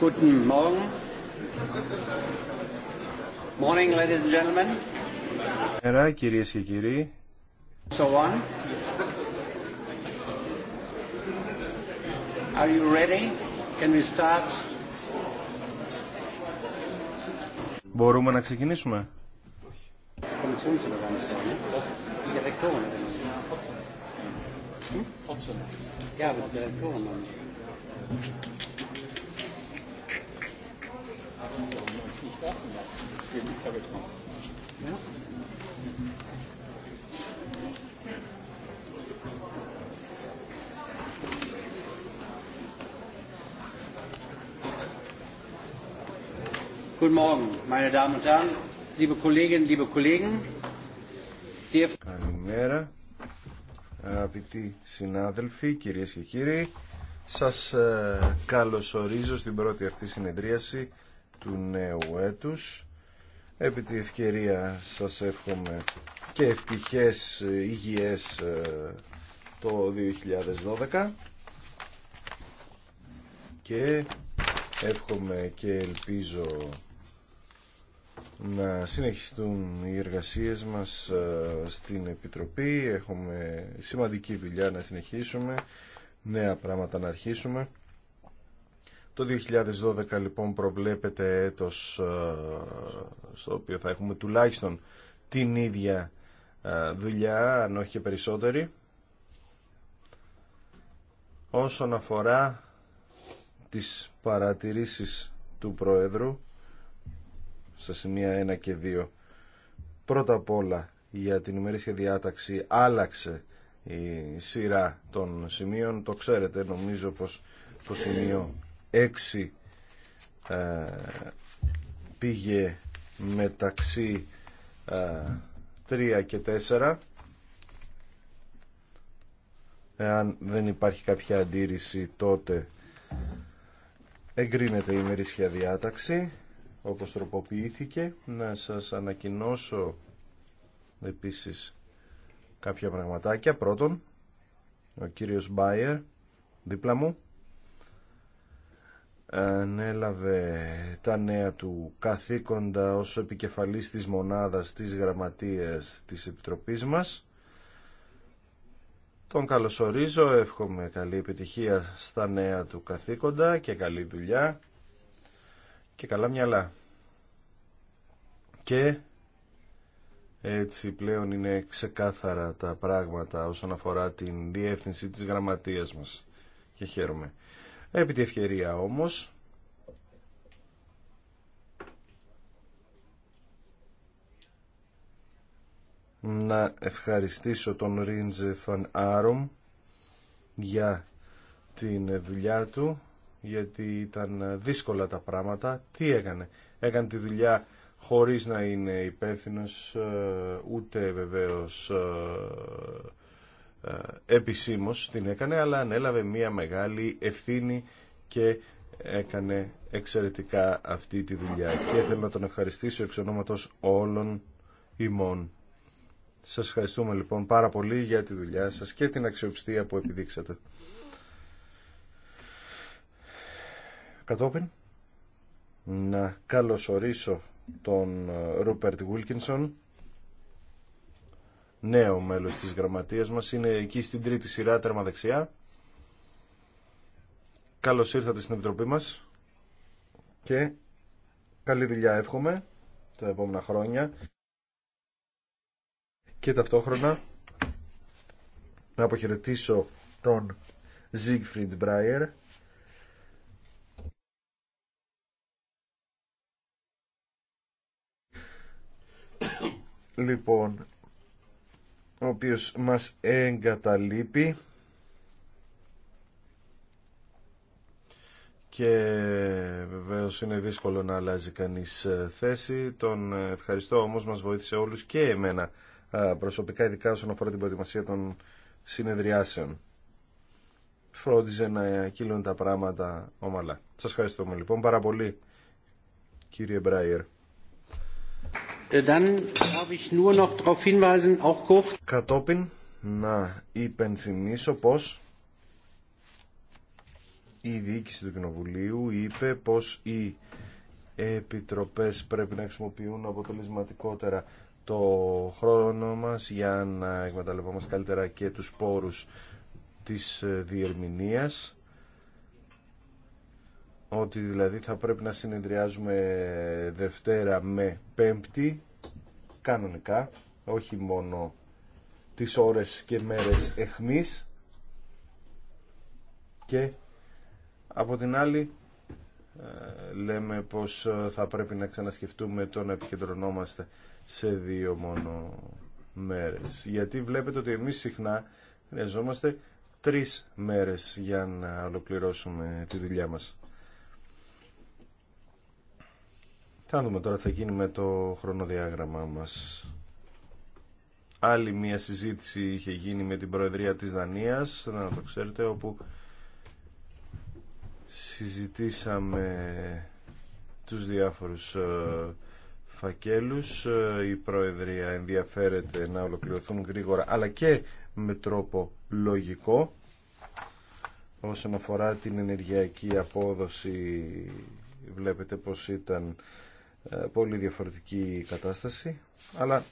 Guten Morgen. Morning, ladies and gentlemen. Καλημέρα, κυρίε και κύριοι. So on. Are you ready? Can we start? Μπορούμε να ξεκινήσουμε. Ja, Guten Morgen, meine Damen und Herren, liebe Kolleginnen, liebe Kollegen. Καλημέρα, αγαπητοί συνάδελφοι, κυρίες και κύριοι. Σας ε, καλωσορίζω στην πρώτη αυτή συνεδρίαση του νέου έτους. Επί τη ευκαιρία σας εύχομαι και ευτυχές υγιές ε, το 2012 και εύχομαι και ελπίζω να συνεχιστούν οι εργασίες μας ε, στην Επιτροπή. Έχουμε σημαντική δουλειά να συνεχίσουμε, νέα πράγματα να αρχίσουμε. Το 2012 λοιπόν προβλέπεται έτος ε, στο οποίο θα έχουμε τουλάχιστον την ίδια ε, δουλειά, αν όχι και περισσότερη. Όσον αφορά τις παρατηρήσεις του Προέδρου, στα σημεία 1 και 2, πρώτα απ' όλα για την ημερήσια διάταξη άλλαξε η σειρά των σημείων. Το ξέρετε, νομίζω πως το σημείο 6 ε, πήγε μεταξύ 3 ε, και 4 εάν δεν υπάρχει κάποια αντίρρηση τότε εγκρίνεται η ημερήσια διάταξη όπως τροποποιήθηκε να σας ανακοινώσω επίσης κάποια πραγματάκια πρώτον ο κύριος Μπάιερ δίπλα μου ανέλαβε τα νέα του καθήκοντα ως επικεφαλής της μονάδας της γραμματείας της Επιτροπής μας. Τον καλωσορίζω, εύχομαι καλή επιτυχία στα νέα του καθήκοντα και καλή δουλειά και καλά μυαλά. Και έτσι πλέον είναι ξεκάθαρα τα πράγματα όσον αφορά την διεύθυνση της γραμματείας μας και χαίρομαι. Επί τη ευκαιρία όμως, να ευχαριστήσω τον Ρίντζε Φαν Άρομ για την δουλειά του γιατί ήταν δύσκολα τα πράγματα. Τι έκανε. Έκανε τη δουλειά χωρίς να είναι υπεύθυνος ε, ούτε βεβαίως ε, ε, επισήμως την έκανε, αλλά ανέλαβε μια μεγάλη ευθύνη και έκανε εξαιρετικά αυτή τη δουλειά. Και θέλω να τον ευχαριστήσω εξ ονόματος όλων ημών. Σας ευχαριστούμε λοιπόν πάρα πολύ για τη δουλειά σας και την αξιοπιστία που επιδείξατε. Κατόπιν, να καλωσορίσω τον Ρούπερτ Βίλκινσον νέο μέλος της γραμματείας μας. Είναι εκεί στην τρίτη σειρά, τέρμα δεξιά. Καλώς ήρθατε στην Επιτροπή μας και καλή δουλειά εύχομαι τα επόμενα χρόνια και ταυτόχρονα να αποχαιρετήσω τον Siegfried Μπράιερ. Λοιπόν, ο οποίος μας εγκαταλείπει και βεβαίως είναι δύσκολο να αλλάζει κανείς ε, θέση. Τον ε, ευχαριστώ όμως, μας βοήθησε όλους και εμένα ε, προσωπικά, ειδικά όσον αφορά την προετοιμασία των συνεδριάσεων. Φρόντιζε να κύλουν τα πράγματα ομαλά. Σας ευχαριστούμε λοιπόν πάρα πολύ κύριε Μπράιερ. Ε, Κατόπιν να υπενθυμίσω πως η διοίκηση του Κοινοβουλίου είπε πως οι επιτροπές πρέπει να χρησιμοποιούν αποτελεσματικότερα το χρόνο μας για να εκμεταλλευόμαστε καλύτερα και τους πόρους της ε, διερμηνίας ότι δηλαδή θα πρέπει να συνεδριάζουμε Δευτέρα με Πέμπτη κανονικά, όχι μόνο τις ώρες και μέρες εχμής και από την άλλη ε, λέμε πως ε, θα πρέπει να ξανασκεφτούμε το να επικεντρωνόμαστε σε δύο μόνο μέρες. Γιατί βλέπετε ότι εμείς συχνά χρειαζόμαστε τρεις μέρες για να ολοκληρώσουμε τη δουλειά μας. Θα δούμε τώρα θα γίνει με το χρονοδιάγραμμά μας. Άλλη μια συζήτηση είχε γίνει με την Προεδρία της Δανίας, να το ξέρετε, όπου συζητήσαμε τους διάφορους ε, φακέλους. Ε, η Προεδρία ενδιαφέρεται να ολοκληρωθούν γρήγορα, αλλά και με τρόπο λογικό όσον αφορά την ενεργειακή απόδοση βλέπετε πως ήταν ε, πολύ διαφορετική κατάσταση, αλλά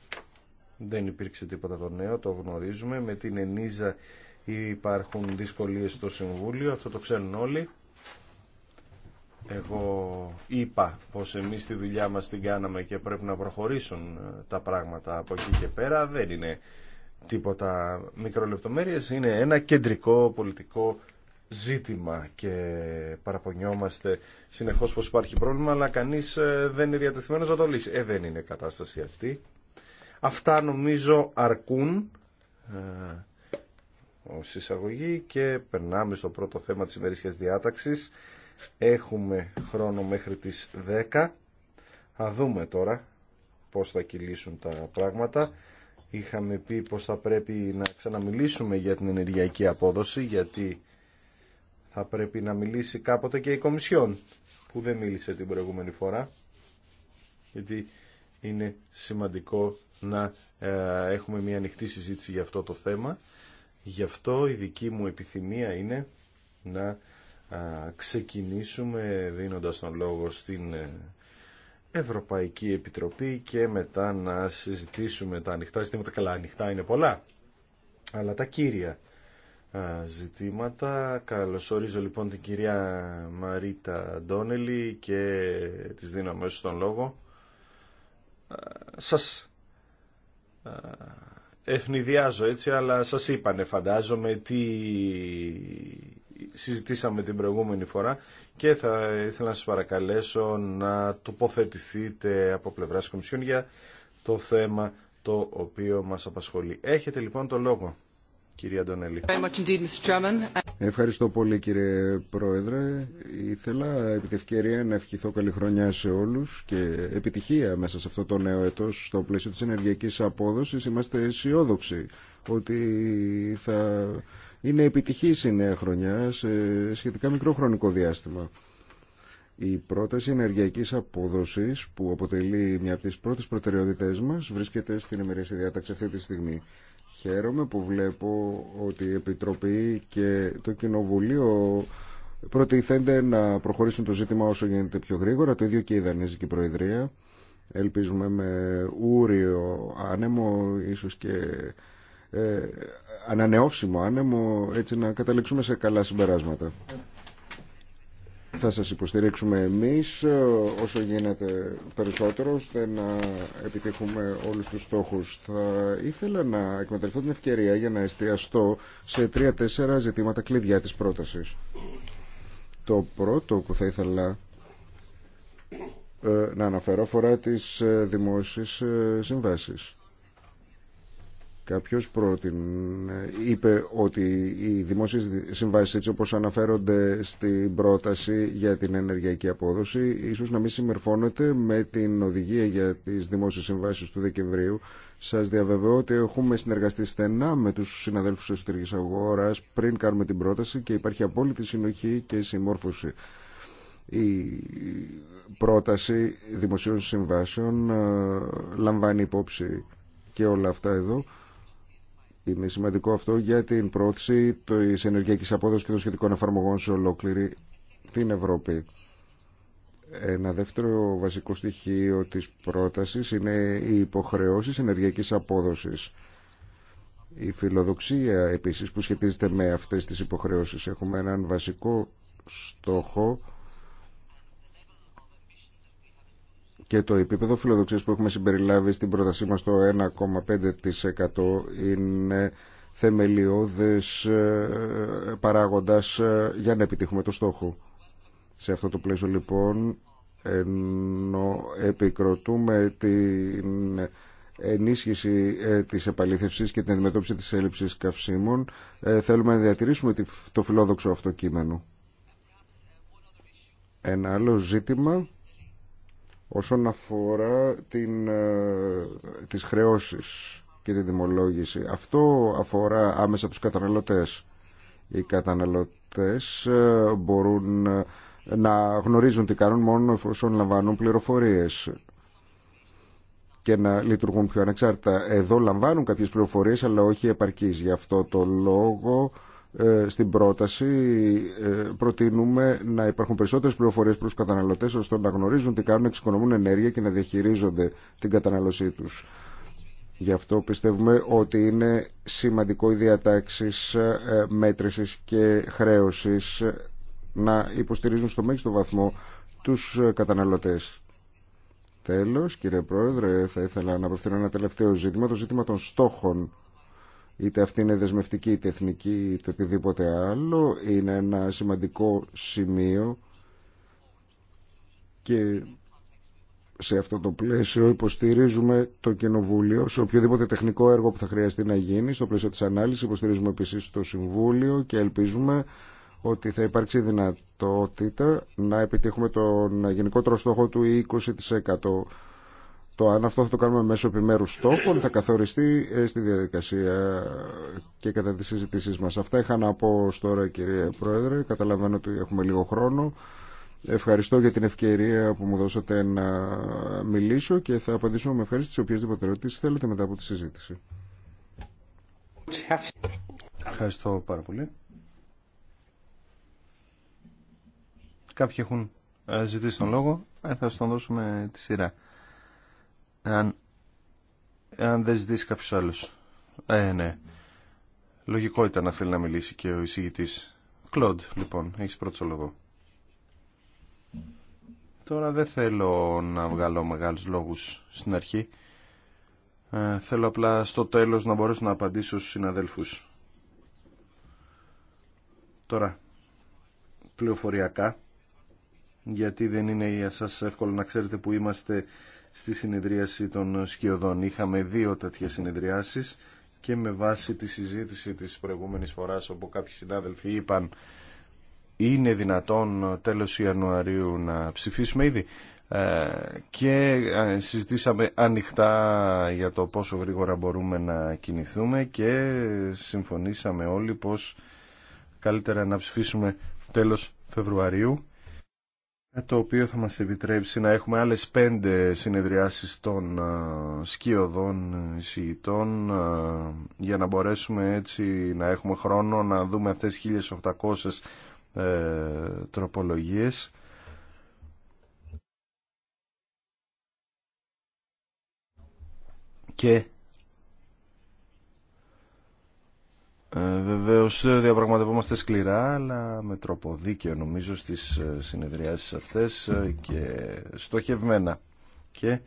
δεν υπήρξε τίποτα το νέο, το γνωρίζουμε. Με την Ενίζα υπάρχουν δυσκολίες στο Συμβούλιο, αυτό το ξέρουν όλοι. Εγώ είπα πως εμείς τη δουλειά μας την κάναμε και πρέπει να προχωρήσουν ε, τα πράγματα από εκεί και πέρα. Δεν είναι τίποτα μικρολεπτομέρειες, είναι ένα κεντρικό πολιτικό ζήτημα και παραπονιόμαστε συνεχώς πως υπάρχει πρόβλημα, αλλά κανείς ε, δεν είναι διατεθειμένος να το λύσει. Ε, δεν είναι κατάσταση αυτή. Αυτά νομίζω αρκούν ε, ω εισαγωγή και περνάμε στο πρώτο θέμα της ημερήσιας διάταξης. Έχουμε χρόνο μέχρι τις 10. Θα δούμε τώρα πώς θα κυλήσουν τα πράγματα. Είχαμε πει πως θα πρέπει να ξαναμιλήσουμε για την ενεργειακή απόδοση, γιατί θα πρέπει να μιλήσει κάποτε και η Κομισιόν που δεν μίλησε την προηγούμενη φορά γιατί είναι σημαντικό να ε, έχουμε μια ανοιχτή συζήτηση για αυτό το θέμα. Γι' αυτό η δική μου επιθυμία είναι να ξεκινήσουμε δίνοντας τον λόγο στην ε, Ευρωπαϊκή Επιτροπή και μετά να συζητήσουμε τα ανοιχτά ζητήματα. Καλά, ανοιχτά είναι πολλά, αλλά τα κύρια ζητήματα. Καλωσορίζω λοιπόν την κυρία Μαρίτα Ντόνελη και τις δίνω αμέσως τον λόγο. Σας ευνηδιάζω έτσι, αλλά σας είπανε φαντάζομαι τι συζητήσαμε την προηγούμενη φορά και θα ήθελα να σας παρακαλέσω να τοποθετηθείτε από πλευράς Κομισιόν για το θέμα το οποίο μας απασχολεί. Έχετε λοιπόν το λόγο. Κυρία Ευχαριστώ πολύ κύριε Πρόεδρε. Ήθελα επί τη ευκαιρία να ευχηθώ καλή χρονιά σε όλους και επιτυχία μέσα σε αυτό το νέο έτος στο πλαίσιο της ενεργειακής απόδοσης. Είμαστε αισιόδοξοι ότι θα είναι επιτυχής η νέα χρονιά σε σχετικά μικρό χρονικό διάστημα. Η πρόταση ενεργειακής απόδοσης που αποτελεί μια από τις πρώτες προτεραιότητές μας βρίσκεται στην ημερήσια διάταξη αυτή τη στιγμή. Χαίρομαι που βλέπω ότι η Επιτροπή και το Κοινοβουλίο προτιθένται να προχωρήσουν το ζήτημα όσο γίνεται πιο γρήγορα, το ίδιο και η Δανέζικη Προεδρία. Ελπίζουμε με ούριο άνεμο, ίσως και ε, ανανεώσιμο άνεμο, έτσι να καταλήξουμε σε καλά συμπεράσματα θα σας υποστηρίξουμε εμείς όσο γίνεται περισσότερο ώστε να επιτύχουμε όλους τους στόχους. Θα ήθελα να εκμεταλλευτώ την ευκαιρία για να εστιαστώ σε τρία-τέσσερα ζητήματα κλειδιά της πρότασης. Το πρώτο που θα ήθελα ε, να αναφέρω αφορά τις ε, δημόσιες ε, συμβάσεις. Κάποιος την είπε ότι οι δημόσιες συμβάσεις έτσι όπως αναφέρονται στην πρόταση για την ενεργειακή απόδοση ίσως να μην συμμερφώνεται με την οδηγία για τις δημόσιες συμβάσεις του Δεκεμβρίου. Σας διαβεβαιώ ότι έχουμε συνεργαστεί στενά με τους συναδέλφους της εσωτερικής αγοράς πριν κάνουμε την πρόταση και υπάρχει απόλυτη συνοχή και συμμόρφωση. Η πρόταση δημοσίων συμβάσεων ε, λαμβάνει υπόψη και όλα αυτά εδώ είναι σημαντικό αυτό για την πρόθεση τη ενεργειακή απόδοση και των σχετικών εφαρμογών σε ολόκληρη την Ευρώπη. Ένα δεύτερο βασικό στοιχείο της πρόταση είναι οι υποχρεώσει ενεργειακή απόδοσης. Η φιλοδοξία επίση που σχετίζεται με αυτές τις υποχρεώσεις. Έχουμε έναν βασικό στόχο και το επίπεδο φιλοδοξία που έχουμε συμπεριλάβει στην πρότασή μας το 1,5% είναι θεμελιώδες ε, παράγοντας ε, για να επιτύχουμε το στόχο. Σε αυτό το πλαίσιο λοιπόν ενώ επικροτούμε την ενίσχυση ε, της επαλήθευσης και την αντιμετώπιση της έλλειψης καυσίμων θέλουμε να διατηρήσουμε το φιλόδοξο αυτό κείμενο. Ένα άλλο ζήτημα όσον αφορά την, ε, τις χρεώσεις και τη δημολόγηση. Αυτό αφορά άμεσα τους καταναλωτές. Οι καταναλωτές ε, μπορούν ε, να γνωρίζουν τι κάνουν μόνο εφόσον λαμβάνουν πληροφορίες και να λειτουργούν πιο ανεξάρτητα. Εδώ λαμβάνουν κάποιες πληροφορίες αλλά όχι επαρκείς. Γι' αυτό το λόγο ε, στην πρόταση ε, προτείνουμε να υπάρχουν περισσότερες πληροφορίες προς του καταναλωτές ώστε να γνωρίζουν τι κάνουν, εξοικονομούν ενέργεια και να διαχειρίζονται την καταναλωσή τους. Γι' αυτό πιστεύουμε ότι είναι σημαντικό οι διατάξεις ε, μέτρησης και χρέωσης να υποστηρίζουν στο μέγιστο βαθμό τους καταναλωτές. Τέλος, κύριε Πρόεδρε, θα ήθελα να απευθύνω ένα τελευταίο ζήτημα, το ζήτημα των στόχων είτε αυτή είναι δεσμευτική, είτε εθνική, είτε οτιδήποτε άλλο, είναι ένα σημαντικό σημείο και σε αυτό το πλαίσιο υποστηρίζουμε το Κοινοβούλιο σε οποιοδήποτε τεχνικό έργο που θα χρειαστεί να γίνει. Στο πλαίσιο της ανάλυσης υποστηρίζουμε επίσης το Συμβούλιο και ελπίζουμε ότι θα υπάρξει δυνατότητα να επιτύχουμε τον γενικότερο στόχο του 20% το αν αυτό θα το κάνουμε μέσω επιμέρου στόχων θα καθοριστεί ε, στη διαδικασία και κατά τις συζητήσεις μας. Αυτά είχα να πω τώρα κύριε Πρόεδρε. Καταλαβαίνω ότι έχουμε λίγο χρόνο. Ευχαριστώ για την ευκαιρία που μου δώσατε να μιλήσω και θα απαντήσω με ευχαρίστηση σε οποιασδήποτε ερωτήσει θέλετε μετά από τη συζήτηση. Ευχαριστώ πάρα πολύ. Κάποιοι έχουν ε, ζητήσει τον λόγο. Ε, θα σας τον δώσουμε τη σειρά αν, δεν ζητήσει κάποιο άλλο. Ε, ναι. Λογικό ήταν να θέλει να μιλήσει και ο εισηγητή. Κλοντ, λοιπόν, έχει πρώτο λόγο. Τώρα δεν θέλω να βγάλω μεγάλους λόγους στην αρχή. Ε, θέλω απλά στο τέλος να μπορέσω να απαντήσω στου συναδέλφου. Τώρα, πληροφοριακά, γιατί δεν είναι για σας εύκολο να ξέρετε που είμαστε στη συνεδρίαση των Σκιωδών. Είχαμε δύο τέτοιες συνεδριάσεις και με βάση τη συζήτηση της προηγούμενης φοράς όπου κάποιοι συνάδελφοι είπαν είναι δυνατόν τέλος Ιανουαρίου να ψηφίσουμε ήδη ε, και ε, συζητήσαμε ανοιχτά για το πόσο γρήγορα μπορούμε να κινηθούμε και συμφωνήσαμε όλοι πως καλύτερα να ψηφίσουμε τέλος Φεβρουαρίου το οποίο θα μας επιτρέψει να έχουμε άλλες πέντε συνεδριάσεις των σκιωδών εισηγητών για να μπορέσουμε έτσι να έχουμε χρόνο να δούμε αυτές 1800 ε, τροπολογίες. Και Ε, Βεβαίω διαπραγματευόμαστε σκληρά αλλά με τρόπο δίκαιο νομίζω στις ε, συνεδριάσεις αυτές ε, και στοχευμένα και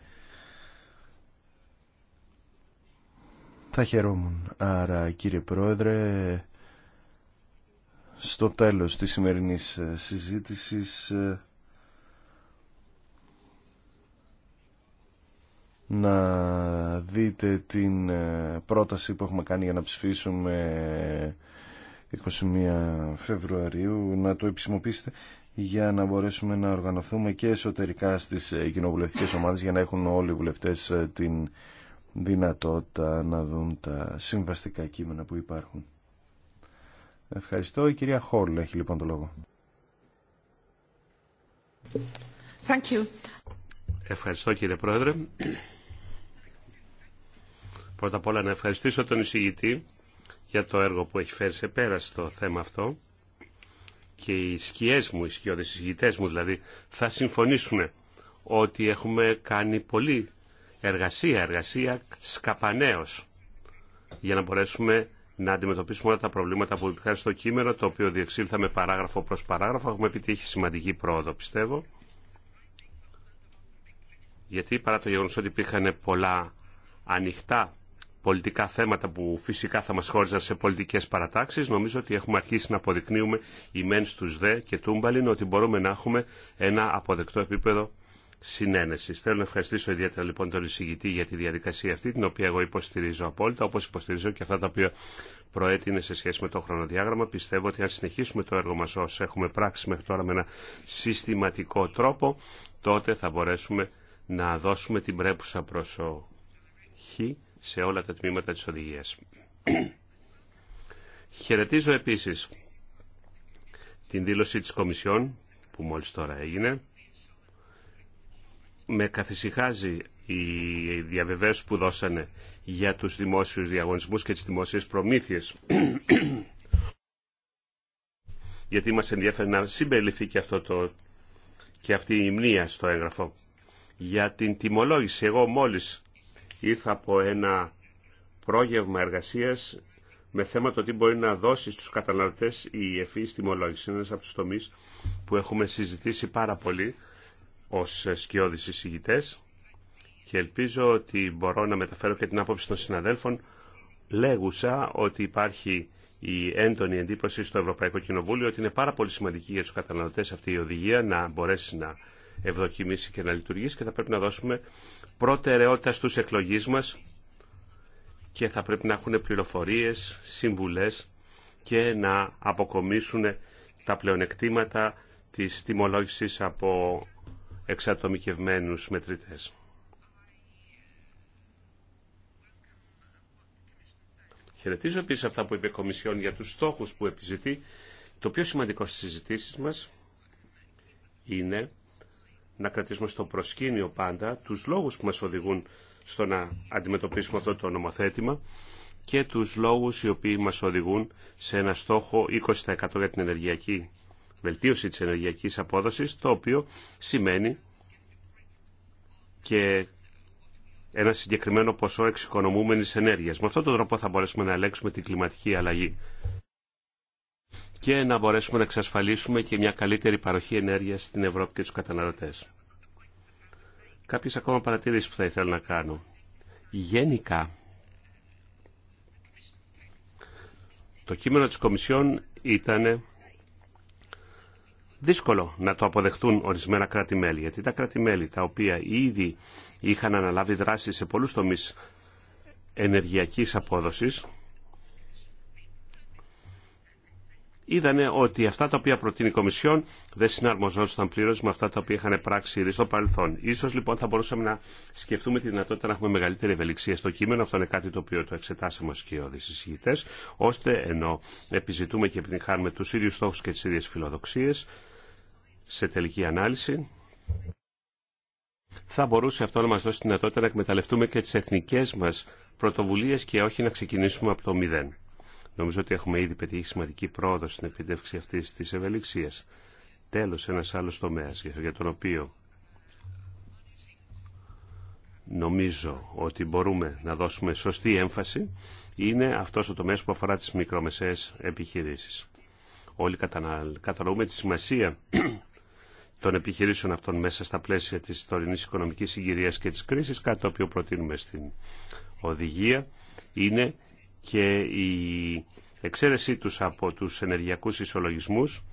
θα χαιρόμουν. Άρα κύριε Πρόεδρε στο τέλος της σημερινής συζήτησης να δείτε την ε, πρόταση που έχουμε κάνει για να ψηφίσουμε 21 ε, Φεβρουαρίου, να το επισημοποιήσετε για να μπορέσουμε να οργανωθούμε και εσωτερικά στις ε, κοινοβουλευτικές ομάδες για να έχουν όλοι οι βουλευτές την δυνατότητα να δουν τα συμβαστικά κείμενα που υπάρχουν. Ευχαριστώ. Η κυρία Χόλ έχει λοιπόν το λόγο. Thank you. Ευχαριστώ κύριε Πρόεδρε. Πρώτα απ' όλα να ευχαριστήσω τον εισηγητή για το έργο που έχει φέρει σε πέρα στο θέμα αυτό και οι σκιές μου, οι σκιώδες εισηγητές μου δηλαδή, θα συμφωνήσουν ότι έχουμε κάνει πολύ εργασία, εργασία σκαπανέως για να μπορέσουμε να αντιμετωπίσουμε όλα τα προβλήματα που υπήρχαν στο κείμενο, το οποίο διεξήλθαμε παράγραφο προς παράγραφο. Έχουμε επιτύχει σημαντική πρόοδο, πιστεύω. Γιατί παρά το γεγονός ότι υπήρχαν πολλά ανοιχτά πολιτικά θέματα που φυσικά θα μας χώριζαν σε πολιτικές παρατάξεις. Νομίζω ότι έχουμε αρχίσει να αποδεικνύουμε οι μεν στους δε και τούμπαλιν ότι μπορούμε να έχουμε ένα αποδεκτό επίπεδο συνένεση. Θέλω να ευχαριστήσω ιδιαίτερα λοιπόν τον εισηγητή για τη διαδικασία αυτή, την οποία εγώ υποστηρίζω απόλυτα, όπω υποστηρίζω και αυτά τα οποία προέτεινε σε σχέση με το χρονοδιάγραμμα. Πιστεύω ότι αν συνεχίσουμε το έργο μα όσο έχουμε πράξει μέχρι τώρα με ένα συστηματικό τρόπο, τότε θα μπορέσουμε να δώσουμε την πρέπουσα προσοχή σε όλα τα τμήματα της οδηγίας. Χαιρετίζω επίσης την δήλωση της Κομισιόν που μόλις τώρα έγινε. Με καθησυχάζει οι διαβεβαίωση που δώσανε για τους δημόσιους διαγωνισμούς και τις δημόσιες προμήθειες. Γιατί μας ενδιαφέρει να συμπεριληφθεί και, αυτό το, και αυτή η μνήα στο έγγραφο. Για την τιμολόγηση, εγώ μόλις ήρθα από ένα πρόγευμα εργασίας με θέμα το τι μπορεί να δώσει στους καταναλωτές η ευφύης τιμολόγηση. Ένας από τους τομείς που έχουμε συζητήσει πάρα πολύ ως σκιώδεις εισηγητές και ελπίζω ότι μπορώ να μεταφέρω και την άποψη των συναδέλφων λέγουσα ότι υπάρχει η έντονη εντύπωση στο Ευρωπαϊκό Κοινοβούλιο ότι είναι πάρα πολύ σημαντική για τους καταναλωτές αυτή η οδηγία να μπορέσει να ευδοκιμήσει και να λειτουργήσει και θα πρέπει να δώσουμε προτεραιότητα στους εκλογείς μας και θα πρέπει να έχουν πληροφορίες, συμβουλές και να αποκομίσουν τα πλεονεκτήματα της τιμολόγησης από εξατομικευμένους μετρητές. Χαιρετίζω επίσης αυτά που είπε η Κομισιόν για τους στόχους που επιζητεί. Το πιο σημαντικό στις συζητήσεις μας είναι να κρατήσουμε στο προσκήνιο πάντα τους λόγους που μας οδηγούν στο να αντιμετωπίσουμε αυτό το νομοθέτημα και τους λόγους οι οποίοι μας οδηγούν σε ένα στόχο 20% για την ενεργειακή βελτίωση της ενεργειακής απόδοσης, το οποίο σημαίνει και ένα συγκεκριμένο ποσό εξοικονομούμενης ενέργειας. Με αυτόν τον τρόπο θα μπορέσουμε να ελέγξουμε την κλιματική αλλαγή και να μπορέσουμε να εξασφαλίσουμε και μια καλύτερη παροχή ενέργειας στην Ευρώπη και τους καταναλωτές. Κάποιες ακόμα παρατηρήσεις που θα ήθελα να κάνω. Γενικά, το κείμενο της Κομισιόν ήταν δύσκολο να το αποδεχτούν ορισμένα κράτη-μέλη, γιατί τα κράτη-μέλη τα οποία ήδη είχαν αναλάβει δράση σε πολλούς τομείς ενεργειακής απόδοσης, είδανε ότι αυτά τα οποία προτείνει η Κομισιόν δεν συναρμοζόταν πλήρω με αυτά τα οποία είχαν πράξει ήδη στο παρελθόν. Ίσως λοιπόν θα μπορούσαμε να σκεφτούμε τη δυνατότητα να έχουμε μεγαλύτερη ευελιξία στο κείμενο. Αυτό είναι κάτι το οποίο το εξετάσαμε ω κοιόδη συζητητέ, ώστε ενώ επιζητούμε και επιτυγχάνουμε του ίδιου στόχου και τι ίδιε φιλοδοξίε, σε τελική ανάλυση, θα μπορούσε αυτό να μας δώσει τη δυνατότητα να εκμεταλλευτούμε και τις εθνικές μας πρωτοβουλίες και όχι να ξεκινήσουμε από το μηδέν. Νομίζω ότι έχουμε ήδη πετύχει σημαντική πρόοδο στην επιτεύξη αυτή τη ευελιξία. Τέλο, ένα άλλο τομέα για τον οποίο νομίζω ότι μπορούμε να δώσουμε σωστή έμφαση είναι αυτό ο τομέα που αφορά τι μικρομεσαίες επιχειρήσει. Όλοι κατανοούμε τη σημασία των επιχειρήσεων αυτών μέσα στα πλαίσια της τωρινή οικονομικής συγκυρίας και της κρίσης, κάτι το οποίο προτείνουμε στην οδηγία, είναι και η εξαίρεσή τους από τους ενεργειακούς ισολογισμούς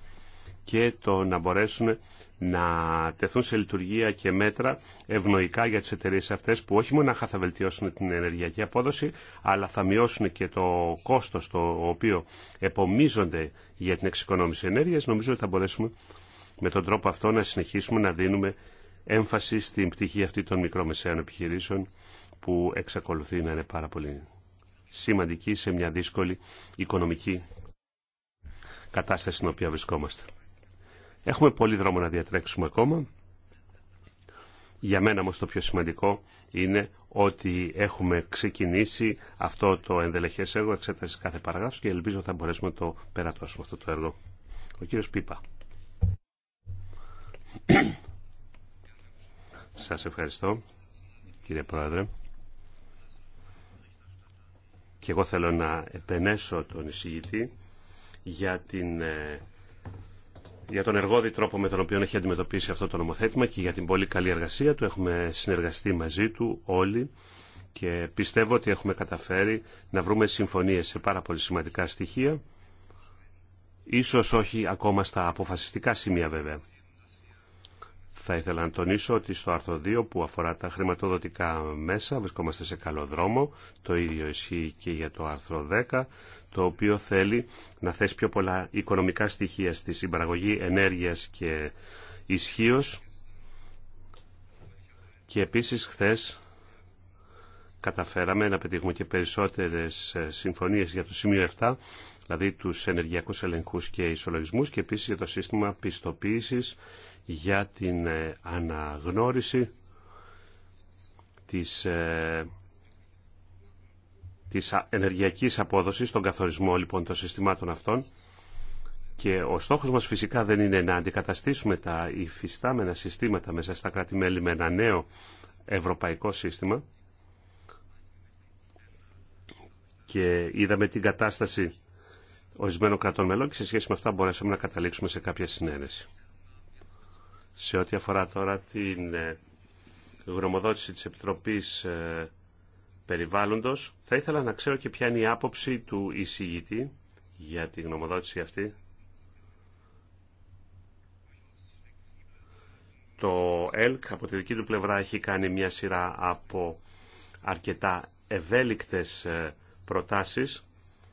και το να μπορέσουν να τεθούν σε λειτουργία και μέτρα ευνοϊκά για τις εταιρείες αυτές που όχι μόνο θα βελτιώσουν την ενεργειακή απόδοση αλλά θα μειώσουν και το κόστος το οποίο επομίζονται για την εξοικονόμηση ενέργειας νομίζω ότι θα μπορέσουμε με τον τρόπο αυτό να συνεχίσουμε να δίνουμε έμφαση στην πτυχή αυτή των μικρομεσαίων επιχειρήσεων που εξακολουθεί να είναι πάρα πολύ σημαντική σε μια δύσκολη οικονομική κατάσταση στην οποία βρισκόμαστε. Έχουμε πολύ δρόμο να διατρέξουμε ακόμα. Για μένα όμως το πιο σημαντικό είναι ότι έχουμε ξεκινήσει αυτό το ενδελεχές έργο εξέταση κάθε παραγράφου και ελπίζω θα μπορέσουμε να το περατώσουμε αυτό το έργο. Ο κύριος Πίπα. Σας ευχαριστώ κύριε Πρόεδρε. Και εγώ θέλω να επενέσω τον εισηγητή για, την, ε, για τον εργόδη τρόπο με τον οποίο έχει αντιμετωπίσει αυτό το νομοθέτημα και για την πολύ καλή εργασία του. Έχουμε συνεργαστεί μαζί του όλοι και πιστεύω ότι έχουμε καταφέρει να βρούμε συμφωνίες σε πάρα πολύ σημαντικά στοιχεία. Ίσως όχι ακόμα στα αποφασιστικά σημεία βέβαια. Θα ήθελα να τονίσω ότι στο άρθρο 2 που αφορά τα χρηματοδοτικά μέσα βρισκόμαστε σε καλό δρόμο. Το ίδιο ισχύει και για το άρθρο 10 το οποίο θέλει να θέσει πιο πολλά οικονομικά στοιχεία στη συμπαραγωγή ενέργειας και ισχύω. Και επίσης χθες καταφέραμε να πετύχουμε και περισσότερες ε, συμφωνίες για το σημείο 7, δηλαδή τους ενεργειακούς ελεγχούς και ισολογισμούς και επίσης για το σύστημα πιστοποίησης για την ε, αναγνώριση της, ε, της ενεργειακής απόδοσης, τον καθορισμό λοιπόν των συστημάτων αυτών. Και ο στόχος μας φυσικά δεν είναι να αντικαταστήσουμε τα υφιστάμενα συστήματα μέσα στα κράτη-μέλη με ένα νέο ευρωπαϊκό σύστημα. Και είδαμε την κατάσταση ορισμένων κρατών μελών και σε σχέση με αυτά μπορέσαμε να καταλήξουμε σε κάποια συνένεση. Σε ό,τι αφορά τώρα την ε, γνωμοδότηση της Επιτροπής ε, Περιβάλλοντος, θα ήθελα να ξέρω και ποια είναι η άποψη του εισηγητή για τη γνωμοδότηση αυτή. Το ΕΛΚ από τη δική του πλευρά έχει κάνει μια σειρά από αρκετά ευέλικτες ε, προτάσεις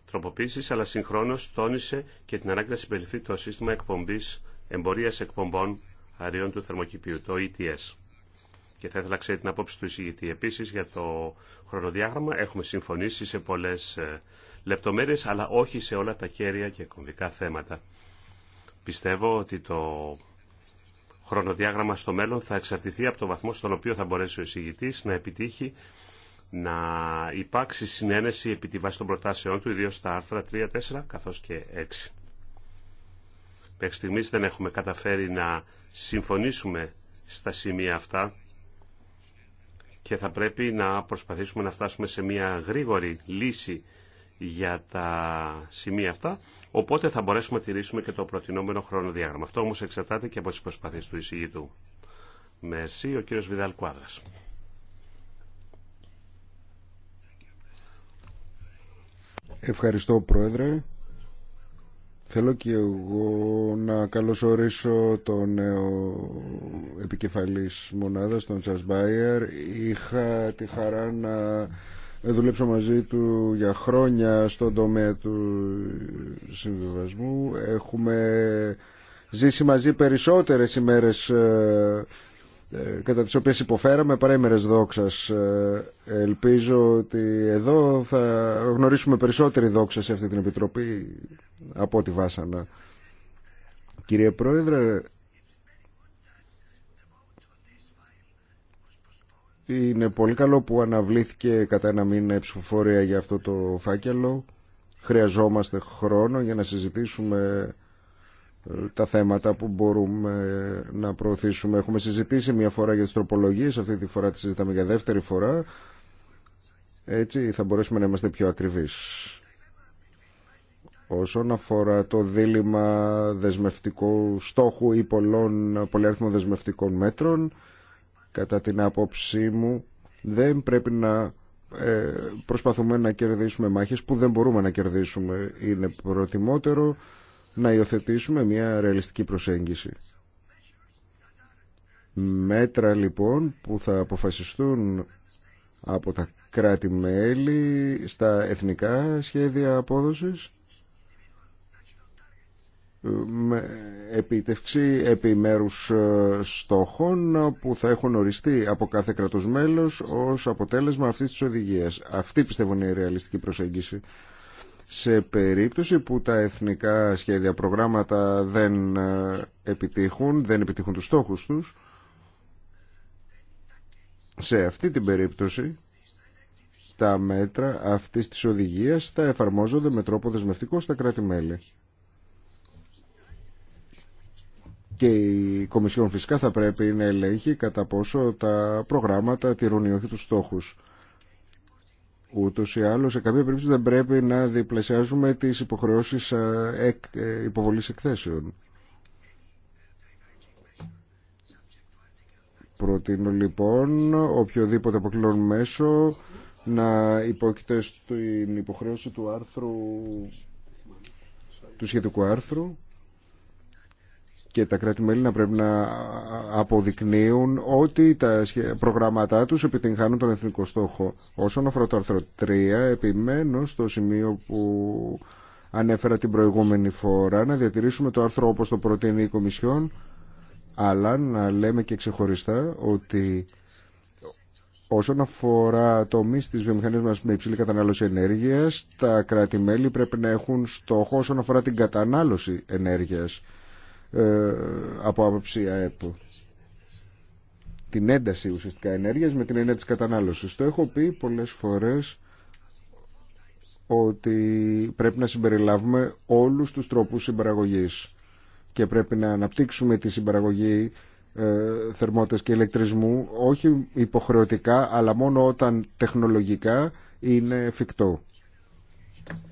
τροποποίησης, αλλά συγχρόνως τόνισε και την ανάγκη να συμπεριφθεί το σύστημα εκπομπής, εμπορίας εκπομπών αριών του θερμοκηπίου, το ETS. Και θα ήθελα να την απόψη του εισηγητή. Επίσης για το χρονοδιάγραμμα έχουμε συμφωνήσει σε πολλές ε, λεπτομέρειες, αλλά όχι σε όλα τα κέρια και κομβικά θέματα. Πιστεύω ότι το χρονοδιάγραμμα στο μέλλον θα εξαρτηθεί από το βαθμό στον οποίο θα μπορέσει ο εισηγητής να επιτύχει να υπάρξει συνένεση επί τη βάση των προτάσεών του, ιδίως στα άρθρα 3, 4 καθώς και 6. Μέχρι στιγμή δεν έχουμε καταφέρει να συμφωνήσουμε στα σημεία αυτά και θα πρέπει να προσπαθήσουμε να φτάσουμε σε μια γρήγορη λύση για τα σημεία αυτά, οπότε θα μπορέσουμε να τηρήσουμε και το προτινόμενο χρονοδιάγραμμα. Αυτό όμως εξαρτάται και από τις προσπάθειες του εισηγητού. Μερσή, ο κύριος Βιδάλ Κουάδρας. Ευχαριστώ, Πρόεδρε. Θέλω και εγώ να καλωσορίσω τον νέο επικεφαλής μονάδας, τον Τσάρς Μπάιερ. Είχα τη χαρά να δουλέψω μαζί του για χρόνια στον τομέα του συμβιβασμού. Έχουμε ζήσει μαζί περισσότερες ημέρες ε, ε, κατά τις οποίες υποφέραμε παρέμερες δόξας. Ε, ελπίζω ότι εδώ θα γνωρίσουμε περισσότερη δόξα σε αυτή την Επιτροπή από τη βάσανα. Κύριε Πρόεδρε, είναι πολύ καλό που αναβλήθηκε κατά ένα μήνα η ψηφοφορία για αυτό το φάκελο. Χρειαζόμαστε χρόνο για να συζητήσουμε τα θέματα που μπορούμε να προωθήσουμε. Έχουμε συζητήσει μια φορά για τις τροπολογίες, αυτή τη φορά τη συζητάμε για δεύτερη φορά. Έτσι θα μπορέσουμε να είμαστε πιο ακριβείς. Όσον αφορά το δίλημα δεσμευτικού στόχου ή πολλών πολυάριθμων δεσμευτικών μέτρων, κατά την άποψή μου δεν πρέπει να ε, προσπαθούμε να κερδίσουμε μάχες που δεν μπορούμε να κερδίσουμε. Είναι προτιμότερο να υιοθετήσουμε μια ρεαλιστική προσέγγιση. Μέτρα λοιπόν που θα αποφασιστούν από τα κράτη-μέλη στα εθνικά σχέδια απόδοσης με επίτευξη επιμέρους ε, στόχων που θα έχουν οριστεί από κάθε κρατος μέλος ως αποτέλεσμα αυτής της οδηγίας. Αυτή πιστεύω είναι η ρεαλιστική προσέγγιση σε περίπτωση που τα εθνικά σχέδια προγράμματα δεν ε, επιτύχουν, δεν επιτύχουν τους στόχους τους, σε αυτή την περίπτωση τα μέτρα αυτής της οδηγίας θα εφαρμόζονται με τρόπο δεσμευτικό στα κράτη-μέλη. Και η Κομισιόν φυσικά θα πρέπει να ελέγχει κατά πόσο τα προγράμματα τηρούν ή όχι τους στόχους. Ούτως ή άλλως, σε κάποια περίπτωση δεν πρέπει να διπλασιάζουμε τις υποχρεώσεις ε, υποβολής εκθέσεων. Προτείνω λοιπόν οποιοδήποτε αποκλειών μέσο να υπόκειται στην υποχρέωση του άρθρου του σχετικού άρθρου και τα κράτη-μέλη να πρέπει να αποδεικνύουν ότι τα προγραμματά τους επιτυγχάνουν τον εθνικό στόχο. Όσον αφορά το άρθρο 3, επιμένω στο σημείο που ανέφερα την προηγούμενη φορά, να διατηρήσουμε το άρθρο όπως το προτείνει η Κομισιόν, αλλά να λέμε και ξεχωριστά ότι όσον αφορά το μίσ της βιομηχανίας μας με υψηλή κατανάλωση ενέργειας, τα κράτη-μέλη πρέπει να έχουν στόχο όσον αφορά την κατανάλωση ενέργειας ε, από άποψη ΑΕΠ την ένταση ουσιαστικά ενέργειας με την ενέργεια της κατανάλωσης. Το έχω πει πολλές φορές ότι πρέπει να συμπεριλάβουμε όλους τους τρόπους συμπαραγωγής και πρέπει να αναπτύξουμε τη συμπαραγωγή ε, θερμότητας και ηλεκτρισμού όχι υποχρεωτικά αλλά μόνο όταν τεχνολογικά είναι εφικτό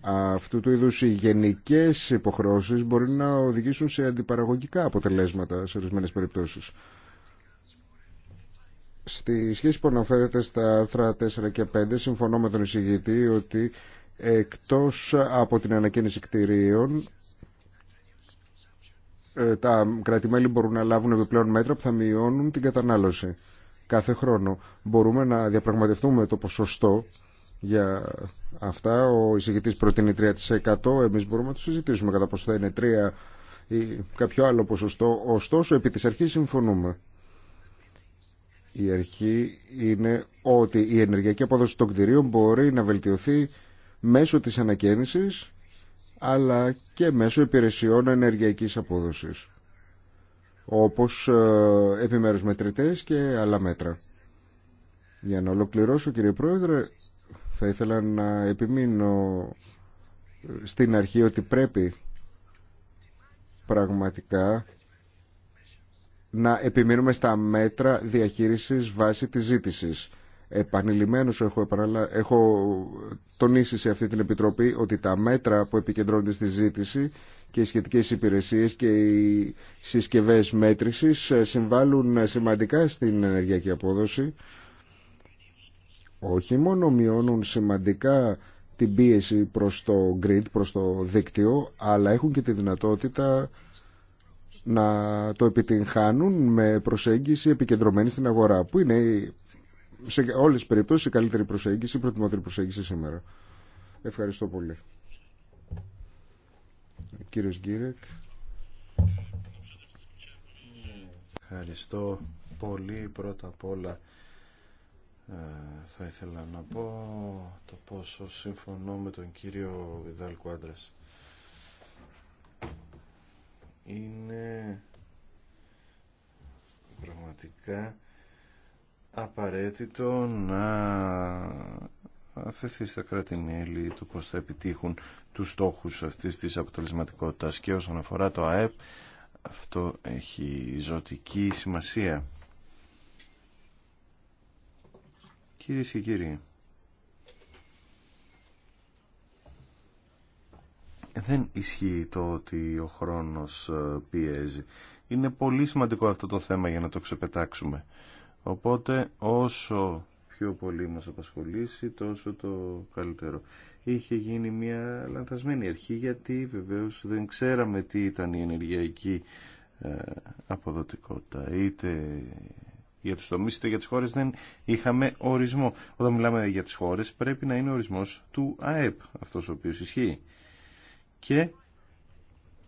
αυτού του είδους οι γενικές υποχρεώσεις μπορεί να οδηγήσουν σε αντιπαραγωγικά αποτελέσματα σε ορισμένε περιπτώσεις. Στη σχέση που αναφέρεται στα άρθρα 4 και 5 συμφωνώ με τον εισηγητή ότι εκτός από την ανακαίνιση κτηρίων ε, τα κρατημέλη μπορούν να λάβουν επιπλέον μέτρα που θα μειώνουν την κατανάλωση κάθε χρόνο. Μπορούμε να διαπραγματευτούμε το ποσοστό για αυτά. Ο εισηγητής προτείνει 3%. Εμείς μπορούμε να το συζητήσουμε κατά πόσο θα είναι 3% ή κάποιο άλλο ποσοστό. Ωστόσο, επί της αρχής συμφωνούμε. Η αρχή είναι ότι η ενεργειακή απόδοση των κτηρίων μπορεί να βελτιωθεί μέσω της ανακαίνησης αλλά και μέσω υπηρεσιών ενεργειακής απόδοσης όπως ε, επιμέρους μετρητές και άλλα μέτρα. Για να ολοκληρώσω κύριε Πρόεδρε θα ήθελα να επιμείνω στην αρχή ότι πρέπει πραγματικά να επιμείνουμε στα μέτρα διαχείρισης βάσει της ζήτησης. Επανειλημμένως έχω, επαναλα... έχω τονίσει σε αυτή την Επιτροπή ότι τα μέτρα που επικεντρώνονται στη ζήτηση και οι σχετικές υπηρεσίες και οι συσκευές μέτρησης συμβάλλουν σημαντικά στην ενεργειακή απόδοση όχι μόνο μειώνουν σημαντικά την πίεση προς το grid, προς το δίκτυο, αλλά έχουν και τη δυνατότητα να το επιτυγχάνουν με προσέγγιση επικεντρωμένη στην αγορά, που είναι σε όλες τις περιπτώσεις η καλύτερη προσέγγιση, η προτιμότερη προσέγγιση σήμερα. Ευχαριστώ πολύ. Κύριος Γκίρεκ. Ευχαριστώ πολύ πρώτα απ' όλα ε, θα ήθελα να πω το πόσο συμφωνώ με τον κύριο Βιδάλ Κουάντρας. Είναι πραγματικά απαραίτητο να αφαιθεί στα κράτη-μέλη του πώς θα επιτύχουν τους στόχους αυτής της αποτελεσματικότητας και όσον αφορά το ΑΕΠ αυτό έχει ζωτική σημασία Κυρίε και κύριοι, δεν ισχύει το ότι ο χρόνος ε, πιέζει. Είναι πολύ σημαντικό αυτό το θέμα για να το ξεπετάξουμε. Οπότε όσο πιο πολύ μας απασχολήσει τόσο το καλύτερο. Είχε γίνει μια λανθασμένη αρχή γιατί βεβαίως δεν ξέραμε τι ήταν η ενεργειακή ε, αποδοτικότητα. Είτε για τους τομείς είτε για τις χώρες δεν είχαμε ορισμό. Όταν μιλάμε για τις χώρες πρέπει να είναι ορισμός του ΑΕΠ αυτός ο οποίος ισχύει. Και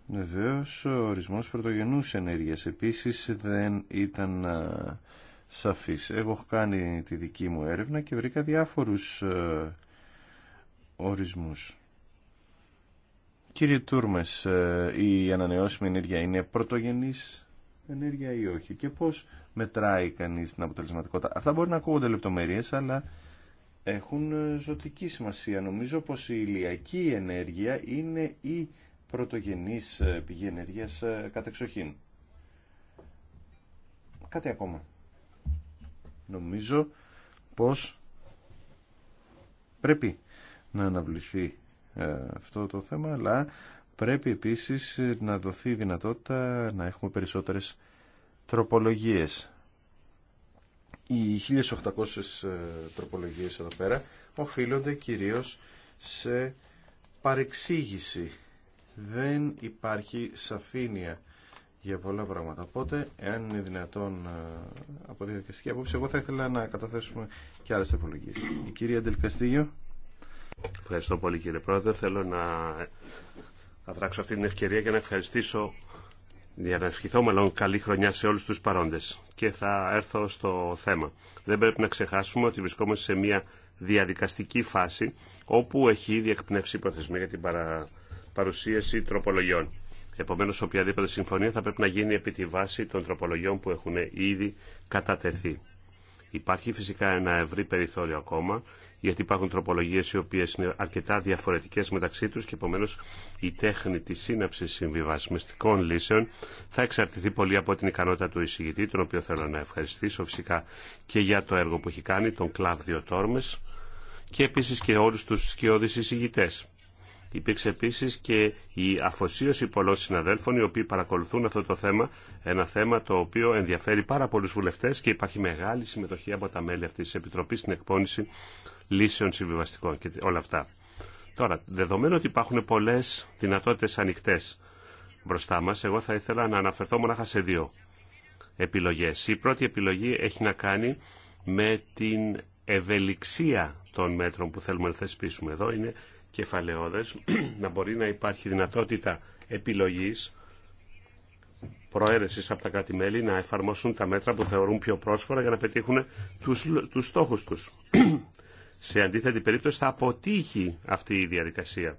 βεβαίω ο ορισμός πρωτογενούς ενέργειας επίσης δεν ήταν σαφής. Εγώ έχω κάνει τη δική μου έρευνα και βρήκα διάφορους ορισμούς. Κύριε Τούρμες, η ανανεώσιμη ενέργεια είναι πρωτογενής ενέργεια ή όχι και πώς μετράει κανείς την αποτελεσματικότητα. Αυτά μπορεί να ακούγονται λεπτομέρειες, αλλά έχουν ε, ζωτική σημασία. Νομίζω πως η ηλιακή ενέργεια είναι η πρωτογενής ε, πηγή ενέργειας ε, κατεξοχήν. Κάτι ακόμα. Νομίζω πως πρέπει να αναβληθεί αυτό το θέμα, αλλά Πρέπει επίσης να δοθεί δυνατότητα να έχουμε περισσότερες τροπολογίες. Οι 1800 ε, τροπολογίες εδώ πέρα οφείλονται κυρίως σε παρεξήγηση. Δεν υπάρχει σαφήνεια για πολλά πράγματα. Οπότε, εάν είναι δυνατόν ε, από τη δικαστική απόψη, εγώ θα ήθελα να καταθέσουμε και άλλες τροπολογίες. Η κυρία Ντελκαστήγιο. Ευχαριστώ πολύ κύριε Πρόεδρε. Θέλω να θα τράξω αυτή την ευκαιρία για να ευχαριστήσω για να ευχηθώ μάλλον καλή χρονιά σε όλους τους παρόντες και θα έρθω στο θέμα. Δεν πρέπει να ξεχάσουμε ότι βρισκόμαστε σε μια διαδικαστική φάση όπου έχει ήδη εκπνεύσει η προθεσμία για την παρουσίαση τροπολογιών. Επομένως, οποιαδήποτε συμφωνία θα πρέπει να γίνει επί τη βάση των τροπολογιών που έχουν ήδη κατατεθεί. Υπάρχει φυσικά ένα ευρύ περιθώριο ακόμα γιατί υπάρχουν τροπολογίες οι οποίες είναι αρκετά διαφορετικές μεταξύ τους και επομένως η τέχνη της σύναψης συμβιβασμιστικών λύσεων θα εξαρτηθεί πολύ από την ικανότητα του εισηγητή, τον οποίο θέλω να ευχαριστήσω φυσικά και για το έργο που έχει κάνει, τον Κλάβδιο Τόρμες και επίσης και όλους τους σκιώδεις εισηγητές. Υπήρξε επίση και η αφοσίωση πολλών συναδέλφων οι οποίοι παρακολουθούν αυτό το θέμα, ένα θέμα το οποίο ενδιαφέρει πάρα πολλού βουλευτέ και υπάρχει μεγάλη συμμετοχή από τα μέλη αυτή τη επιτροπή, στην εκπόνηση λύσεων συμβιβαστικών και όλα αυτά. Τώρα, δεδομένου ότι υπάρχουν πολλέ δυνατότητε ανοιχτέ μπροστά μα. εγώ θα ήθελα να αναφερθώ μονάχα σε δύο επιλογέ. Η πρώτη επιλογή έχει να κάνει με την ευελιξία των μέτρων που θέλουμε να θεσπίσουμε εδώ. Είναι κεφαλαιόδες, να μπορεί να υπάρχει δυνατότητα επιλογής προαίρεσης από τα κράτη-μέλη να εφαρμόσουν τα μέτρα που θεωρούν πιο πρόσφορα για να πετύχουν τους, τους στόχους τους. σε αντίθετη περίπτωση θα αποτύχει αυτή η διαδικασία,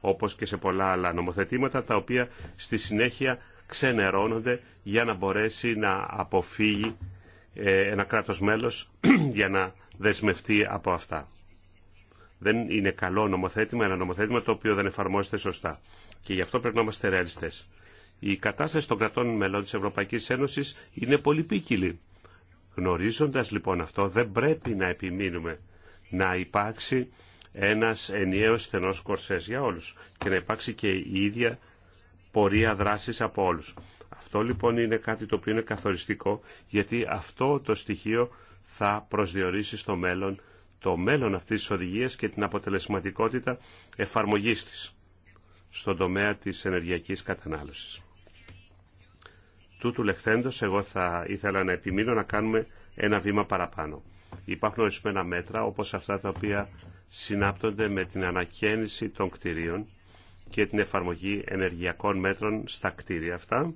όπως και σε πολλά άλλα νομοθετήματα, τα οποία στη συνέχεια ξενερώνονται για να μπορέσει να αποφύγει ε, ένα κράτος μέλος για να δεσμευτεί από αυτά δεν είναι καλό νομοθέτημα, ένα νομοθέτημα το οποίο δεν εφαρμόζεται σωστά. Και γι' αυτό πρέπει να είμαστε ρεαλιστέ. Η κατάσταση των κρατών μελών τη Ευρωπαϊκή Ένωση είναι πολύ ποικιλή. Γνωρίζοντα λοιπόν αυτό, δεν πρέπει να επιμείνουμε να υπάρξει ένας ενιαίος στενός κορσέ για όλους και να υπάρξει και η ίδια πορεία δράση από όλου. Αυτό λοιπόν είναι κάτι το οποίο είναι καθοριστικό γιατί αυτό το στοιχείο θα προσδιορίσει στο μέλλον το μέλλον αυτής της οδηγίας και την αποτελεσματικότητα εφαρμογής της στον τομέα της ενεργειακής κατανάλωσης. Τούτου λεχθέντος, εγώ θα ήθελα να επιμείνω να κάνουμε ένα βήμα παραπάνω. Υπάρχουν ορισμένα μέτρα, όπως αυτά τα οποία συνάπτονται με την ανακαίνιση των κτηρίων και την εφαρμογή ενεργειακών μέτρων στα κτίρια αυτά,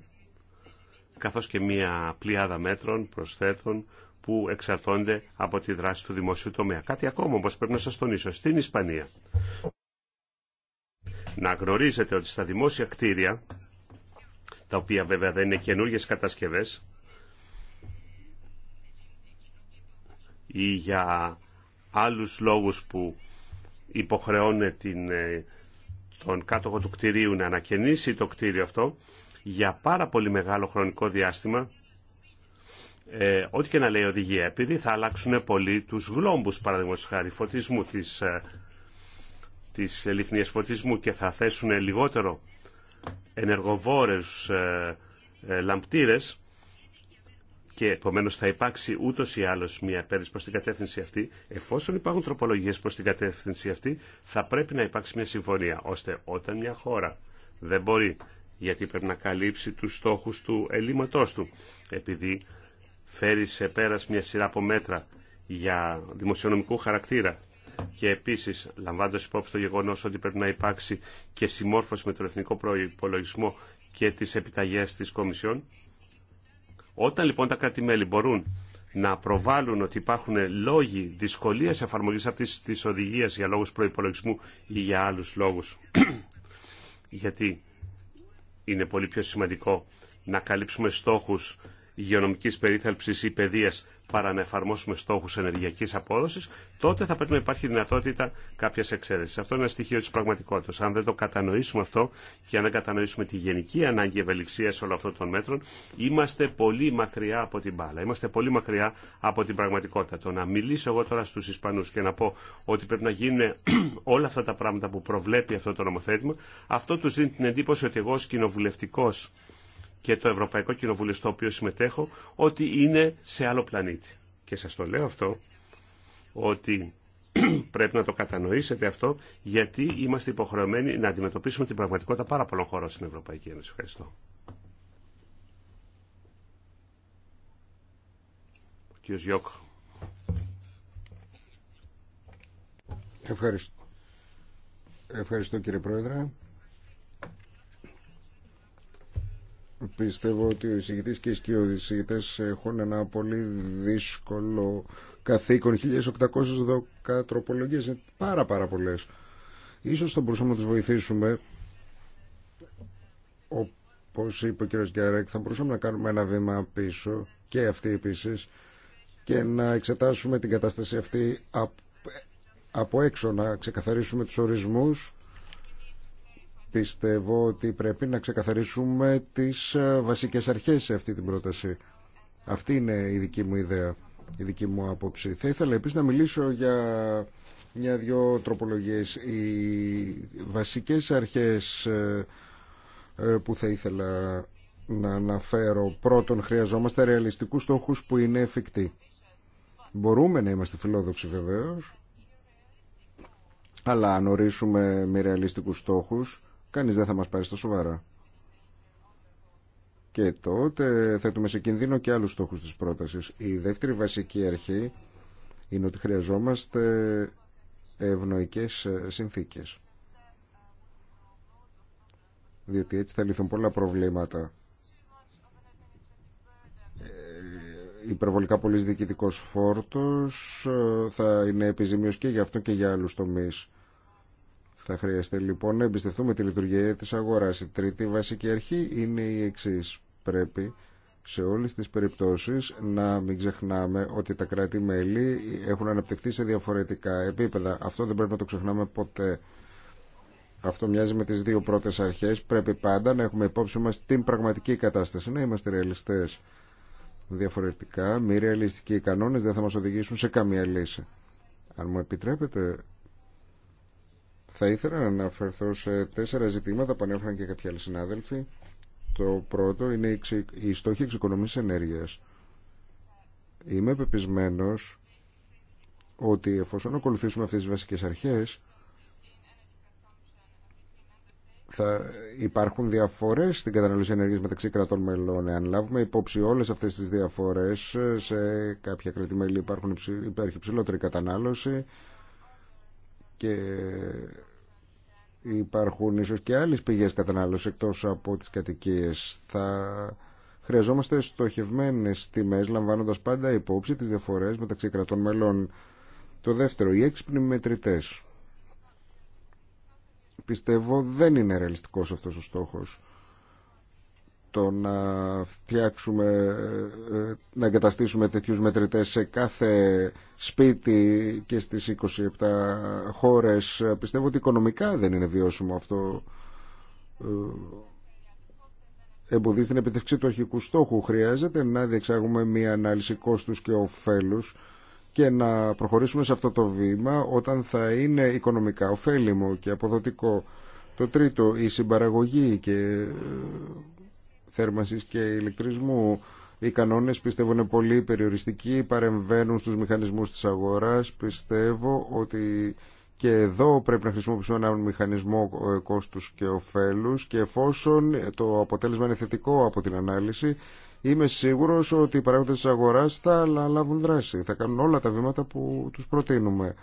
καθώς και μία πλειάδα μέτρων προσθέτων που εξαρτώνται από τη δράση του δημοσίου τομέα. Κάτι ακόμα όμως πρέπει να σας τονίσω. Στην Ισπανία να γνωρίζετε ότι στα δημόσια κτίρια, τα οποία βέβαια δεν είναι καινούργιες κατασκευές, ή για άλλους λόγους που υποχρεώνει την, ε, τον κάτοχο του κτηρίου να ανακαινήσει το κτίριο αυτό, για πάρα πολύ μεγάλο χρονικό διάστημα ε, ό,τι και να λέει οδηγία, επειδή θα αλλάξουν πολύ τους γλόμπους, παραδείγματος χάρη, φωτισμού, της, ε, της λιχνίας φωτισμού και θα θέσουν λιγότερο ενεργοβόρες ε, ε, λαμπτήρες και επομένως θα υπάρξει ούτως ή άλλως μια επένδυση προς την κατεύθυνση αυτή, εφόσον υπάρχουν τροπολογίες προς την κατεύθυνση αυτή, θα πρέπει να υπάρξει μια συμφωνία, ώστε όταν μια χώρα δεν μπορεί γιατί πρέπει να καλύψει τους στόχους του ελλείμματός του, επειδή φέρει σε πέρας μια σειρά από μέτρα για δημοσιονομικού χαρακτήρα και επίσης λαμβάνοντας υπόψη το γεγονός ότι πρέπει να υπάρξει και συμμόρφωση με τον εθνικό προϋπολογισμό και τις επιταγές της Κομισιόν. Όταν λοιπόν τα κράτη-μέλη μπορούν να προβάλλουν ότι υπάρχουν λόγοι δυσκολίας εφαρμογής αυτής της οδηγίας για λόγους προϋπολογισμού ή για άλλους λόγους. Γιατί είναι πολύ πιο σημαντικό να καλύψουμε στόχους υγειονομική περίθαλψη ή παιδεία παρά να εφαρμόσουμε στόχου ενεργειακή απόδοση, τότε θα πρέπει να υπάρχει δυνατότητα κάποια εξαίρεση. Αυτό είναι ένα στοιχείο τη πραγματικότητα. Αν δεν το κατανοήσουμε αυτό και αν δεν κατανοήσουμε τη γενική ανάγκη ευελιξία όλων αυτών των μέτρων, είμαστε πολύ μακριά από την μπάλα, είμαστε πολύ μακριά από την πραγματικότητα. Το να μιλήσω εγώ τώρα στου Ισπανού και να πω ότι πρέπει να γίνουν όλα αυτά τα πράγματα που προβλέπει αυτό το νομοθέτημα, αυτό του δίνει την εντύπωση ότι εγώ ω κοινοβουλευτικό και το Ευρωπαϊκό Κοινοβούλιο στο οποίο συμμετέχω ότι είναι σε άλλο πλανήτη. Και σας το λέω αυτό ότι πρέπει να το κατανοήσετε αυτό γιατί είμαστε υποχρεωμένοι να αντιμετωπίσουμε την πραγματικότητα πάρα πολλών χωρών στην Ευρωπαϊκή Ένωση. Ευχαριστώ. Ευχαριστώ. Ευχαριστώ κύριε Πρόεδρε. Πιστεύω ότι οι εισηγητή και οι σκιωδησίτε έχουν ένα πολύ δύσκολο καθήκον. 1812 τροπολογίε είναι πάρα, πάρα πολλέ. Ίσως θα μπορούσαμε να του βοηθήσουμε. Όπω είπε ο κ. Γκιαρέκ, θα μπορούσαμε να κάνουμε ένα βήμα πίσω και αυτή επίση και να εξετάσουμε την κατάσταση αυτή από έξω, να ξεκαθαρίσουμε του ορισμού. Πιστεύω ότι πρέπει να ξεκαθαρίσουμε τις ε, βασικές αρχές σε αυτή την πρόταση. Αυτή είναι η δική μου ιδέα, η δική μου άποψη. Θα ήθελα επίσης να μιλήσω για μια-δυο τροπολογίες. Οι βασικές αρχές ε, ε, που θα ήθελα να αναφέρω. Πρώτον, χρειαζόμαστε ρεαλιστικούς στόχους που είναι εφικτοί. Μπορούμε να είμαστε φιλόδοξοι βεβαίως, αλλά αν ορίσουμε με ρεαλιστικούς στόχους, κανείς δεν θα μας πάρει στα σοβαρά. Και τότε θέτουμε σε κινδύνο και άλλους στόχου τη πρότασης. Η δεύτερη βασική αρχή είναι ότι χρειαζόμαστε ευνοϊκές συνθήκες. Διότι έτσι θα λυθούν πολλά προβλήματα. Ε, υπερβολικά πολύ διοικητικό φόρτος ε, θα είναι επιζημίω και για αυτό και για άλλου τομεί. Θα χρειαστεί λοιπόν να εμπιστευτούμε τη λειτουργία της αγοράς. Η τρίτη βασική αρχή είναι η εξή. Πρέπει σε όλες τις περιπτώσεις να μην ξεχνάμε ότι τα κράτη-μέλη έχουν αναπτυχθεί σε διαφορετικά επίπεδα. Αυτό δεν πρέπει να το ξεχνάμε ποτέ. Αυτό μοιάζει με τις δύο πρώτες αρχές. Πρέπει πάντα να έχουμε υπόψη μας την πραγματική κατάσταση, να είμαστε ρεαλιστές. Διαφορετικά, μη ρεαλιστικοί κανόνες δεν θα μας οδηγήσουν σε καμία λύση. Αν μου επιτρέπετε, θα ήθελα να αναφερθώ σε τέσσερα ζητήματα που ανέφεραν και κάποιοι άλλοι συνάδελφοι. Το πρώτο είναι η στόχη εξοικονομής ενέργειας. Είμαι πεπισμένος ότι εφόσον ακολουθήσουμε αυτές τις βασικές αρχές θα υπάρχουν διαφορές στην κατανάλωση ενέργειας μεταξύ κρατών μελών. Αν λάβουμε υπόψη όλες αυτές τις διαφορές, σε κάποια κρατημέλη υπάρχουν, υπάρχει ψηλότερη κατανάλωση και υπάρχουν ίσως και άλλες πηγές κατανάλωσης εκτός από τις κατοικίες. Θα χρειαζόμαστε στοχευμένες τιμές λαμβάνοντας πάντα υπόψη τις διαφορές μεταξύ κρατών μελών. Το δεύτερο, οι έξυπνοι μετρητές. Πιστεύω δεν είναι ρεαλιστικός αυτός ο στόχος το να φτιάξουμε, ε, ε, να εγκαταστήσουμε τέτοιους μετρητές σε κάθε σπίτι και στις 27 χώρες. Πιστεύω ότι οικονομικά δεν είναι βιώσιμο αυτό. Ε, εμποδίζει την επιτευξή του αρχικού στόχου. Χρειάζεται να διεξάγουμε μια ανάλυση κόστους και ωφέλους και να προχωρήσουμε σε αυτό το βήμα όταν θα είναι οικονομικά ωφέλιμο και αποδοτικό. Το τρίτο, η συμπαραγωγή και θέρμανσης και ηλεκτρισμού. Οι κανόνες πιστεύω είναι πολύ περιοριστικοί, παρεμβαίνουν στους μηχανισμούς της αγοράς. Πιστεύω ότι και εδώ πρέπει να χρησιμοποιήσουμε έναν μηχανισμό ε, κόστους και ωφέλους και εφόσον το αποτέλεσμα είναι θετικό από την ανάλυση, είμαι σίγουρος ότι οι παράγοντε τη αγοράς θα λάβουν δράση, θα κάνουν όλα τα βήματα που τους προτείνουμε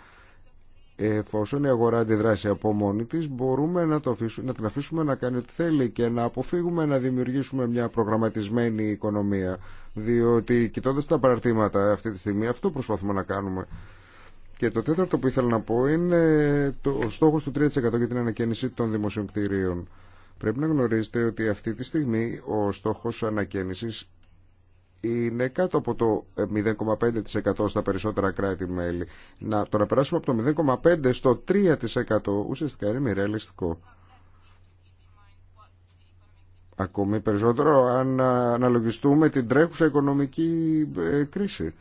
εφόσον η αγορά αντιδράσει από μόνη της μπορούμε να, το αφήσουμε, να την αφήσουμε να κάνει ό,τι θέλει και να αποφύγουμε να δημιουργήσουμε μια προγραμματισμένη οικονομία διότι κοιτώντα τα παραρτήματα αυτή τη στιγμή αυτό προσπαθούμε να κάνουμε και το τέταρτο που ήθελα να πω είναι το, ο στόχος του 3% για την ανακαίνιση των δημοσίων Πρέπει να γνωρίζετε ότι αυτή τη στιγμή ο στόχος ανακαίνισης είναι κάτω από το 0,5% ε, στα περισσότερα κράτη-μέλη. Να, το να περάσουμε από το 0,5% στο 3% ουσιαστικά είναι μη ρεαλιστικό. Ακόμη περισσότερο αν ε, αναλογιστούμε την τρέχουσα οικονομική ε, κρίση.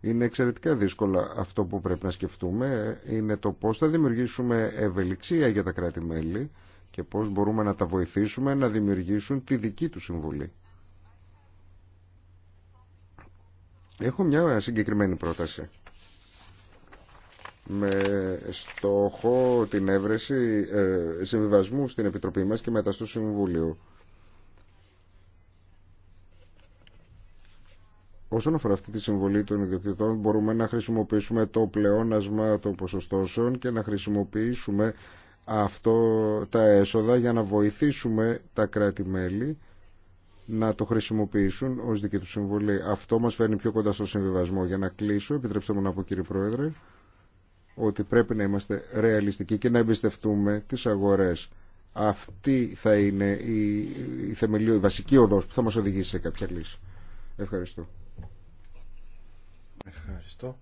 Είναι εξαιρετικά δύσκολο αυτό που πρέπει να σκεφτούμε. Είναι το πώς θα δημιουργήσουμε ευελιξία για τα κράτη-μέλη και πώς μπορούμε να τα βοηθήσουμε να δημιουργήσουν τη δική του συμβουλή. Έχω μια συγκεκριμένη πρόταση με στόχο την έβρεση ε, συμβιβασμού στην Επιτροπή μας και μετά στο Συμβούλιο. Όσον αφορά αυτή τη συμβολή των ιδιοκτητών, μπορούμε να χρησιμοποιήσουμε το πλεόνασμα των ποσοστώσεων και να χρησιμοποιήσουμε αυτό τα έσοδα για να βοηθήσουμε τα κράτη-μέλη να το χρησιμοποιήσουν ως δική του συμβολή. Αυτό μας φέρνει πιο κοντά στο συμβιβασμό. Για να κλείσω, επιτρέψτε μου να πω κύριε Πρόεδρε, ότι πρέπει να είμαστε ρεαλιστικοί και να εμπιστευτούμε τις αγορές. Αυτή θα είναι η, η η βασική οδός που θα μας οδηγήσει σε κάποια λύση. Ευχαριστώ. Ευχαριστώ.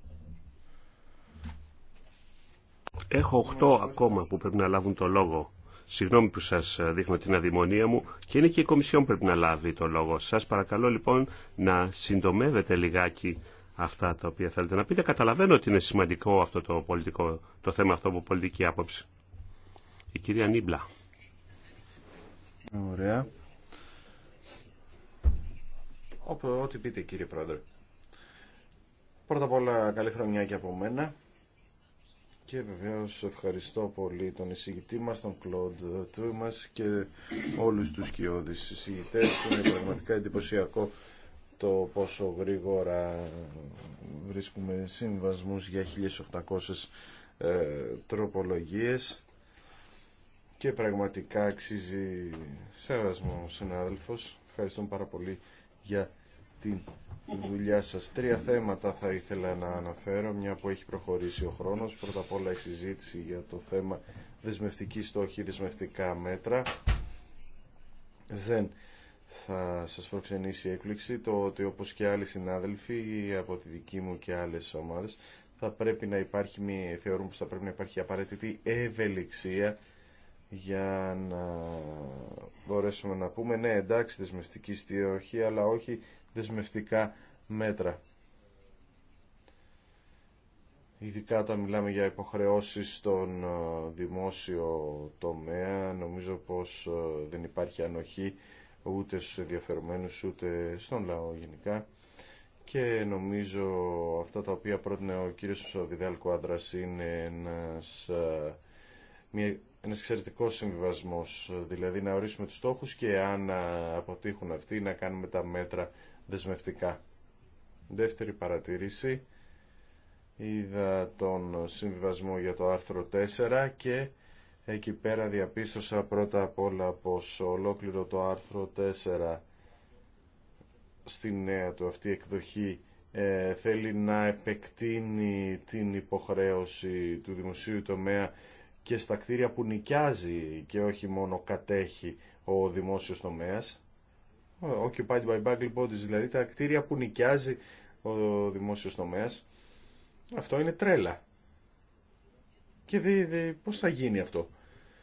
Έχω 8 ακόμα που πρέπει να λάβουν το λόγο. Συγγνώμη που σα ε, δείχνω την αδειμονία μου και είναι και η Κομισιόν πρέπει να λάβει το λόγο. Σα παρακαλώ λοιπόν να συντομεύετε λιγάκι αυτά τα οποία θέλετε να πείτε. Καταλαβαίνω ότι είναι σημαντικό αυτό το, πολιτικό, το θέμα αυτό από πολιτική άποψη. Η κυρία Νίμπλα. Ωραία. Ό,τι πείτε κύριε Πρόεδρε. Πρώτα απ' όλα καλή χρονιά και από μένα. Και βεβαίως ευχαριστώ πολύ τον εισηγητή μας, τον Κλοντ μας και όλους τους κοιόδης εισηγητές. Είναι πραγματικά εντυπωσιακό το πόσο γρήγορα βρίσκουμε συμβασμούς για 1800 ε, τροπολογίες και πραγματικά αξίζει σεβασμό ο συνάδελφος. Ευχαριστώ πάρα πολύ για τη δουλειά σας. Τρία θέματα θα ήθελα να αναφέρω, μια που έχει προχωρήσει ο χρόνος. Πρώτα απ' όλα η συζήτηση για το θέμα δεσμευτική στόχη, δεσμευτικά μέτρα. Δεν θα σας προξενήσει έκπληξη το ότι όπως και άλλοι συνάδελφοι από τη δική μου και άλλες ομάδες θα πρέπει να υπάρχει, μη, θεωρούν πως θα πρέπει να υπάρχει απαραίτητη ευελιξία για να μπορέσουμε να πούμε ναι εντάξει δεσμευτική στόχη αλλά όχι δεσμευτικά μέτρα. Ειδικά όταν μιλάμε για υποχρεώσεις στον ε, δημόσιο τομέα, νομίζω πως ε, δεν υπάρχει ανοχή ούτε στους ενδιαφερομένους ούτε στον λαό γενικά και νομίζω αυτά τα οποία πρότεινε ο κύριος Βιδάλ Κουάδρας είναι ένας, ε, μια, ένας εξαιρετικός συμβιβασμός, δηλαδή να ορίσουμε τους στόχους και αν αποτύχουν αυτοί να κάνουμε τα μέτρα δεσμευτικά. Δεύτερη παρατηρήση. Είδα τον συμβιβασμό για το άρθρο 4 και εκεί πέρα διαπίστωσα πρώτα απ' όλα πως ολόκληρο το άρθρο 4 στη νέα του αυτή εκδοχή ε, θέλει να επεκτείνει την υποχρέωση του δημοσίου τομέα και στα κτίρια που νοικιάζει και όχι μόνο κατέχει ο δημόσιος τομέας Occupied by Bagel Bodies, δηλαδή τα κτίρια που νοικιάζει ο δημόσιος τομέας. Αυτό είναι τρέλα. Και δε, δε, πώς θα γίνει αυτό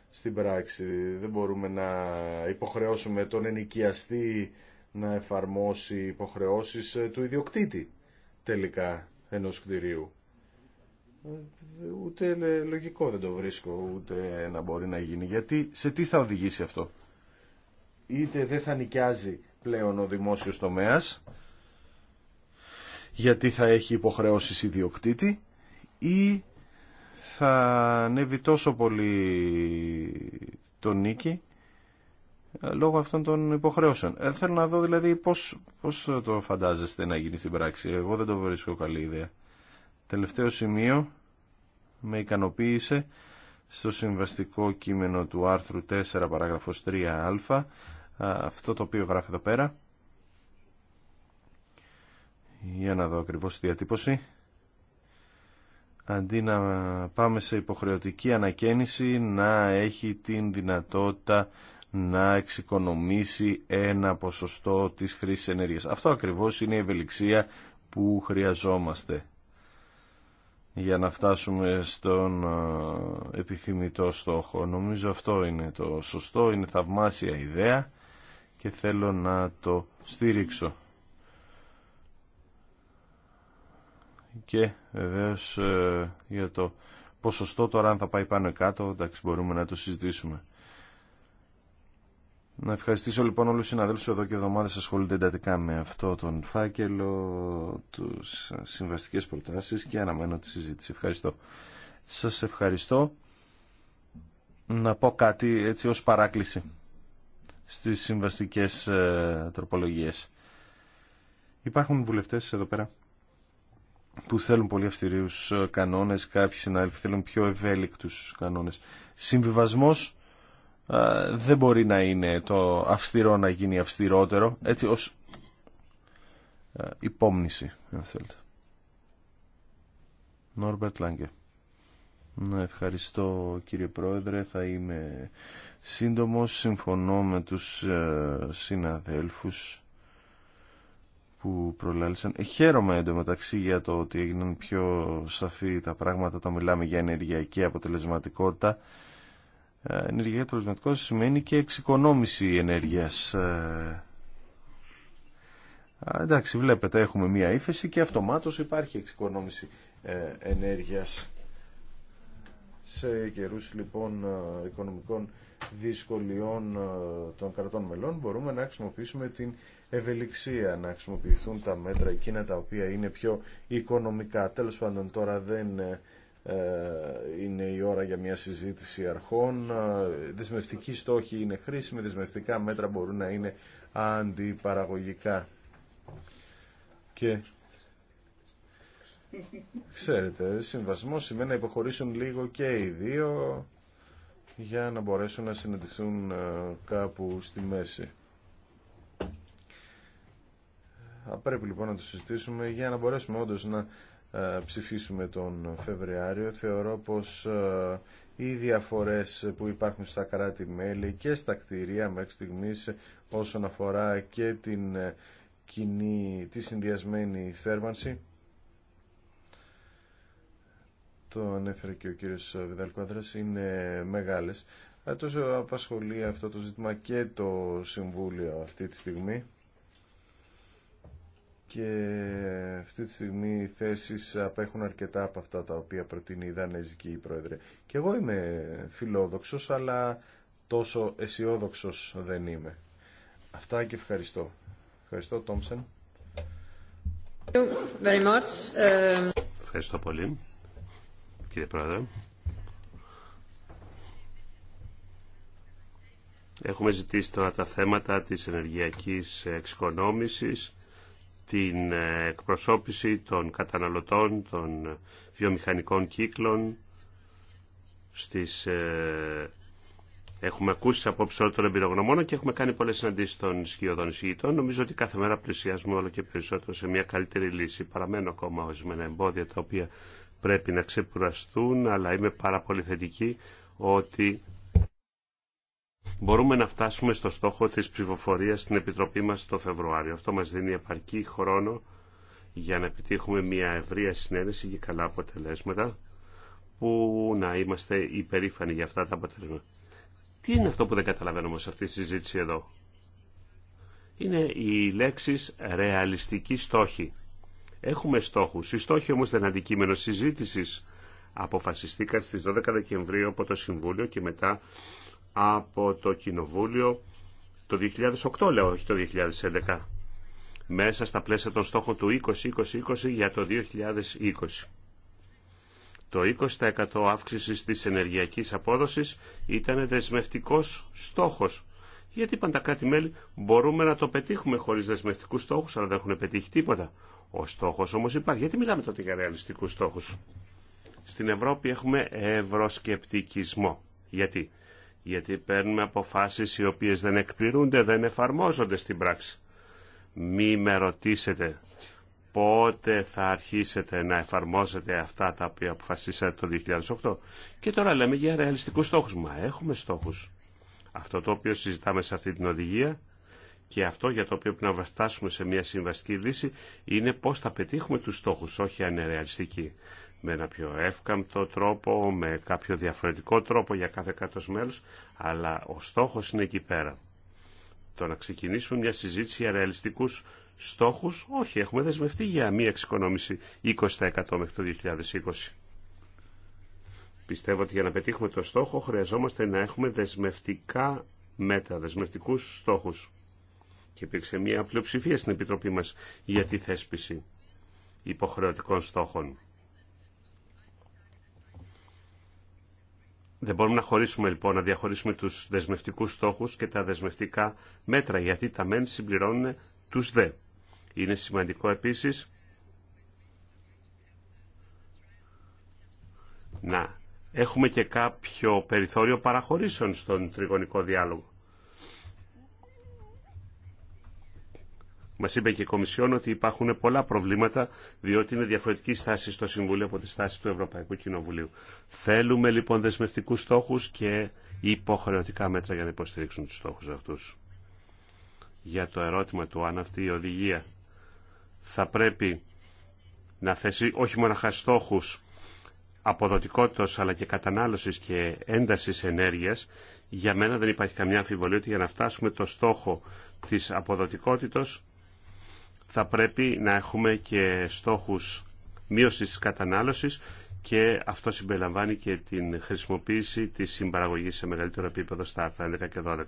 στην πράξη. Δεν μπορούμε να υποχρεώσουμε τον ενοικιαστή να εφαρμόσει υποχρεώσεις ε, του ιδιοκτήτη τελικά ενός κτηρίου. Ούτε λογικό δεν το βρίσκω, ούτε να μπορεί να γίνει. Γιατί σε τι θα οδηγήσει αυτό. Είτε δεν θα νοικιάζει πλέον ο δημόσιος τομέας γιατί θα έχει υποχρεώσεις ιδιοκτήτη ή θα ανέβει τόσο πολύ το νίκη ε, λόγω αυτών των υποχρεώσεων. Ε, θέλω να δω δηλαδή πώς, πώς το φαντάζεστε να γίνει στην πράξη. Εγώ δεν το βρίσκω καλή ιδέα. Τελευταίο σημείο με ικανοποίησε στο συμβαστικό κείμενο του άρθρου 4 παράγραφος 3α αυτό το οποίο γράφει εδώ πέρα. Για να δω ακριβώς τη διατύπωση. Αντί να πάμε σε υποχρεωτική ανακαίνιση, να έχει την δυνατότητα να εξοικονομήσει ένα ποσοστό της χρήσης ενέργειας. Αυτό ακριβώς είναι η ευελιξία που χρειαζόμαστε για να φτάσουμε στον επιθυμητό στόχο. Νομίζω αυτό είναι το σωστό, είναι θαυμάσια ιδέα και θέλω να το στήριξω. Και βεβαίως ε, για το ποσοστό τώρα αν θα πάει πάνω ή κάτω, εντάξει μπορούμε να το συζητήσουμε. Να ευχαριστήσω λοιπόν όλους οι συναδέλφους εδώ και εβδομάδες ασχολούνται εντατικά με αυτό τον φάκελο, τους συμβαστικές προτάσεις και αναμένω τη συζήτηση. Ευχαριστώ. Σας ευχαριστώ. Να πω κάτι έτσι ως παράκληση στις συμβαστικές ε, τροπολογίες. Υπάρχουν βουλευτές εδώ πέρα που θέλουν πολύ αυστηρίους ε, κανόνες, κάποιοι συνάδελφοι θέλουν πιο ευέλικτους κανόνες. Συμβιβασμός ε, δεν μπορεί να είναι το αυστηρό να γίνει αυστηρότερο, έτσι ως υπόμνηση, αν θέλετε. Νόρμπερτ Λάγκε. Ευχαριστώ κύριε Πρόεδρε, θα είμαι σύντομος, συμφωνώ με τους ε, συναδέλφους που προλάλησαν. Ε, χαίρομαι εντωμεταξύ για το ότι έγιναν πιο σαφή τα πράγματα όταν μιλάμε για ενεργειακή αποτελεσματικότητα. Ε, ενεργειακή αποτελεσματικότητα σημαίνει και εξοικονόμηση ενέργειας. Εντάξει, βλέπετε, έχουμε μία ύφεση και αυτομάτως υπάρχει εξοικονόμηση ενέργειας σε καιρούς λοιπόν ε, οικονομικών δυσκολιών ε, των κρατών μελών μπορούμε να χρησιμοποιήσουμε την ευελιξία, να χρησιμοποιηθούν τα μέτρα εκείνα τα οποία είναι πιο οικονομικά. Τέλος πάντων τώρα δεν ε, είναι η ώρα για μια συζήτηση αρχών. Δεσμευτικοί στόχοι είναι χρήσιμοι, δεσμευτικά μέτρα μπορούν να είναι αντιπαραγωγικά. Και Ξέρετε, συμβασμό σημαίνει να υποχωρήσουν λίγο και οι δύο για να μπορέσουν να συναντηθούν ε, κάπου στη μέση. Θα πρέπει λοιπόν να το συζητήσουμε για να μπορέσουμε όντω να ε, ψηφίσουμε τον Φεβρουάριο. Θεωρώ πως ε, οι διαφορές που υπάρχουν στα κράτη-μέλη και στα κτίρια μέχρι στιγμής όσον αφορά και την κοινή, τη συνδυασμένη θέρμανση το ανέφερε και ο κύριος Βιδαλκουάδρας, είναι μεγάλες. Ε, τόσο απασχολεί αυτό το ζήτημα και το Συμβούλιο αυτή τη στιγμή. Και αυτή τη στιγμή οι θέσεις απέχουν αρκετά από αυτά τα οποία προτείνει η Δανέζικη Πρόεδρε. Και εγώ είμαι φιλόδοξος, αλλά τόσο αισιόδοξο δεν είμαι. Αυτά και ευχαριστώ. Ευχαριστώ, Τόμψεν. Ε, ευχαριστώ πολύ κύριε Πρόεδρε. Έχουμε ζητήσει τώρα τα θέματα της ενεργειακής εξοικονόμησης, την ε, εκπροσώπηση των καταναλωτών, των βιομηχανικών κύκλων. Στις, ε, έχουμε ακούσει από απόψεις όλων των εμπειρογνωμών και έχουμε κάνει πολλές συναντήσεις των σκιωδών εισηγητών. Νομίζω ότι κάθε μέρα πλησιάζουμε όλο και περισσότερο σε μια καλύτερη λύση. Παραμένω ακόμα ορισμένα εμπόδια τα οποία πρέπει να ξεπουραστούν, αλλά είμαι πάρα πολύ θετική ότι μπορούμε να φτάσουμε στο στόχο της ψηφοφορία στην Επιτροπή μας το Φεβρουάριο. Αυτό μας δίνει επαρκή χρόνο για να επιτύχουμε μια ευρεία συνένεση και καλά αποτελέσματα που να είμαστε υπερήφανοι για αυτά τα αποτελέσματα. Τι είναι αυτό που δεν καταλαβαίνουμε σε αυτή τη συζήτηση εδώ. Είναι οι λέξεις ρεαλιστική στόχη. Έχουμε στόχους. Οι στόχοι όμως δεν αντικείμενο συζήτηση αποφασιστήκαν στις 12 Δεκεμβρίου από το Συμβούλιο και μετά από το Κοινοβούλιο το 2008 λέω, όχι το 2011 μέσα στα πλαίσια των στόχων του 20-20-20 για το 2020. Το 20% αύξησης της ενεργειακής απόδοσης ήταν δεσμευτικός στόχος. Γιατί είπαν τα κράτη-μέλη μπορούμε να το πετύχουμε χωρίς δεσμευτικούς στόχους, αλλά δεν έχουν πετύχει τίποτα. Ο στόχο όμως υπάρχει. Γιατί μιλάμε τότε για ρεαλιστικού στόχους. Στην Ευρώπη έχουμε ευρωσκεπτικισμό. Γιατί. Γιατί παίρνουμε αποφάσεις οι οποίες δεν εκπληρούνται, δεν εφαρμόζονται στην πράξη. Μη με ρωτήσετε πότε θα αρχίσετε να εφαρμόζετε αυτά τα οποία αποφασίσατε το 2008. Και τώρα λέμε για ρεαλιστικού στόχους. Μα έχουμε στόχους. Αυτό το οποίο συζητάμε σε αυτή την οδηγία και αυτό για το οποίο πρέπει να βαστάσουμε σε μια συμβαστική λύση είναι πώς θα πετύχουμε τους στόχους, όχι αν είναι ρεαλιστικοί. Με ένα πιο εύκαμπτο τρόπο, με κάποιο διαφορετικό τρόπο για κάθε κάτω μέλο, αλλά ο στόχος είναι εκεί πέρα. Το να ξεκινήσουμε μια συζήτηση για ρεαλιστικούς στόχους, όχι, έχουμε δεσμευτεί για μία εξοικονόμηση 20% μέχρι το 2020. Πιστεύω ότι για να πετύχουμε το στόχο χρειαζόμαστε να έχουμε δεσμευτικά μέτρα, δεσμευτικούς στόχους και υπήρξε μια πλειοψηφία στην Επιτροπή μας για τη θέσπιση υποχρεωτικών στόχων. Δεν μπορούμε να χωρίσουμε λοιπόν, να διαχωρίσουμε τους δεσμευτικούς στόχους και τα δεσμευτικά μέτρα, γιατί τα μεν συμπληρώνουν τους δε. Είναι σημαντικό επίσης να έχουμε και κάποιο περιθώριο παραχωρήσεων στον τριγωνικό διάλογο. Μα είπε και η Κομισιόν ότι υπάρχουν πολλά προβλήματα, διότι είναι διαφορετική στάση στο Συμβούλιο από τη στάση του Ευρωπαϊκού Κοινοβουλίου. Θέλουμε λοιπόν δεσμευτικού στόχου και υποχρεωτικά μέτρα για να υποστηρίξουν του στόχου αυτού. Για το ερώτημα του αν αυτή η οδηγία θα πρέπει να θέσει όχι μόνο στόχου αποδοτικότητας αλλά και κατανάλωση και ένταση ενέργεια. για μένα δεν υπάρχει καμιά αμφιβολία ότι για να φτάσουμε το στόχο της αποδοτικότητας θα πρέπει να έχουμε και στόχους μείωσης της κατανάλωσης και αυτό συμπεριλαμβάνει και την χρησιμοποίηση της συμπαραγωγής σε μεγαλύτερο επίπεδο στα άρθρα 11 και 12.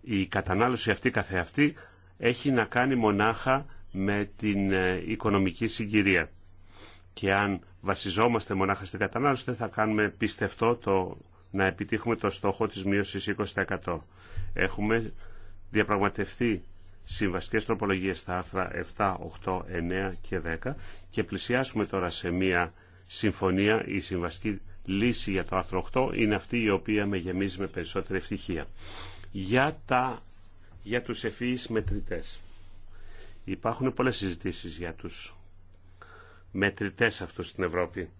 Η κατανάλωση αυτή καθεαυτή έχει να κάνει μονάχα με την ε, οικονομική συγκυρία. Και αν βασιζόμαστε μονάχα στην κατανάλωση δεν θα κάνουμε πιστευτό το να επιτύχουμε το στόχο της μείωσης 20%. Έχουμε διαπραγματευτεί Συμβαστικέ τροπολογίε στα άρθρα 7, 8, 9 και 10 και πλησιάσουμε τώρα σε μια συμφωνία η συμβαστική λύση για το άρθρο 8 είναι αυτή η οποία με γεμίζει με περισσότερη ευτυχία. Για, τα, για τους ευφυείς μετρητές. Υπάρχουν πολλές συζητήσεις για τους μετρητές αυτούς στην Ευρώπη.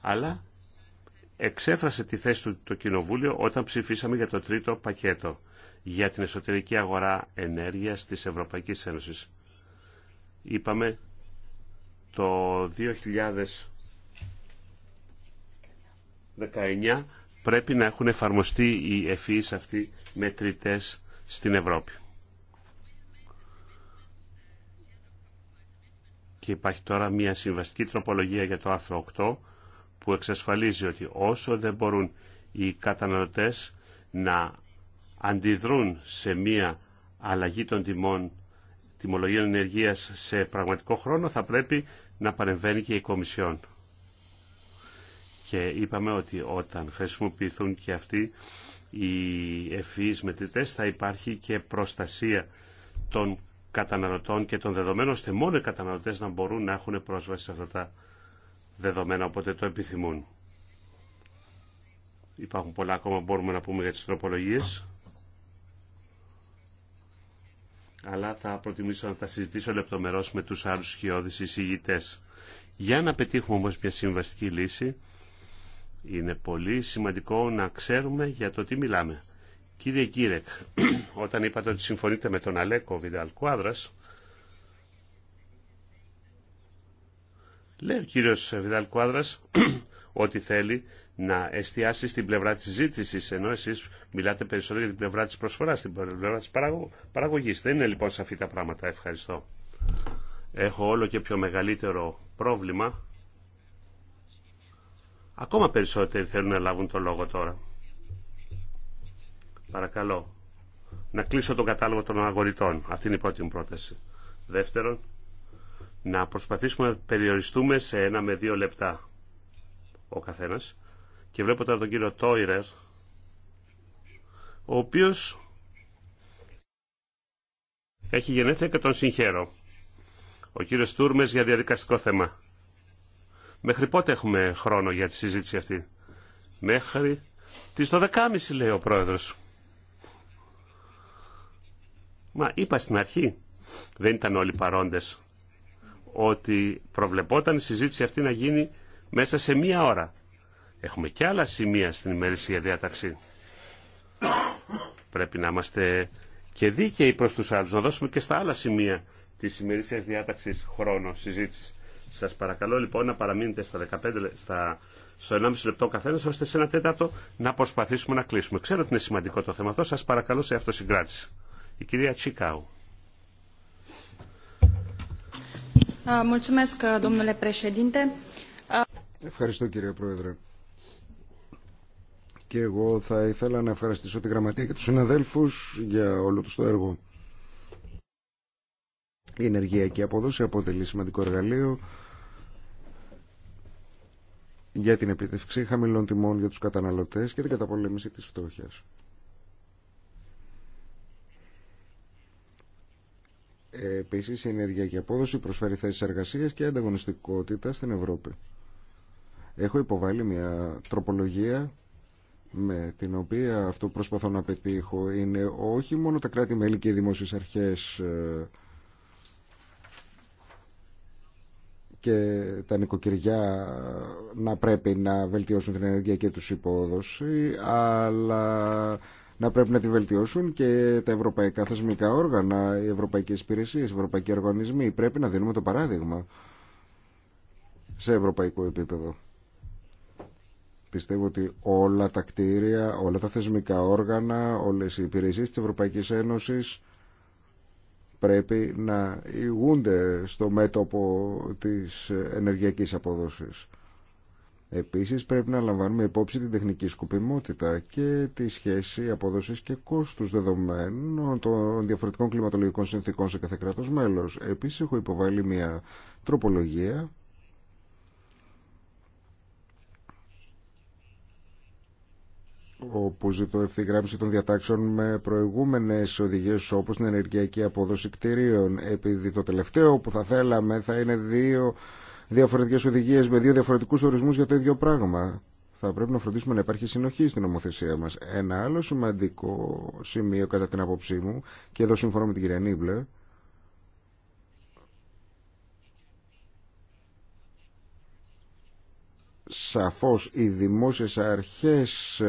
Αλλά εξέφρασε τη θέση του το Κοινοβούλιο όταν ψηφίσαμε για το τρίτο πακέτο για την εσωτερική αγορά ενέργειας της Ευρωπαϊκής Ένωσης. Είπαμε το 2019 πρέπει να έχουν εφαρμοστεί οι εφείς αυτοί μετρητές στην Ευρώπη. Και υπάρχει τώρα μια συμβαστική τροπολογία για το άρθρο 8 που εξασφαλίζει ότι όσο δεν μπορούν οι καταναλωτές να αντιδρούν σε μία αλλαγή των τιμών τιμολογίων ενεργείας σε πραγματικό χρόνο θα πρέπει να παρεμβαίνει και η Κομισιόν. Και είπαμε ότι όταν χρησιμοποιηθούν και αυτοί οι ευφυείς μετρητές θα υπάρχει και προστασία των καταναλωτών και των δεδομένων ώστε μόνο οι καταναλωτές να μπορούν να έχουν πρόσβαση σε αυτά τα δεδομένα όποτε το επιθυμούν. Υπάρχουν πολλά ακόμα μπορούμε να πούμε για τις τροπολογίες αλλά θα προτιμήσω να τα συζητήσω λεπτομερώς με τους άλλου χειώδεις εισηγητέ. Για να πετύχουμε όμω μια συμβαστική λύση, είναι πολύ σημαντικό να ξέρουμε για το τι μιλάμε. Κύριε Κύρεκ, όταν είπατε ότι συμφωνείτε με τον Αλέκο Βινταλ λέει ο κύριο Βινταλ ότι θέλει να εστιάσει στην πλευρά της συζήτηση, ενώ εσείς μιλάτε περισσότερο για την πλευρά της προσφοράς, την πλευρά της παραγωγής. Δεν είναι λοιπόν σαφή τα πράγματα. Ευχαριστώ. Έχω όλο και πιο μεγαλύτερο πρόβλημα. Ακόμα περισσότεροι θέλουν να λάβουν το λόγο τώρα. Παρακαλώ. Να κλείσω τον κατάλογο των αγοριτών Αυτή είναι η πρώτη μου πρόταση. Δεύτερον, να προσπαθήσουμε να περιοριστούμε σε ένα με δύο λεπτά ο καθένας και βλέπω τώρα τον κύριο Τόιρερ, ο οποίος έχει γενέθλια και τον συγχαίρω. Ο κύριος Τούρμες για διαδικαστικό θέμα. Μέχρι πότε έχουμε χρόνο για τη συζήτηση αυτή. Μέχρι τις 12.30 λέει ο πρόεδρος. Μα είπα στην αρχή, δεν ήταν όλοι παρόντες, ότι προβλεπόταν η συζήτηση αυτή να γίνει μέσα σε μία ώρα. Έχουμε και άλλα σημεία στην ημερήσια διάταξη. Πρέπει να είμαστε και δίκαιοι προς τους άλλους, να δώσουμε και στα άλλα σημεία της ημερήσιας διάταξης χρόνο συζήτησης. Σας παρακαλώ λοιπόν να παραμείνετε στα 15, στα, στο 1,5 λεπτό καθένα, ώστε σε ένα τέταρτο να προσπαθήσουμε να κλείσουμε. Ξέρω ότι είναι σημαντικό το θέμα αυτό, σας παρακαλώ σε αυτό συγκράτηση. Η κυρία Τσίκαου. Ευχαριστώ κύριε Πρόεδρε και εγώ θα ήθελα να ευχαριστήσω τη Γραμματεία και τους συναδέλφους για όλο τους το έργο. Η ενεργειακή αποδόση αποτελεί σημαντικό εργαλείο για την επίτευξη χαμηλών τιμών για τους καταναλωτές και την καταπολέμηση της φτώχειας. Επίσης, η ενεργειακή απόδοση προσφέρει θέσεις εργασίας και ανταγωνιστικότητα στην Ευρώπη. Έχω υποβάλει μια τροπολογία με την οποία αυτό που προσπαθώ να πετύχω είναι όχι μόνο τα κράτη-μέλη και οι δημόσιες αρχές ε, και τα νοικοκυριά να πρέπει να βελτιώσουν την ενεργειακή τους υπόδοση αλλά να πρέπει να τη βελτιώσουν και τα ευρωπαϊκά θεσμικά όργανα, οι ευρωπαϊκές υπηρεσίες, οι ευρωπαϊκοί οργανισμοί. Πρέπει να δίνουμε το παράδειγμα σε ευρωπαϊκό επίπεδο. Πιστεύω ότι όλα τα κτίρια, όλα τα θεσμικά όργανα, όλες οι υπηρεσίες της Ευρωπαϊκής Ένωσης πρέπει να ηγούνται στο μέτωπο της ενεργειακής αποδόσης. Επίσης πρέπει να λαμβάνουμε υπόψη την τεχνική σκοπιμότητα και τη σχέση αποδόσης και κόστους δεδομένων των διαφορετικών κλιματολογικών συνθήκων σε κάθε κράτος μέλος. Επίσης έχω υποβάλει μια τροπολογία όπου ζητώ ευθυγράμμιση των διατάξεων με προηγούμενες οδηγίες όπως την ενεργειακή απόδοση κτηρίων επειδή το τελευταίο που θα θέλαμε θα είναι δύο διαφορετικές οδηγίες με δύο διαφορετικούς ορισμούς για το ίδιο πράγμα. Θα πρέπει να φροντίσουμε να υπάρχει συνοχή στην νομοθεσία μας. Ένα άλλο σημαντικό σημείο κατά την άποψή μου και εδώ συμφωνώ με την κυρία Νίμπλε σαφώς οι δημόσιες αρχές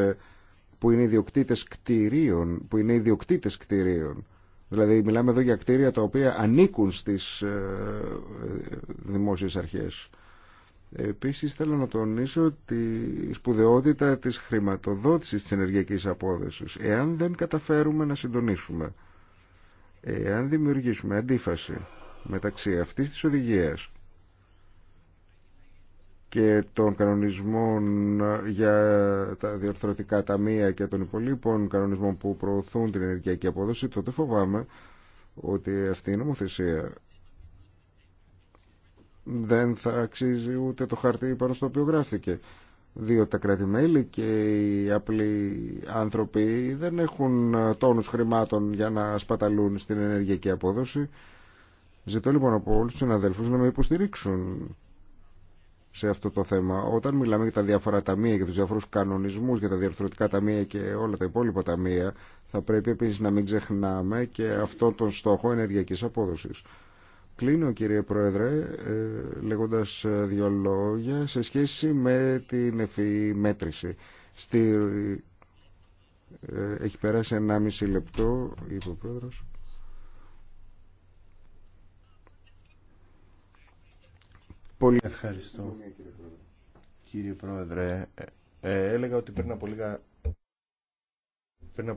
που είναι ιδιοκτήτες κτηρίων, που είναι ιδιοκτήτες κτηρίων. Δηλαδή μιλάμε εδώ για κτίρια τα οποία ανήκουν στις ε, δημόσιες αρχές. Επίσης θέλω να τονίσω τη σπουδαιότητα της χρηματοδότησης της ενεργειακής απόδεσης. Εάν δεν καταφέρουμε να συντονίσουμε, εάν δημιουργήσουμε αντίφαση μεταξύ αυτής της οδηγίας και των κανονισμών για τα διορθωτικά ταμεία και των υπολείπων κανονισμών που προωθούν την ενεργειακή απόδοση, τότε φοβάμαι ότι αυτή η νομοθεσία δεν θα αξίζει ούτε το χαρτί πάνω στο οποίο γράφτηκε. Διότι τα κρατη και οι απλοί άνθρωποι δεν έχουν τόνους χρημάτων για να σπαταλούν στην ενεργειακή απόδοση. Ζητώ λοιπόν από όλους τους συναδέλφους να με υποστηρίξουν σε αυτό το θέμα. Όταν μιλάμε για τα διάφορα ταμεία, για τους διάφορους κανονισμούς, για τα διαρθρωτικά ταμεία και όλα τα υπόλοιπα ταμεία, θα πρέπει επίση να μην ξεχνάμε και αυτόν τον στόχο ενεργειακή απόδοσης. Κλείνω κύριε Πρόεδρε ε, λέγοντας ε, δύο λόγια σε σχέση με την ευφυή μέτρηση. Στη... Ε, έχει περάσει 1,5 λεπτό, είπε ο Πρόεδρος. Πολύ ευχαριστώ. Κύριε Πρόεδρε, ε, ε, έλεγα ότι πριν από,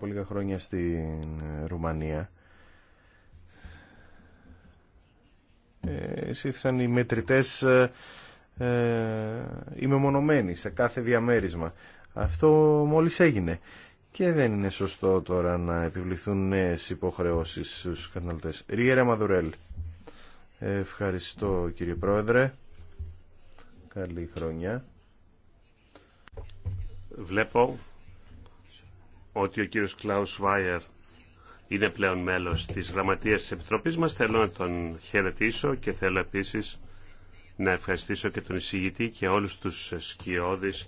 λίγα, χρόνια στην Ρουμανία ε, οι μετρητές ε, ε σε κάθε διαμέρισμα. Αυτό μόλις έγινε. Και δεν είναι σωστό τώρα να επιβληθούν νέες υποχρεώσεις στους καταναλωτές. Ριέρα Μαδουρέλ. Ευχαριστώ κύριε Πρόεδρε. Καλή χρονιά. Βλέπω ότι ο κύριος Κλάους Βάιερ είναι πλέον μέλος της Γραμματείας της Επιτροπής μας. Θέλω να τον χαιρετήσω και θέλω επίσης να ευχαριστήσω και τον εισηγητή και όλους τους σκιώδεις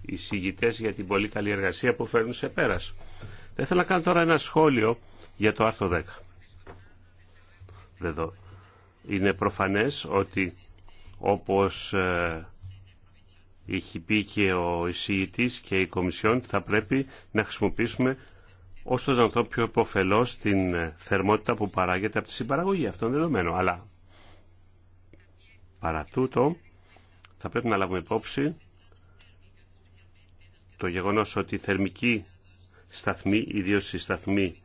εισηγητές για την πολύ καλή εργασία που φέρνουν σε πέρας. Θα ήθελα να κάνω τώρα ένα σχόλιο για το άρθρο 10. Είναι προφανές ότι όπως έχει ε, πει και ο εισηγητής και η Κομισιόν, θα πρέπει να χρησιμοποιήσουμε όσο δυνατόν πιο υποφελώς την ε, θερμότητα που παράγεται από τη συμπαραγωγή. Αυτό είναι δεδομένο. Αλλά παρά τούτο, θα πρέπει να λάβουμε υπόψη το γεγονός ότι η θερμική σταθμή, ιδίως η σταθμή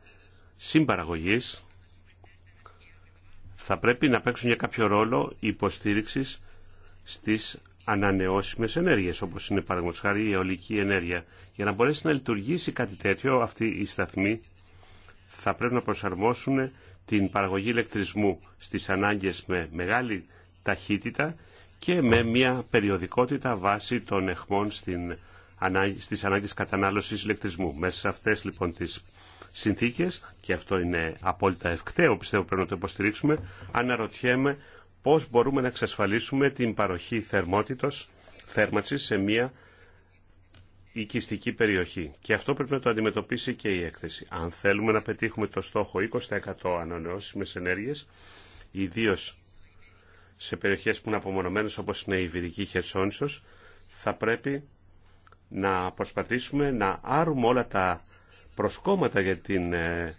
συμπαραγωγής, θα πρέπει να παίξουν για κάποιο ρόλο υποστήριξης στις ανανεώσιμες ενέργειες, όπως είναι παραδείγματος χάρη η αιωλική ενέργεια. Για να μπορέσει να λειτουργήσει κάτι τέτοιο, αυτή η σταθμή θα πρέπει να προσαρμόσουν την παραγωγή ηλεκτρισμού στις ανάγκες με μεγάλη ταχύτητα και με μια περιοδικότητα βάση των εχμών στην, στις ανάγκες κατανάλωσης ηλεκτρισμού. Μέσα σε αυτές λοιπόν τις συνθήκες, και αυτό είναι απόλυτα ευκταίο, πιστεύω πρέπει να το υποστηρίξουμε, αναρωτιέμαι πώς μπορούμε να εξασφαλίσουμε την παροχή θερμότητος, θέρμανσης σε μια οικιστική περιοχή. Και αυτό πρέπει να το αντιμετωπίσει και η έκθεση. Αν θέλουμε να πετύχουμε το στόχο 20% ανανεώσιμες ενέργειες, ιδίω σε περιοχές που είναι απομονωμένες όπως είναι η Βυρική Χερσόνησος, θα πρέπει να προσπαθήσουμε να άρουμε όλα τα προσκόμματα για την ε,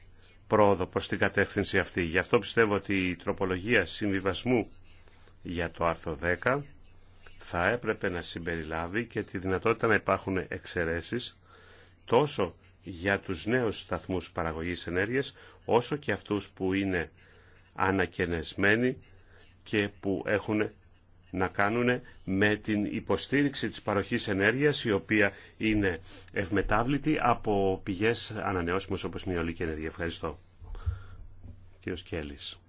πρόοδο προς την κατεύθυνση αυτή. Γι' αυτό πιστεύω ότι η τροπολογία συμβιβασμού για το άρθρο 10 θα έπρεπε να συμπεριλάβει και τη δυνατότητα να υπάρχουν εξαιρέσεις τόσο για τους νέους σταθμούς παραγωγής ενέργειας όσο και αυτούς που είναι ανακαινεσμένοι και που έχουν να κάνουν με την υποστήριξη της παροχής ενέργειας η οποία είναι ευμετάβλητη από πηγές ανανεώσιμες όπως είναι η ολική ενέργεια. Ευχαριστώ. Κύριος Κέλλης.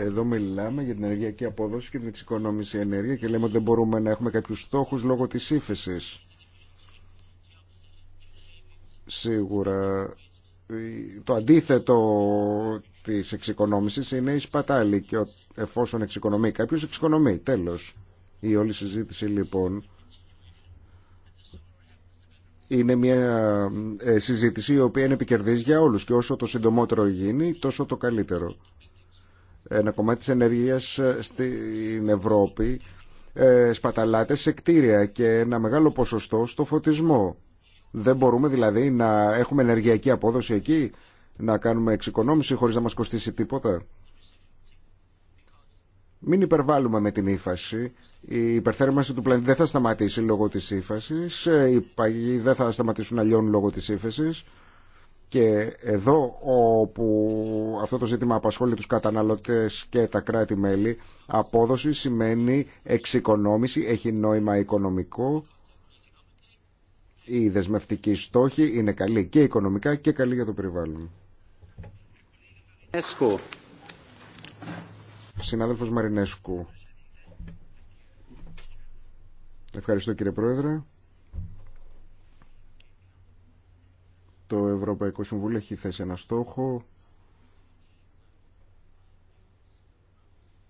Εδώ μιλάμε για την ενεργειακή απόδοση και την εξοικονόμηση ενέργεια και λέμε ότι δεν μπορούμε να έχουμε κάποιους στόχους λόγω της ύφεσης. Σίγουρα το αντίθετο της εξοικονόμησης είναι η σπατάλη και εφόσον εξοικονομεί κάποιος εξοικονομεί. Τέλος, η όλη συζήτηση λοιπόν είναι μια ε, συζήτηση η οποία είναι επικερδής για όλους και όσο το συντομότερο γίνει τόσο το καλύτερο. Ένα κομμάτι της ενέργειας ε, στην Ευρώπη ε, σπαταλάται σε κτίρια και ένα μεγάλο ποσοστό στο φωτισμό. Δεν μπορούμε δηλαδή να έχουμε ενεργειακή απόδοση εκεί, να κάνουμε εξοικονόμηση χωρίς να μας κοστίσει τίποτα. Μην υπερβάλλουμε με την ύφαση. Η υπερθέρμανση του πλανήτη δεν θα σταματήσει λόγω της ύφασης. Ε, οι παγιοί δεν θα σταματήσουν να λιώνουν λόγω της ύφασης. Και εδώ όπου αυτό το ζήτημα απασχολεί τους καταναλωτές και τα κράτη-μέλη, απόδοση σημαίνει εξοικονόμηση, έχει νόημα οικονομικό οι δεσμευτικοί στόχοι είναι καλοί και οικονομικά και καλοί για το περιβάλλον. Μαρινέσκου. Συνάδελφος Μαρινέσκου. Ευχαριστώ κύριε Πρόεδρε. Το Ευρωπαϊκό Συμβούλιο έχει θέσει ένα στόχο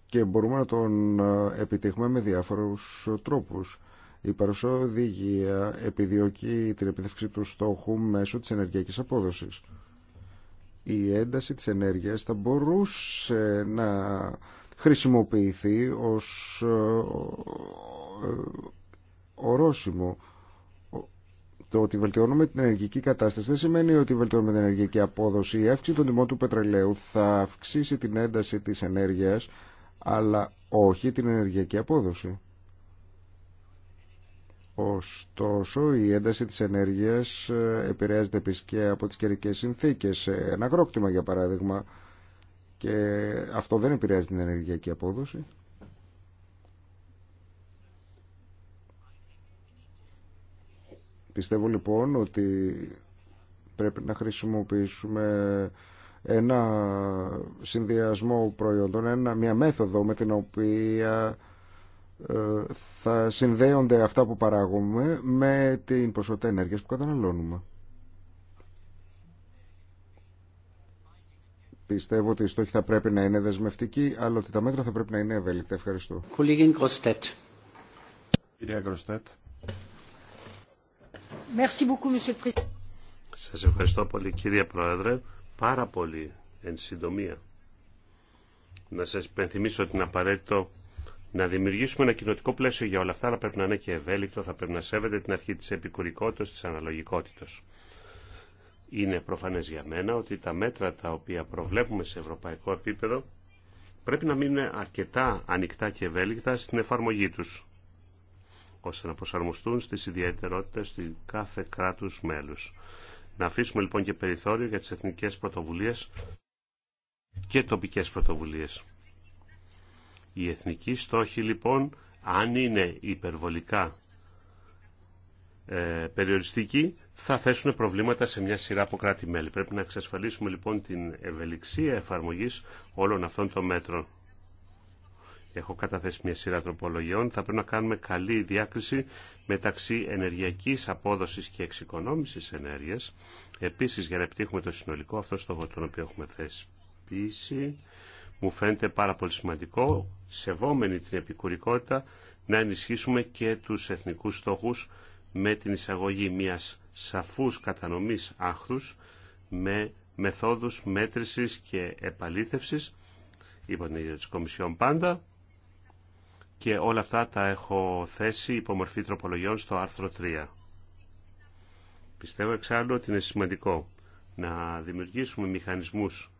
και μπορούμε να τον επιτύχουμε με διάφορους τρόπους. Η παρουσία οδηγία επιδιώκει την επιδεύξη του στόχου μέσω της ενεργειακής απόδοσης. Η ένταση της ενέργειας θα μπορούσε να χρησιμοποιηθεί ως ε, ε, ορόσημο το ότι βελτιώνουμε την ενεργειακή κατάσταση δεν σημαίνει ότι βελτιώνουμε την ενεργειακή απόδοση. Η αύξηση των τιμών του πετρελαίου θα αυξήσει την ένταση της ενέργειας, αλλά όχι την ενεργειακή απόδοση. Ωστόσο, η ένταση της ενέργειας ε, επηρεάζεται επίσης και από τις καιρικές συνθήκες. Ε, ένα αγρόκτημα, για παράδειγμα, και αυτό δεν επηρεάζει την ενεργειακή απόδοση. Πιστεύω λοιπόν ότι πρέπει να χρησιμοποιήσουμε ένα συνδυασμό προϊόντων, ένα, μια μέθοδο με την οποία θα συνδέονται αυτά που παράγουμε με την ποσότητα ενέργειας που καταναλώνουμε. Πιστεύω ότι η στόχη θα πρέπει να είναι δεσμευτική αλλά ότι τα μέτρα θα πρέπει να είναι ευέλικτα. Ευχαριστώ. Κυρία Σας ευχαριστώ πολύ κύριε Πρόεδρε. Πάρα πολύ εν συντομία. Να σας υπενθυμίσω ότι είναι απαραίτητο να δημιουργήσουμε ένα κοινοτικό πλαίσιο για όλα αυτά, αλλά πρέπει να είναι και ευέλικτο, θα πρέπει να σέβεται την αρχή της επικουρικότητας, της αναλογικότητας. Είναι προφανές για μένα ότι τα μέτρα τα οποία προβλέπουμε σε ευρωπαϊκό επίπεδο πρέπει να μείνουν αρκετά ανοιχτά και ευέλικτα στην εφαρμογή τους, ώστε να προσαρμοστούν στις ιδιαιτερότητες του κάθε κράτους μέλους. Να αφήσουμε λοιπόν και περιθώριο για τις εθνικές πρωτοβουλίες και τοπικές πρωτοβουλίες. Οι εθνικοί στόχοι λοιπόν, αν είναι υπερβολικά ε, περιοριστικοί, θα θέσουν προβλήματα σε μια σειρά από κράτη-μέλη. Πρέπει να εξασφαλίσουμε λοιπόν την ευελιξία εφαρμογής όλων αυτών των μέτρων. Έχω καταθέσει μια σειρά τροπολογιών. Θα πρέπει να κάνουμε καλή διάκριση μεταξύ ενεργειακής απόδοσης και εξοικονόμησης ενέργειας. Επίσης, για να επιτύχουμε το συνολικό αυτό στόχο τον οποίο έχουμε θέσει μου φαίνεται πάρα πολύ σημαντικό, σεβόμενη την επικουρικότητα, να ενισχύσουμε και τους εθνικούς στόχους με την εισαγωγή μιας σαφούς κατανομής άχθους με μεθόδους μέτρησης και επαλήθευσης, την ίδια της Κομισιόν πάντα, και όλα αυτά τα έχω θέσει υπό μορφή τροπολογιών στο άρθρο 3. Πιστεύω εξάλλου ότι είναι σημαντικό να δημιουργήσουμε μηχανισμούς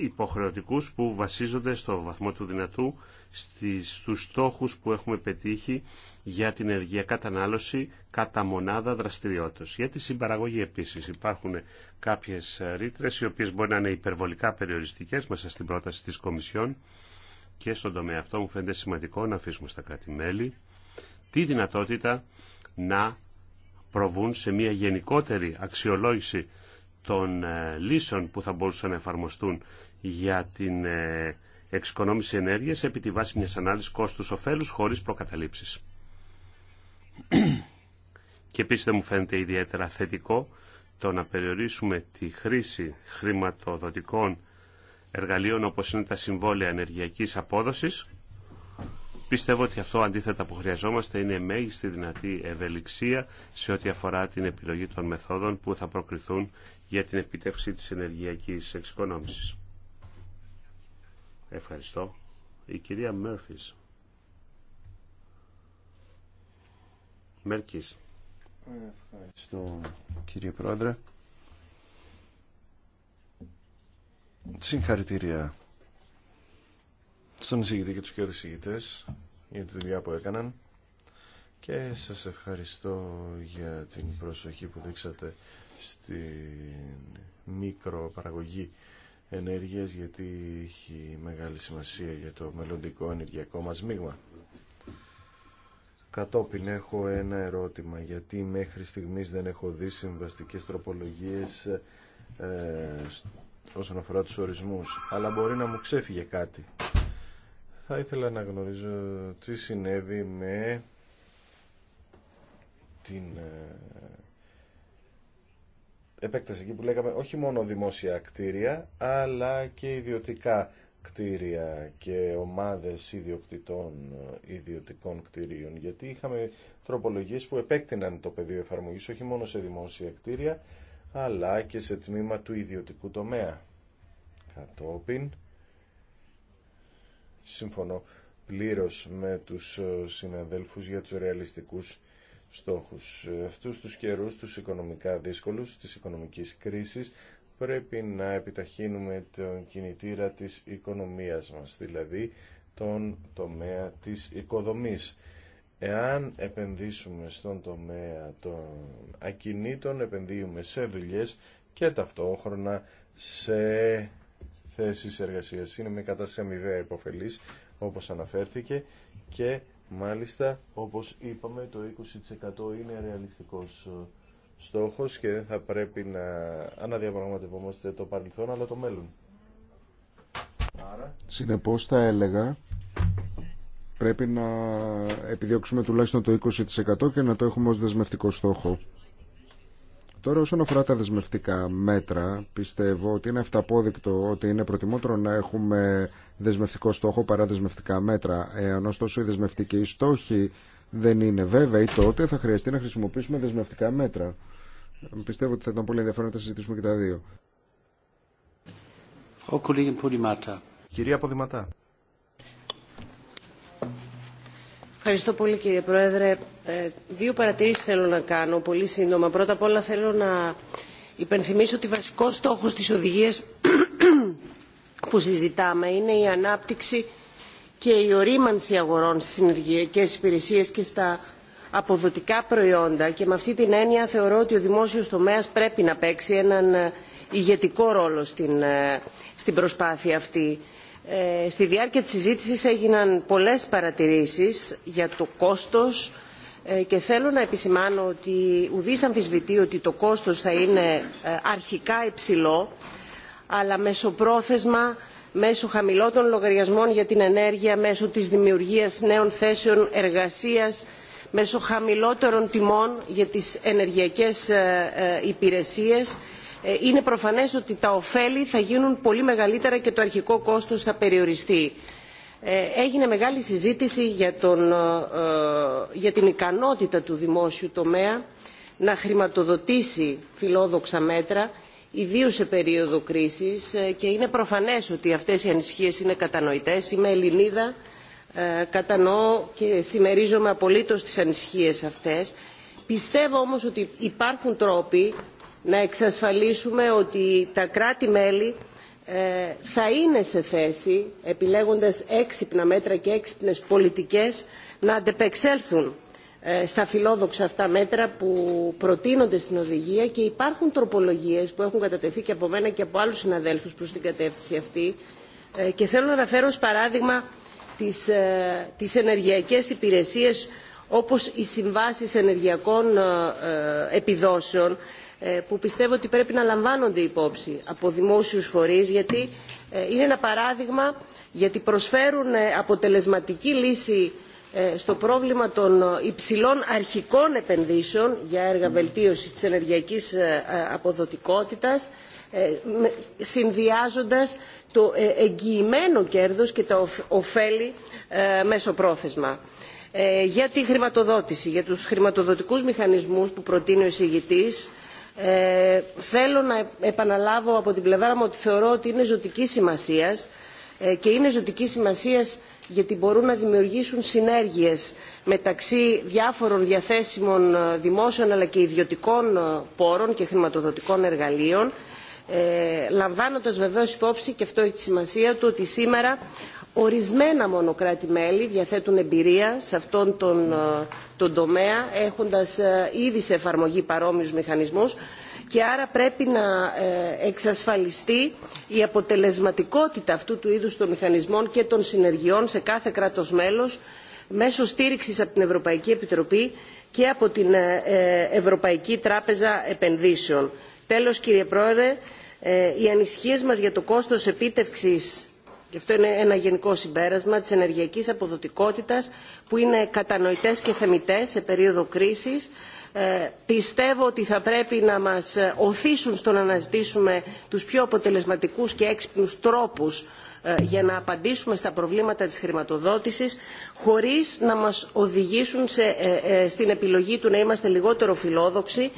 υποχρεωτικούς που βασίζονται στο βαθμό του δυνατού στις, στους στόχους που έχουμε πετύχει για την ενεργεια κατανάλωση κατά μονάδα δραστηριότητας. Για τη συμπαραγωγή επίσης υπάρχουν κάποιες ρήτρες οι οποίες μπορεί να είναι υπερβολικά περιοριστικές μέσα στην πρόταση της Κομισιόν και στον τομέα αυτό μου φαίνεται σημαντικό να αφήσουμε στα κάτι μελη τη δυνατότητα να προβούν σε μια γενικότερη αξιολόγηση των ε, λύσεων που θα μπορούσαν να εφαρμοστούν για την ε, εξοικονόμηση ενέργειας επί τη βάση μιας ανάλυσης κόστους-οφέλους χωρίς προκαταλήψεις. Και επίσης δεν μου φαίνεται ιδιαίτερα θετικό το να περιορίσουμε τη χρήση χρηματοδοτικών εργαλείων όπως είναι τα συμβόλαια ενεργειακής απόδοσης. Πιστεύω ότι αυτό αντίθετα που χρειαζόμαστε είναι μέγιστη δυνατή ευελιξία σε ό,τι αφορά την επιλογή των μεθόδων που θα προκριθούν για την επιτεύξη της ενεργειακής εξοικονόμησης. Ευχαριστώ. Η κυρία Μέρφης. Μέρκης. Ευχαριστώ κύριε Πρόεδρε. Συγχαρητήρια στον εισηγητή και τους και εισηγητές για τη δουλειά που έκαναν και σας ευχαριστώ για την προσοχή που δείξατε στην μικροπαραγωγή ενέργειας γιατί έχει μεγάλη σημασία για το μελλοντικό ενεργειακό μας μείγμα. Κατόπιν έχω ένα ερώτημα γιατί μέχρι στιγμής δεν έχω δει συμβαστικές τροπολογίες ε, όσον αφορά τους ορισμούς αλλά μπορεί να μου ξέφυγε κάτι. Θα ήθελα να γνωρίζω τι συνέβη με την ε, επέκταση εκεί που λέγαμε όχι μόνο δημόσια κτίρια αλλά και ιδιωτικά κτίρια και ομάδες ιδιοκτητών ιδιωτικών κτίριων γιατί είχαμε τροπολογίες που επέκτηναν το πεδίο εφαρμογής όχι μόνο σε δημόσια κτίρια αλλά και σε τμήμα του ιδιωτικού τομέα. Κατόπιν συμφωνώ πλήρως με τους συναδέλφους για τους ρεαλιστικούς στόχους. Ε, αυτούς τους καιρούς, τους οικονομικά δύσκολους, της οικονομικής κρίσης, πρέπει να επιταχύνουμε τον κινητήρα της οικονομίας μας, δηλαδή τον τομέα της οικοδομής. Εάν επενδύσουμε στον τομέα των ακινήτων, επενδύουμε σε δουλειές και ταυτόχρονα σε θέσεις εργασίας. Είναι με κατάσταση αμοιβαία υποφελής, όπως αναφέρθηκε, και Μάλιστα, όπως είπαμε, το 20% είναι ρεαλιστικός ε, στόχος και δεν θα πρέπει να αναδιαπραγματευόμαστε το παρελθόν αλλά το μέλλον. Άρα... Συνεπώς θα έλεγα πρέπει να επιδιώξουμε τουλάχιστον το 20% και να το έχουμε ως δεσμευτικό στόχο. Τώρα όσον αφορά τα δεσμευτικά μέτρα, πιστεύω ότι είναι αυταπόδεικτο ότι είναι προτιμότερο να έχουμε δεσμευτικό στόχο παρά δεσμευτικά μέτρα. Εάν ωστόσο οι δεσμευτικοί στόχοι δεν είναι βέβαιοι, τότε θα χρειαστεί να χρησιμοποιήσουμε δεσμευτικά μέτρα. Πιστεύω ότι θα ήταν πολύ ενδιαφέρον να τα συζητήσουμε και τα δύο. Κυρία Ποδηματά. Ευχαριστώ πολύ κύριε Πρόεδρε. Ε, δύο παρατηρήσεις θέλω να κάνω, πολύ σύντομα. Πρώτα απ' όλα θέλω να υπενθυμίσω ότι βασικός στόχος της οδηγίας που συζητάμε είναι η ανάπτυξη και η ορίμανση αγορών στις ενεργειακές υπηρεσίες και στα αποδοτικά προϊόντα και με αυτή την έννοια θεωρώ ότι ο δημόσιος τομέας πρέπει να παίξει έναν ηγετικό ρόλο στην ε, προσπάθεια αυτή ε, στη διάρκεια της συζήτησης έγιναν πολλές παρατηρήσεις για το κόστος ε, και θέλω να επισημάνω ότι ουδής αμφισβητεί ότι το κόστος θα είναι ε, αρχικά υψηλό αλλά μεσοπρόθεσμα μέσω χαμηλότερων λογαριασμών για την ενέργεια μέσω της δημιουργίας νέων θέσεων εργασίας μέσω χαμηλότερων τιμών για τις ενεργειακές υπηρεσίες ε, είναι προφανές ότι τα ωφέλη θα γίνουν πολύ μεγαλύτερα και το αρχικό κόστος θα περιοριστεί. Ε, έγινε μεγάλη συζήτηση ε, για, την ικανότητα του δημόσιου τομέα να χρηματοδοτήσει φιλόδοξα μέτρα ιδίως σε περίοδο κρίσης και είναι προφανές ότι αυτές οι ανησυχίες είναι κατανοητές. Είμαι Ελληνίδα, κατανοώ και συμμερίζομαι απολύτως τις ανησυχίες αυτές. Πιστεύω όμως ότι υπάρχουν τρόποι να εξασφαλίσουμε ότι τα κράτη-μέλη ε, θα είναι σε θέση, επιλέγοντας έξυπνα μέτρα και έξυπνες πολιτικές, να αντεπεξέλθουν ε, στα φιλόδοξα αυτά μέτρα που προτείνονται στην οδηγία και υπάρχουν τροπολογίες που έχουν κατατεθεί και από μένα και από άλλους συναδέλφους προς την κατεύθυνση αυτή ε, και θέλω να αναφέρω ως παράδειγμα τις, τις ενεργειακές υπηρεσίες όπως οι συμβάσεις ενεργειακών επιδόσεων ε, που πιστεύω ότι πρέπει να λαμβάνονται υπόψη από δημόσιους φορείς γιατί ε, είναι ένα παράδειγμα γιατί προσφέρουν ε, αποτελεσματική λύση στο πρόβλημα των υψηλών αρχικών επενδύσεων για έργα βελτίωσης της ενεργειακής αποδοτικότητας συνδυάζοντας το εγγυημένο κέρδος και τα ωφέλη πρόθεσμα. Για τη χρηματοδότηση, για τους χρηματοδοτικούς μηχανισμούς που προτείνει ο εισηγητής ε, θέλω να επαναλάβω από την πλευρά μου ότι θεωρώ ότι είναι ζωτική σημασία ε, και είναι ζωτική σημασία γιατί μπορούν να δημιουργήσουν συνέργειες μεταξύ διάφορων διαθέσιμων ε, δημόσιων αλλά και ιδιωτικών πόρων και χρηματοδοτικών εργαλείων λαμβάνοντα λαμβάνοντας βεβαίως υπόψη και αυτό έχει τη σημασία του ότι σήμερα Ορισμένα κράτη-μέλη διαθέτουν εμπειρία σε αυτόν τον, ε, τομέα έχοντας ε, ήδη σε εφαρμογή παρόμοιους μηχανισμούς και άρα πρέπει να ε, εξασφαλιστεί η αποτελεσματικότητα αυτού του είδους των μηχανισμών και των συνεργειών σε κάθε κράτος μέλος μέσω στήριξης από την Ευρωπαϊκή Επιτροπή και από την Ευρωπαϊκή Τράπεζα Επενδύσεων. Τέλος, κύριε Πρόεδρε, οι ανησυχίες μας για το κόστος επίτευξης και αυτό είναι ένα γενικό συμπέρασμα της ενεργειακής αποδοτικότητας που είναι κατανοητές και θεμητές σε περίοδο κρίσης. Ε, πιστεύω ότι θα πρέπει να μας οθήσουν στο να αναζητήσουμε τους πιο αποτελεσματικούς και έξυπνους τρόπους ε, για να απαντήσουμε στα προβλήματα της χρηματοδότησης χωρίς να μας οδηγήσουν σε, ε, ε, στην επιλογή του να είμαστε λιγότερο φιλόδοξοι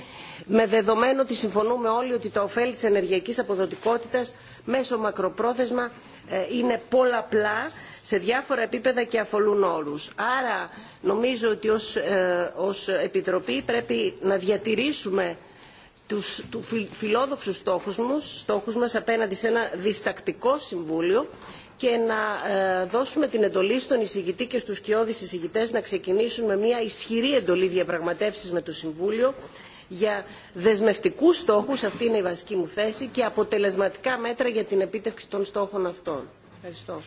με δεδομένο ότι συμφωνούμε όλοι ότι τα ωφέλη της ενεργειακής αποδοτικότητας μέσω μακροπρόθεσμα ε, είναι πολλαπλά σε διάφορα επίπεδα και αφορούν όλους. Άρα νομίζω ότι ως, ε, Επιτροπή πρέπει να διατηρήσουμε τους, τους φιλόδοξους στόχους, μας, στόχους μας απέναντι σε ένα διστακτικό συμβούλιο και να ε, δώσουμε την εντολή στον εισηγητή και στους κοιόδης εισηγητές να ξεκινήσουν με μια ισχυρή εντολή διαπραγματεύσεις με το Συμβούλιο για δεσμευτικούς στόχους, αυτή είναι η βασική μου θέση, και αποτελεσματικά μέτρα για την επίτευξη των στόχων αυτών. Ευχαριστώ.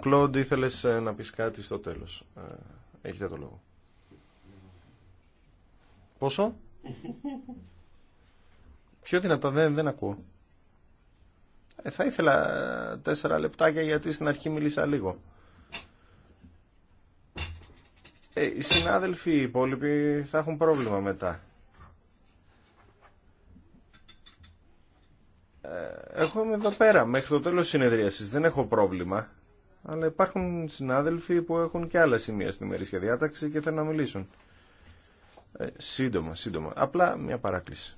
Κλοντ, λοιπόν, ήθελε ε, να πει κάτι στο τέλο. Ε, έχετε το λόγο. Πόσο? Πιο δυνατά, δεν, ακούω. Ε, θα ήθελα τέσσερα λεπτάκια γιατί στην αρχή μίλησα λίγο. Ε, οι συνάδελφοι οι υπόλοιποι θα έχουν πρόβλημα μετά. Ε, εγώ είμαι εδώ πέρα μέχρι το τέλος συνεδρίασης, δεν έχω πρόβλημα. Αλλά υπάρχουν συνάδελφοι που έχουν και άλλα σημεία στη μερίσια διάταξη και θέλουν να μιλήσουν. Ε, σύντομα, σύντομα. Απλά μια παράκληση.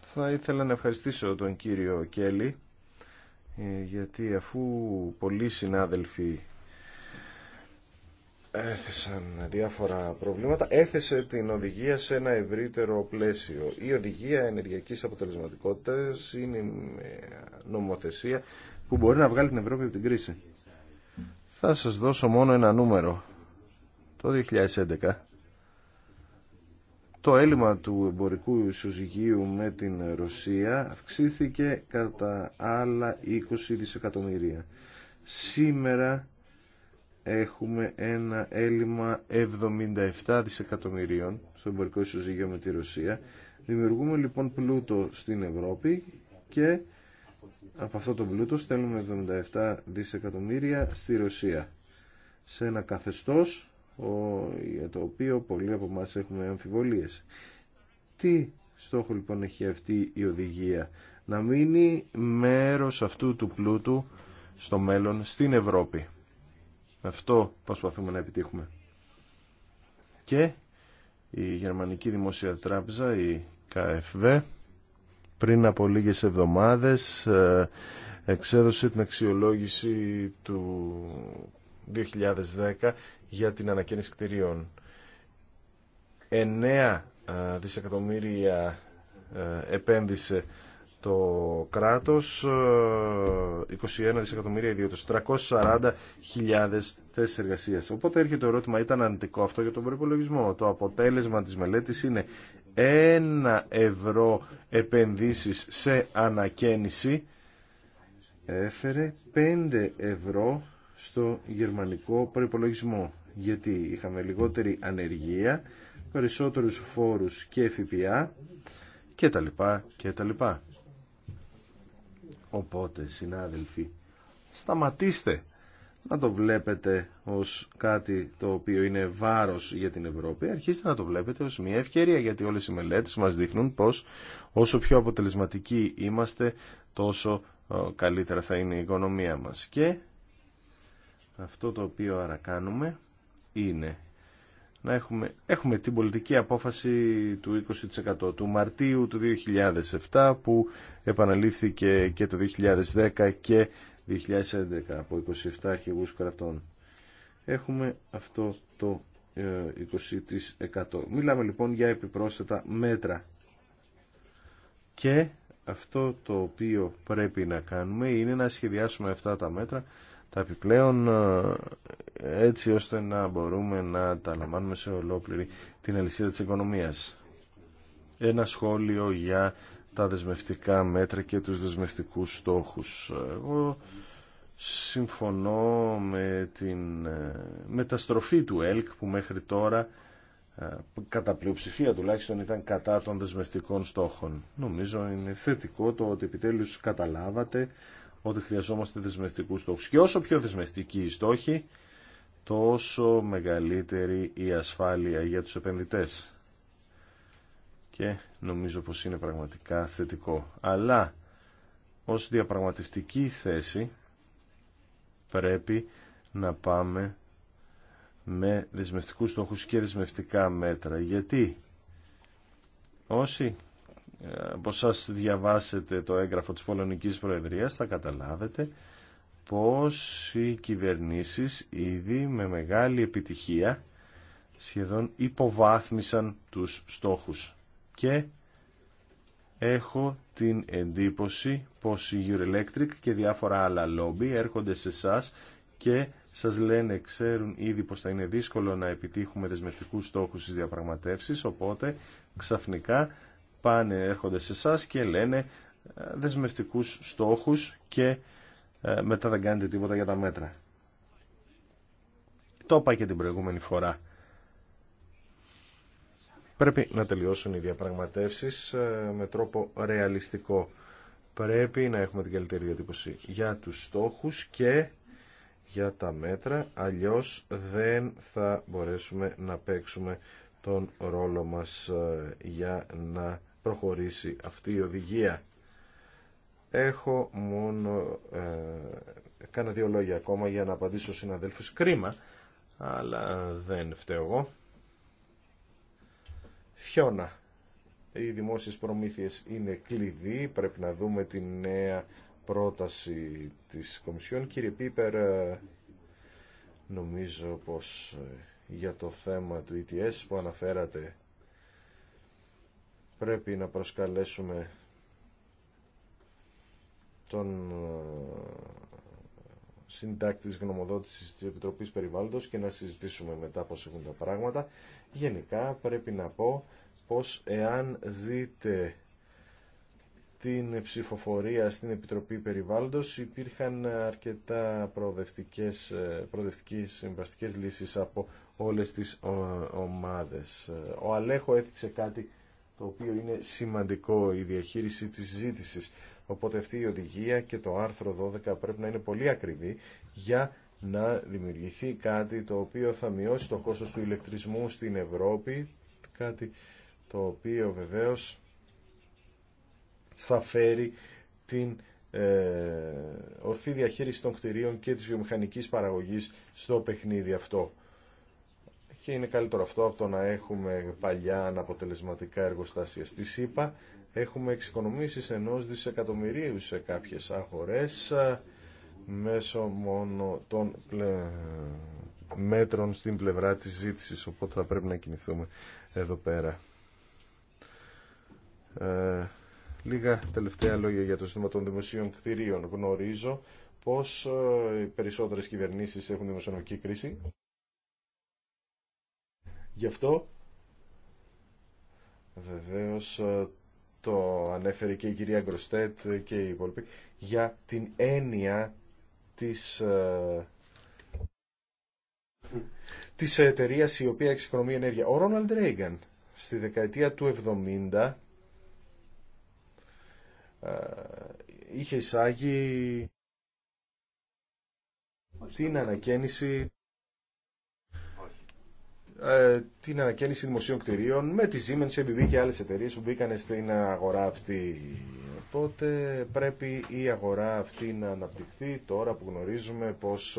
Θα ήθελα να ευχαριστήσω τον κύριο Κέλλη ε, γιατί αφού πολλοί συνάδελφοι έθεσαν διάφορα προβλήματα, έθεσε την οδηγία σε ένα ευρύτερο πλαίσιο. Η οδηγία ενεργειακής αποτελεσματικότητας είναι νομοθεσία που μπορεί να βγάλει την Ευρώπη από την κρίση. Θα σας δώσω μόνο ένα νούμερο. Το 2011 το έλλειμμα του εμπορικού ισοζυγίου με την Ρωσία αυξήθηκε κατά άλλα 20 δισεκατομμύρια. Σήμερα έχουμε ένα έλλειμμα 77 δισεκατομμυρίων στο εμπορικό ισοζύγιο με τη Ρωσία. Δημιουργούμε λοιπόν πλούτο στην Ευρώπη και από αυτό το πλούτο στέλνουμε 77 δισεκατομμύρια στη Ρωσία. Σε ένα καθεστώς για το οποίο πολλοί από εμά έχουμε αμφιβολίες. Τι στόχο λοιπόν έχει αυτή η οδηγία. Να μείνει μέρος αυτού του πλούτου στο μέλλον στην Ευρώπη. Αυτό προσπαθούμε να επιτύχουμε. Και η Γερμανική Δημόσια Τράπεζα, η KfW, πριν από λίγες εβδομάδες ε, εξέδωσε την αξιολόγηση του 2010 για την ανακαίνιση κτηρίων. 9 ε, δισεκατομμύρια ε, επένδυσε το κράτος, 21 ε, δισεκατομμύρια ιδιώτες, 340.000 θέσεις εργασίας. Οπότε έρχεται το ερώτημα, ήταν αντικό αυτό για τον προπολογισμό. Το αποτέλεσμα της μελέτης είναι 1 ευρώ επενδύσεις σε ανακαίνιση έφερε 5 ευρώ στο γερμανικό προπολογισμό. Γιατί είχαμε λιγότερη ανεργία, περισσότερους φόρους και ΦΠΑ και τα λοιπά και τα λοιπά. Οπότε, συνάδελφοι, σταματήστε να το βλέπετε ως κάτι το οποίο είναι βάρος για την Ευρώπη. Αρχίστε να το βλέπετε ως μια ευκαιρία, γιατί όλες οι μελέτες μας δείχνουν πως όσο πιο αποτελεσματικοί είμαστε, τόσο ε, καλύτερα θα είναι η οικονομία μας. Και αυτό το οποίο άρα κάνουμε είναι να έχουμε, έχουμε την πολιτική απόφαση του 20% του Μαρτίου του 2007 που επαναλήφθηκε και το 2010 και 2011 από 27 αρχηγούς κρατών. Έχουμε αυτό το 20%. Ε, Μιλάμε λοιπόν για επιπρόσθετα μέτρα. Και αυτό το οποίο πρέπει να κάνουμε είναι να σχεδιάσουμε αυτά τα μέτρα τα επιπλέον ε, έτσι ώστε να μπορούμε να τα λαμβάνουμε σε ολόκληρη την αλυσίδα της οικονομίας. Ένα σχόλιο για τα δεσμευτικά μέτρα και τους δεσμευτικούς στόχους. Εγώ συμφωνώ με την ε, μεταστροφή του ΕΛΚ που μέχρι τώρα ε, κατά πλειοψηφία τουλάχιστον ήταν κατά των δεσμευτικών στόχων. Νομίζω είναι θετικό το ότι επιτέλους καταλάβατε ότι χρειαζόμαστε δεσμευτικούς στόχους. Και όσο πιο δεσμευτικοί οι στόχοι, τόσο μεγαλύτερη η ασφάλεια για τους επενδυτές. Και νομίζω πως είναι πραγματικά θετικό. Αλλά ως διαπραγματευτική θέση πρέπει να πάμε με δεσμευτικούς στόχους και δεσμευτικά μέτρα. Γιατί όσοι από σας διαβάσετε το έγγραφο της Πολωνικής Προεδρίας θα καταλάβετε πως οι κυβερνήσεις ήδη με μεγάλη επιτυχία σχεδόν υποβάθμισαν τους στόχους και έχω την εντύπωση πως η Euroelectric και διάφορα άλλα λόμπι έρχονται σε εσά και σας λένε ξέρουν ήδη πως θα είναι δύσκολο να επιτύχουμε δεσμευτικούς στόχους στις διαπραγματεύσεις οπότε ξαφνικά πάνε, έρχονται σε εσά και λένε ε, δεσμευτικούς στόχους και ε, μετά δεν κάνετε τίποτα για τα μέτρα. Το είπα και την προηγούμενη φορά. Πρέπει να τελειώσουν οι διαπραγματεύσεις ε, με τρόπο ρεαλιστικό. Πρέπει να έχουμε την καλύτερη διατύπωση για τους στόχους και για τα μέτρα, αλλιώς δεν θα μπορέσουμε να παίξουμε τον ρόλο μας για να προχωρήσει αυτή η οδηγία. Έχω μόνο... Ε, δύο λόγια ακόμα για να απαντήσω συναδέλφους. Κρίμα, αλλά δεν φταίω εγώ. Φιώνα. Οι δημόσιες προμήθειες είναι κλειδί. Πρέπει να δούμε τη νέα πρόταση της Κομισιόν. Κύριε Πίπερ, ε, νομίζω πως ε, για το θέμα του ETS που αναφέρατε πρέπει να προσκαλέσουμε τον ε, συντάκτη της γνωμοδότησης της Επιτροπής Περιβάλλοντος και να συζητήσουμε μετά πώς έχουν τα πράγματα. Γενικά πρέπει να πω πως εάν δείτε την ψηφοφορία στην Επιτροπή Περιβάλλοντος υπήρχαν αρκετά προοδευτικές, ε, προοδευτικές συμβαστικές λύσεις από όλες τις ε, ομάδες. Ο Αλέχο έθιξε κάτι το οποίο είναι σημαντικό η διαχείριση της ζήτησης. Οπότε αυτή η οδηγία και το άρθρο 12 πρέπει να είναι πολύ ακριβή για να δημιουργηθεί κάτι το οποίο θα μειώσει το κόστος του ηλεκτρισμού στην Ευρώπη, κάτι το οποίο βεβαίως θα φέρει την ε, ορθή διαχείριση των κτηρίων και της βιομηχανικής παραγωγής στο παιχνίδι αυτό είναι καλύτερο αυτό από το να έχουμε παλιά αναποτελεσματικά εργοστάσια στη ΣΥΠΑ. Έχουμε εξοικονομήσεις ενός δισεκατομμυρίου σε κάποιες αγορές μέσω μόνο των μέτρων στην πλευρά της ζήτησης, οπότε θα πρέπει να κινηθούμε εδώ πέρα. Ε, λίγα τελευταία λόγια για το σύστημα των δημοσίων κτηρίων. Γνωρίζω πως ε, οι περισσότερες κυβερνήσεις έχουν δημοσιονομική κρίση. Γι' αυτό βεβαίως ε, το ανέφερε και η κυρία Γκροστέτ και η υπόλοιποι για την έννοια της ε, της εταιρεία η οποία εξοικονομεί ενέργεια. Ο Ρόναλντ Ρέιγκαν στη δεκαετία του 70 ε, είχε εισάγει την ανακαίνιση ε, την ανακαίνιση δημοσίων κτηρίων με τη Siemens, ABB και άλλες εταιρείες που μπήκαν στην αγορά αυτή. Οπότε πρέπει η αγορά αυτή να αναπτυχθεί τώρα που γνωρίζουμε πως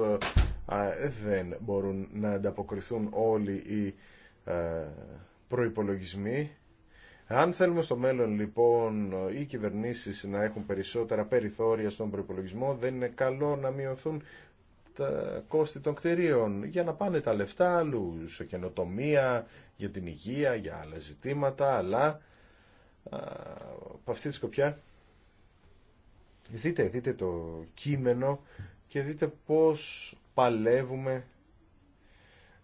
ε, δεν μπορούν να ανταποκριθούν όλοι οι ε, προϋπολογισμοί. Αν θέλουμε στο μέλλον λοιπόν οι κυβερνήσεις να έχουν περισσότερα περιθώρια στον προϋπολογισμό δεν είναι καλό να μειωθούν κόστη των κτηρίων για να πάνε τα λεφτά αλλού, σε καινοτομία, για την υγεία, για άλλα ζητήματα, αλλά από αυτή τη σκοπιά δείτε, δείτε το κείμενο και δείτε πώς παλεύουμε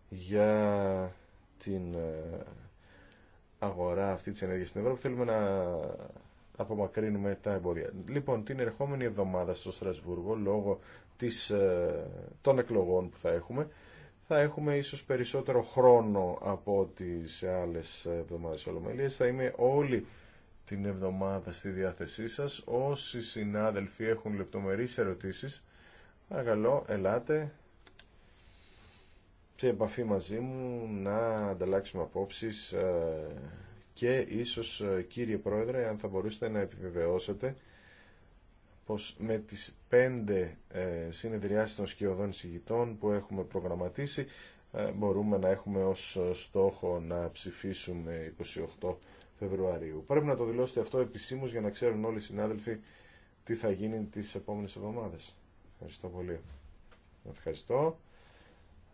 για την ε, αγορά αυτή της ενέργειας στην Ευρώπη. Θέλουμε να απομακρύνουμε τα εμπόδια. Λοιπόν, την ερχόμενη εβδομάδα στο Στρασβούργο, λόγω ε, των εκλογών που θα έχουμε θα έχουμε ίσως περισσότερο χρόνο από ό,τι σε άλλες εβδομάδες ολομελίες. Θα είμαι όλη την εβδομάδα στη διάθεσή σας. Όσοι συνάδελφοι έχουν λεπτομερείς ερωτήσεις, παρακαλώ, ελάτε σε επαφή μαζί μου να ανταλλάξουμε απόψεις ε, και ίσως, ε, κύριε Πρόεδρε, αν θα μπορούσατε να επιβεβαιώσετε πως με τις πέντε ε, συνεδριάσεις των σκιωδών εισηγητών που έχουμε προγραμματίσει ε, μπορούμε να έχουμε ως ε, στόχο να ψηφίσουμε 28 Φεβρουαρίου. Πρέπει να το δηλώσετε αυτό επισήμως για να ξέρουν όλοι οι συνάδελφοι τι θα γίνει τις επόμενες εβδομάδες. Ευχαριστώ πολύ. Ευχαριστώ.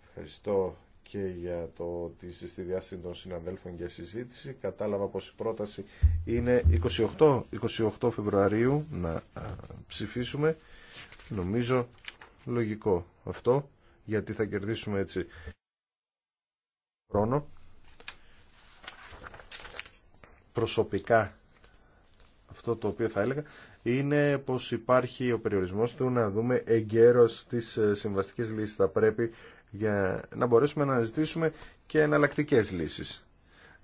Ευχαριστώ και για το ότι είσαι στη διάστηση των συναδέλφων για συζήτηση. Κατάλαβα πως η πρόταση είναι 28, 28 Φεβρουαρίου να ψηφίσουμε. Νομίζω λογικό αυτό, γιατί θα κερδίσουμε έτσι χρόνο. Προσωπικά αυτό το οποίο θα έλεγα είναι πως υπάρχει ο περιορισμός του να δούμε εγκαίρως της ε, συμβαστικές λύσεις. Θα πρέπει για να μπορέσουμε να ζητήσουμε και εναλλακτικέ λύσεις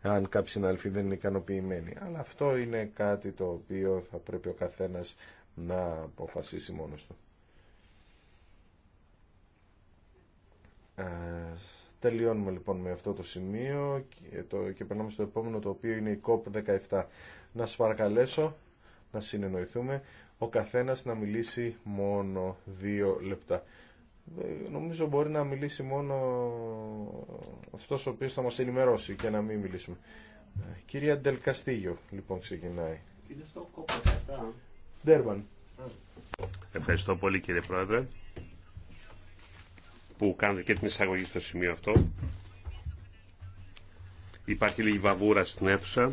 αν κάποιοι συνάδελφοι δεν είναι ικανοποιημένοι. Αλλά αυτό είναι κάτι το οποίο θα πρέπει ο καθένας να αποφασίσει μόνος του. Ε, τελειώνουμε λοιπόν με αυτό το σημείο και, το, και περνάμε στο επόμενο το οποίο είναι η COP17. Να σας παρακαλέσω να συνεννοηθούμε ο καθένας να μιλήσει μόνο δύο λεπτά. Ε, νομίζω μπορεί να μιλήσει μόνο αυτός ο οποίος θα μας ενημερώσει και να μην μιλήσουμε. Ε, κυρία Ντελκαστίγιο, λοιπόν, ξεκινάει. Είναι στο αυτά. Ντέρμαν. Ευχαριστώ πολύ κύριε Πρόεδρε που κάνετε και την εισαγωγή στο σημείο αυτό. Υπάρχει λίγη βαβούρα στην αίθουσα.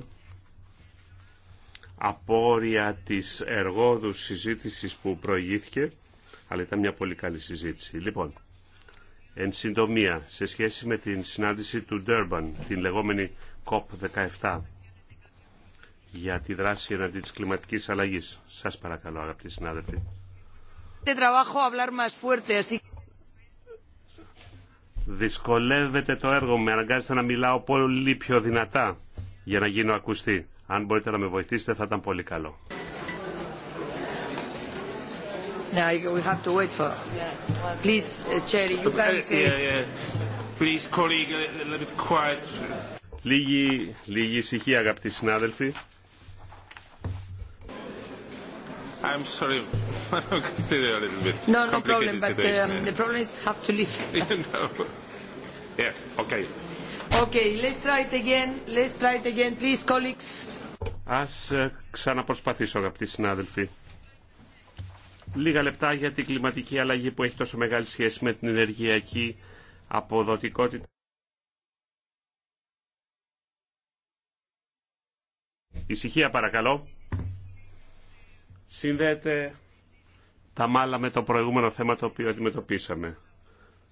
Απόρρια της εργόδου συζήτησης που προηγήθηκε αλλά ήταν μια πολύ καλή συζήτηση. Λοιπόν, εν συντομία, σε σχέση με την συνάντηση του Durban, την λεγόμενη COP17, για τη δράση εναντί της κλιματικής αλλαγής. Σας παρακαλώ, αγαπητοί συνάδελφοι. Δυσκολεύεται το έργο με αναγκάζεται να μιλάω πολύ πιο δυνατά για να γίνω ακουστή. Αν μπορείτε να με βοηθήσετε θα ήταν πολύ καλό. Now we have to wait for. Please, Chair, you can say. Please, colleague, a little bit quiet. Λίγη, λίγη ησυχία, αγαπητοί συνάδελφοι. I'm sorry. Still a little bit. No, no problem. But um, the problem is have to leave. yeah. Okay. Okay. Let's try it again. Let's try it again, please, colleagues. Ας ξαναπροσπαθήσω, αγαπητοί συνάδελφοι. Λίγα λεπτά για την κλιματική αλλαγή που έχει τόσο μεγάλη σχέση με την ενεργειακή αποδοτικότητα. Ησυχία παρακαλώ. Συνδέεται τα μάλα με το προηγούμενο θέμα το οποίο αντιμετωπίσαμε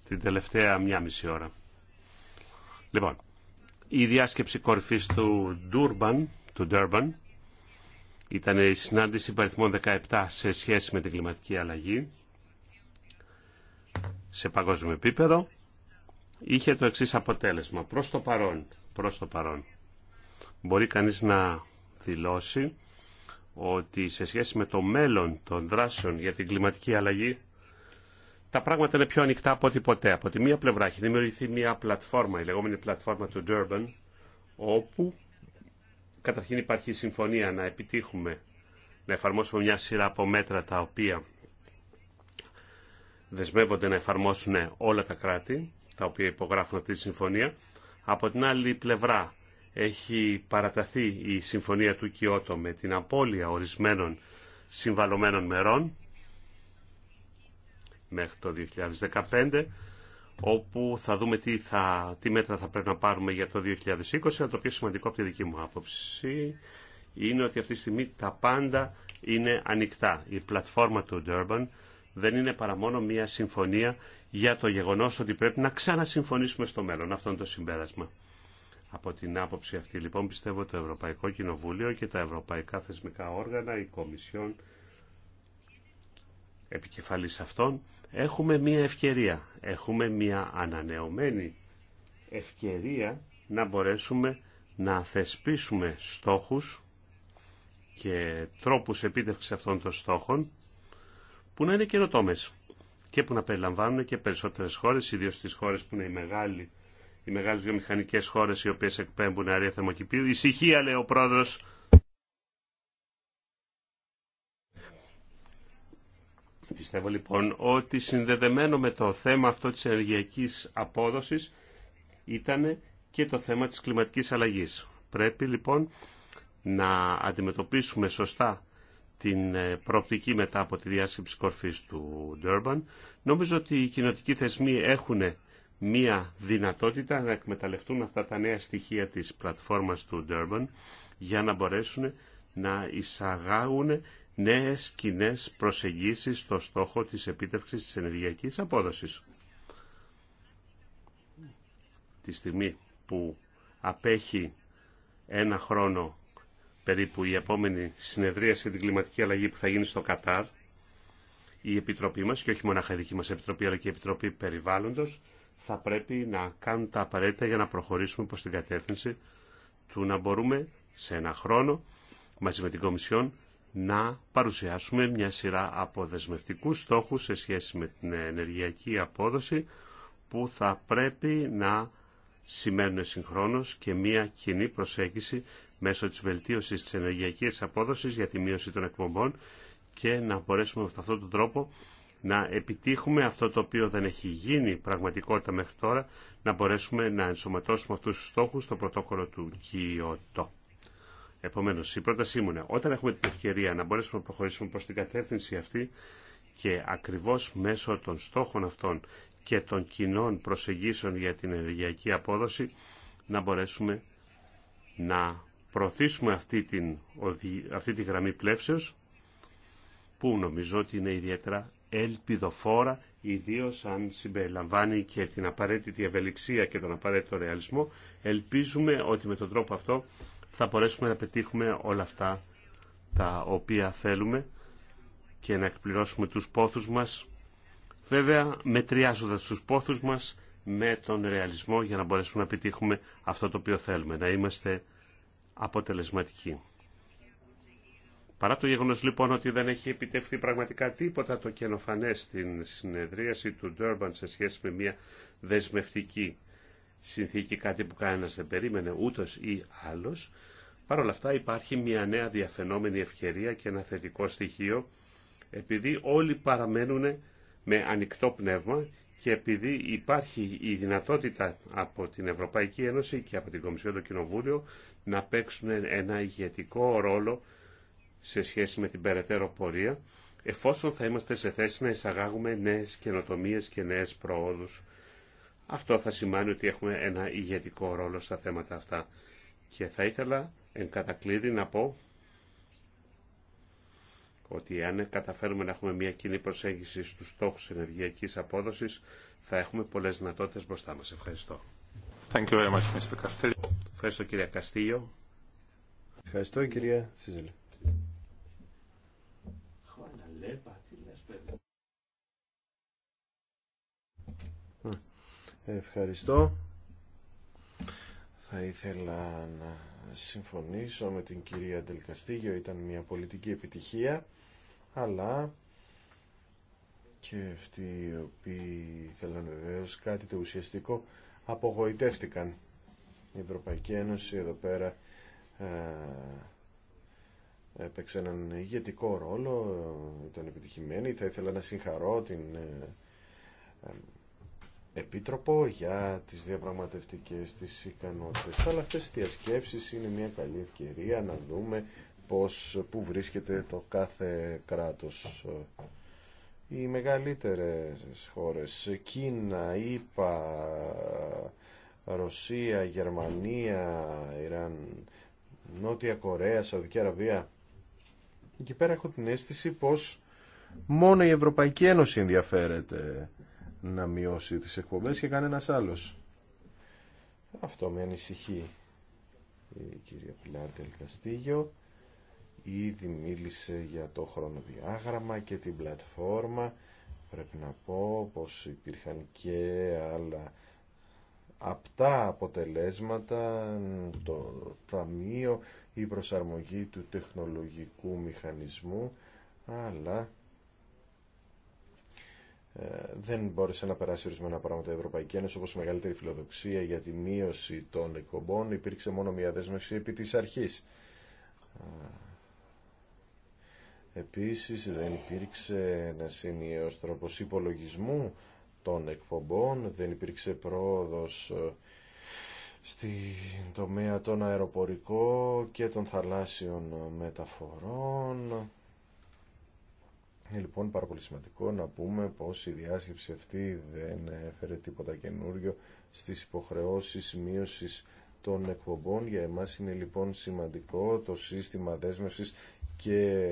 την τελευταία μία μισή ώρα. Λοιπόν, η διάσκεψη κορυφής του Durban, του Durban ήταν η συνάντηση παριθμών 17 σε σχέση με την κλιματική αλλαγή σε παγκόσμιο επίπεδο. Είχε το εξής αποτέλεσμα. Προς το παρόν, προς το παρόν. Μπορεί κανείς να δηλώσει ότι σε σχέση με το μέλλον των δράσεων για την κλιματική αλλαγή τα πράγματα είναι πιο ανοιχτά από ό,τι ποτέ. Από τη μία πλευρά έχει δημιουργηθεί μια πλατφόρμα, η λεγόμενη πλατφόρμα του Durban, όπου Καταρχήν υπάρχει συμφωνία να επιτύχουμε, να εφαρμόσουμε μια σειρά από μέτρα τα οποία δεσμεύονται να εφαρμόσουν όλα τα κράτη, τα οποία υπογράφουν αυτή τη συμφωνία. Από την άλλη πλευρά έχει παραταθεί η συμφωνία του Κιώτο με την απώλεια ορισμένων συμβαλωμένων μερών μέχρι το 2015 όπου θα δούμε τι, θα, τι μέτρα θα πρέπει να πάρουμε για το 2020, αλλά το πιο σημαντικό από τη δική μου άποψη είναι ότι αυτή τη στιγμή τα πάντα είναι ανοιχτά. Η πλατφόρμα του Durban δεν είναι παρά μόνο μια συμφωνία για το γεγονός ότι πρέπει να ξανασυμφωνήσουμε στο μέλλον. Αυτό είναι το συμπέρασμα. Από την άποψη αυτή λοιπόν πιστεύω το Ευρωπαϊκό Κοινοβούλιο και τα ευρωπαϊκά θεσμικά όργανα, η Κομισιόν, επικεφαλής αυτών, έχουμε μία ευκαιρία, έχουμε μία ανανεωμένη ευκαιρία να μπορέσουμε να θεσπίσουμε στόχους και τρόπους επίτευξης αυτών των στόχων που να είναι καινοτόμε και που να περιλαμβάνουν και περισσότερες χώρες, ιδίως τις χώρες που είναι οι μεγάλοι οι μεγάλε βιομηχανικέ χώρε οι οποίες εκπέμπουν αρία θερμοκηπίου. Ησυχία, λέει ο πρόεδρος. Πιστεύω λοιπόν ότι συνδεδεμένο με το θέμα αυτό της ενεργειακής απόδοσης ήταν και το θέμα της κλιματικής αλλαγής. Πρέπει λοιπόν να αντιμετωπίσουμε σωστά την ε, προοπτική μετά από τη διάσκεψη κορφής του Durban. Νομίζω ότι οι κοινοτικοί θεσμοί έχουν μία δυνατότητα να εκμεταλλευτούν αυτά τα νέα στοιχεία της πλατφόρμας του Durban για να μπορέσουν να εισαγάγουν νέες κοινέ προσεγγίσεις στο στόχο της επίτευξης της ενεργειακής απόδοσης. Τη στιγμή που απέχει ένα χρόνο περίπου η επόμενη συνεδρία για την κλιματική αλλαγή που θα γίνει στο Κατάρ, η Επιτροπή μας, και όχι μόνο η δική μας Επιτροπή, αλλά και η Επιτροπή Περιβάλλοντος, θα πρέπει να κάνουν τα απαραίτητα για να προχωρήσουμε προς την κατεύθυνση του να μπορούμε σε ένα χρόνο, μαζί με την Κομισιόν, να παρουσιάσουμε μια σειρά από δεσμευτικούς στόχους σε σχέση με την ενεργειακή απόδοση που θα πρέπει να σημαίνουν συγχρόνως και μια κοινή προσέγγιση μέσω της βελτίωσης της ενεργειακής απόδοσης για τη μείωση των εκπομπών και να μπορέσουμε με αυτόν τον τρόπο να επιτύχουμε αυτό το οποίο δεν έχει γίνει πραγματικότητα μέχρι τώρα, να μπορέσουμε να ενσωματώσουμε αυτούς τους στόχους στο πρωτόκολλο του ΚΙΟΤΟ. Επομένω, η πρότασή μου είναι όταν έχουμε την ευκαιρία να μπορέσουμε να προχωρήσουμε προ την κατεύθυνση αυτή και ακριβώ μέσω των στόχων αυτών και των κοινών προσεγγίσεων για την ενεργειακή απόδοση να μπορέσουμε να προωθήσουμε αυτή, την, αυτή τη γραμμή πλεύσεως που νομίζω ότι είναι ιδιαίτερα ελπιδοφόρα ιδίως αν συμπεριλαμβάνει και την απαραίτητη ευελιξία και τον απαραίτητο ρεαλισμό ελπίζουμε ότι με τον τρόπο αυτό θα μπορέσουμε να πετύχουμε όλα αυτά τα οποία θέλουμε και να εκπληρώσουμε τους πόθους μας, βέβαια μετριάζοντας τους πόθους μας με τον ρεαλισμό για να μπορέσουμε να πετύχουμε αυτό το οποίο θέλουμε, να είμαστε αποτελεσματικοί. Παρά το γεγονός λοιπόν ότι δεν έχει επιτευχθεί πραγματικά τίποτα το καινοφανές στην συνεδρίαση του Durban σε σχέση με μια δεσμευτική συνθήκη, κάτι που κανένα δεν περίμενε ούτως ή άλλος. Παρ' όλα αυτά υπάρχει μια νέα διαφαινόμενη ευκαιρία και ένα θετικό στοιχείο, επειδή όλοι παραμένουν με ανοικτό πνεύμα και επειδή υπάρχει η αλλω παρ από την Ευρωπαϊκή Ένωση και από την Κομισιόν το Κοινοβούλιο να παίξουν ένα ηγετικό ρόλο σε σχέση με την περαιτέρω πορεία, εφόσον θα είμαστε σε θέση να εισαγάγουμε νέες καινοτομίες και νέες προόδους αυτό θα σημαίνει ότι έχουμε ένα ηγετικό ρόλο στα θέματα αυτά. Και θα ήθελα εν κατακλείδη να πω ότι αν καταφέρουμε να έχουμε μια κοινή προσέγγιση στους στόχους ενεργειακής απόδοσης, θα έχουμε πολλές δυνατότητες μπροστά μας. Ευχαριστώ. Thank you very much, Mr. Ευχαριστώ, κύριε Καστίγιο. Ευχαριστώ, κυρία Σίζελη. Ευχαριστώ. Θα ήθελα να συμφωνήσω με την κυρία Ντελκαστήγιο. Ήταν μια πολιτική επιτυχία, αλλά και αυτοί οι οποίοι θέλαν βεβαίως κάτι το ουσιαστικό απογοητεύτηκαν. Η Ευρωπαϊκή Ένωση εδώ πέρα ε, έπαιξε έναν ηγετικό ρόλο, ήταν επιτυχημένη. Θα ήθελα να συγχαρώ την ε, Επίτροπο για τις διαπραγματευτικές της ικανότητες. Αλλά αυτές οι διασκέψεις είναι μια καλή ευκαιρία να δούμε πώς, πού βρίσκεται το κάθε κράτος. Οι μεγαλύτερες χώρες, Κίνα, ΙΠΑ, Ρωσία, Γερμανία, Ιράν, Νότια Κορέα, Σαουδική Αραβία. Εκεί πέρα έχω την αίσθηση πως μόνο η Ευρωπαϊκή Ένωση ενδιαφέρεται να μειώσει τις εκπομπές και κανένας άλλος. Αυτό με ανησυχεί η κυρία Πιλάρ Καστίγιο. Ήδη μίλησε για το χρονοδιάγραμμα και την πλατφόρμα. Πρέπει να πω πως υπήρχαν και άλλα απτά αποτελέσματα, το ταμείο, η προσαρμογή του τεχνολογικού μηχανισμού, αλλά δεν μπόρεσε να περάσει ορισμένα πράγματα η Ευρωπαϊκή Ένωση όπω η μεγαλύτερη φιλοδοξία για τη μείωση των εκπομπών υπήρξε μόνο μια δέσμευση επί τη αρχής. Επίσης δεν υπήρξε ένα ενιαίος τρόπο υπολογισμού των εκπομπών, δεν υπήρξε πρόοδος ε, στην τομέα των αεροπορικών και των θαλάσσιων μεταφορών είναι λοιπόν πάρα πολύ σημαντικό να πούμε πως η διάσκεψη αυτή δεν έφερε τίποτα καινούριο στις υποχρεώσεις μείωσης των εκπομπών. Για εμάς είναι λοιπόν σημαντικό το σύστημα δέσμευσης και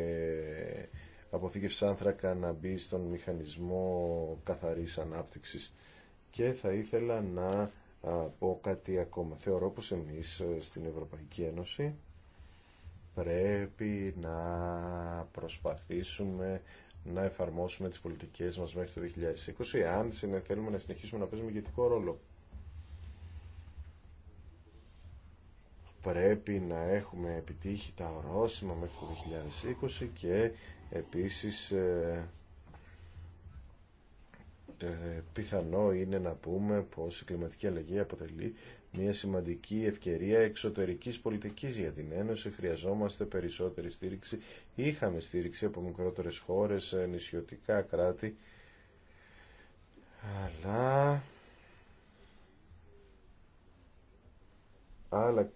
αποθήκευση άνθρακα να μπει στον μηχανισμό καθαρής ανάπτυξης. Και θα ήθελα να πω κάτι ακόμα. Θεωρώ πως εμείς ε, στην Ευρωπαϊκή Ένωση πρέπει να προσπαθήσουμε να εφαρμόσουμε τις πολιτικές μας μέχρι το 2020 αν θέλουμε να συνεχίσουμε να παίζουμε ηγετικό ρόλο. Πρέπει να έχουμε επιτύχει τα ορόσημα μέχρι το 2020 και επίσης ε, ε, πιθανό είναι να πούμε πως η κλιματική αλλαγή αποτελεί μια σημαντική ευκαιρία εξωτερικής πολιτικής για την Ένωση. Χρειαζόμαστε περισσότερη στήριξη. Είχαμε στήριξη από μικρότερες χώρες, ε, νησιωτικά κράτη. Αλλά... Άλλα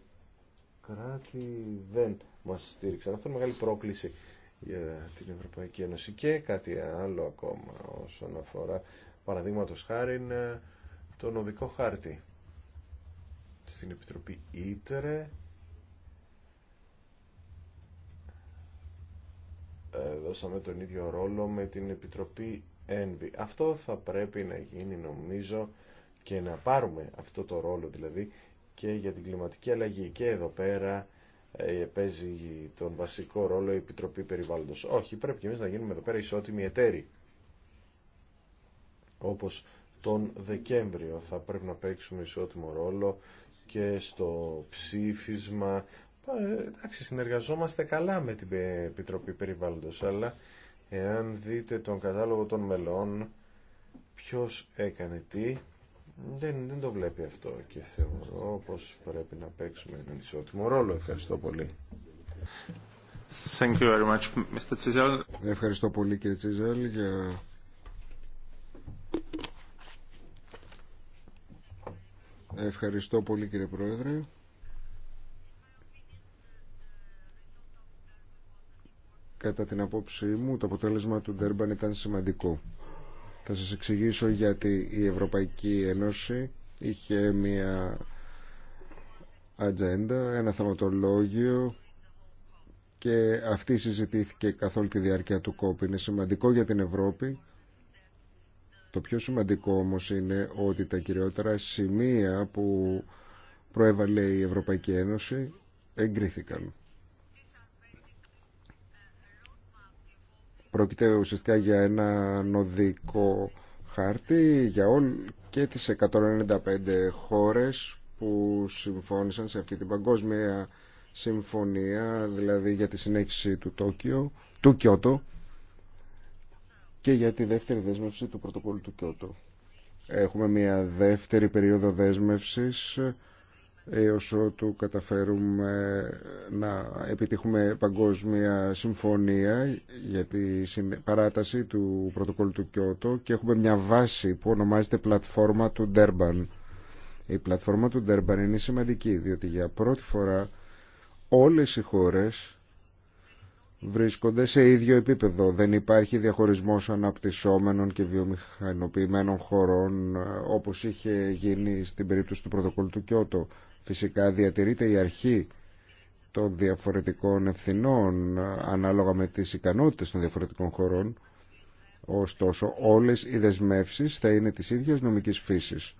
κράτη δεν μας στήριξαν. Αυτό είναι μεγάλη πρόκληση για την Ευρωπαϊκή Ένωση. Και κάτι άλλο ακόμα όσον αφορά παραδείγματο χάρη ε, τον οδικό χάρτη στην Επιτροπή Ήτρε. Ε, δώσαμε τον ίδιο ρόλο με την Επιτροπή Ένβη. Αυτό θα πρέπει να γίνει νομίζω και να πάρουμε αυτό το ρόλο δηλαδή και για την κλιματική αλλαγή. Και εδώ πέρα ε, παίζει τον βασικό ρόλο η Επιτροπή Περιβάλλοντος. Όχι, πρέπει και εμείς να γίνουμε εδώ πέρα ισότιμοι εταίροι. Όπως τον Δεκέμβριο θα πρέπει να παίξουμε ισότιμο ρόλο και στο ψήφισμα. Εντάξει, συνεργαζόμαστε καλά με την Επιτροπή Περιβάλλοντος, αλλά εάν δείτε τον κατάλογο των μελών, ποιος έκανε τι, δεν, δεν το βλέπει αυτό και θεωρώ πως πρέπει να παίξουμε έναν ισότιμο ρόλο. Ευχαριστώ πολύ. Thank you very much, Mr. Ευχαριστώ πολύ κύριε Τσιζέλ για Ευχαριστώ πολύ κύριε Πρόεδρε. Κατά την απόψη μου το αποτέλεσμα του Ντέρμπαν ήταν σημαντικό. Θα σας εξηγήσω γιατί η Ευρωπαϊκή Ένωση είχε μια ατζέντα, ένα θεματολόγιο και αυτή συζητήθηκε καθ' όλη τη διάρκεια του κόπη. Είναι σημαντικό για την Ευρώπη το πιο σημαντικό όμως είναι ότι τα κυριότερα σημεία που προέβαλε η Ευρωπαϊκή Ένωση εγκρίθηκαν. Πρόκειται ουσιαστικά για ένα νοδικό χάρτη για όλ και τις 195 χώρες που συμφώνησαν σε αυτή την παγκόσμια συμφωνία, δηλαδή για τη συνέχιση του Τόκιο, του Κιώτο, και για τη δεύτερη δέσμευση του πρωτοκόλλου του Κιώτο. Έχουμε μια δεύτερη περίοδο δέσμευσης ε, έως ότου καταφέρουμε να επιτύχουμε παγκόσμια συμφωνία για τη παράταση του πρωτοκόλλου του Κιώτο και έχουμε μια βάση που ονομάζεται πλατφόρμα του Ντέρμπαν. Η πλατφόρμα του Ντέρμπαν είναι σημαντική διότι για πρώτη φορά όλες οι χώρες βρίσκονται σε ίδιο επίπεδο. Δεν υπάρχει διαχωρισμός αναπτυσσόμενων και βιομηχανοποιημένων χωρών ε, όπως είχε γίνει στην περίπτωση του πρωτοκόλλου του Κιώτο. Φυσικά διατηρείται η αρχή των διαφορετικών ευθυνών ε, ανάλογα με τις ικανότητες των διαφορετικών χωρών. Ωστόσο, όλες οι δεσμεύσεις θα είναι της ίδιας νομικής φύσης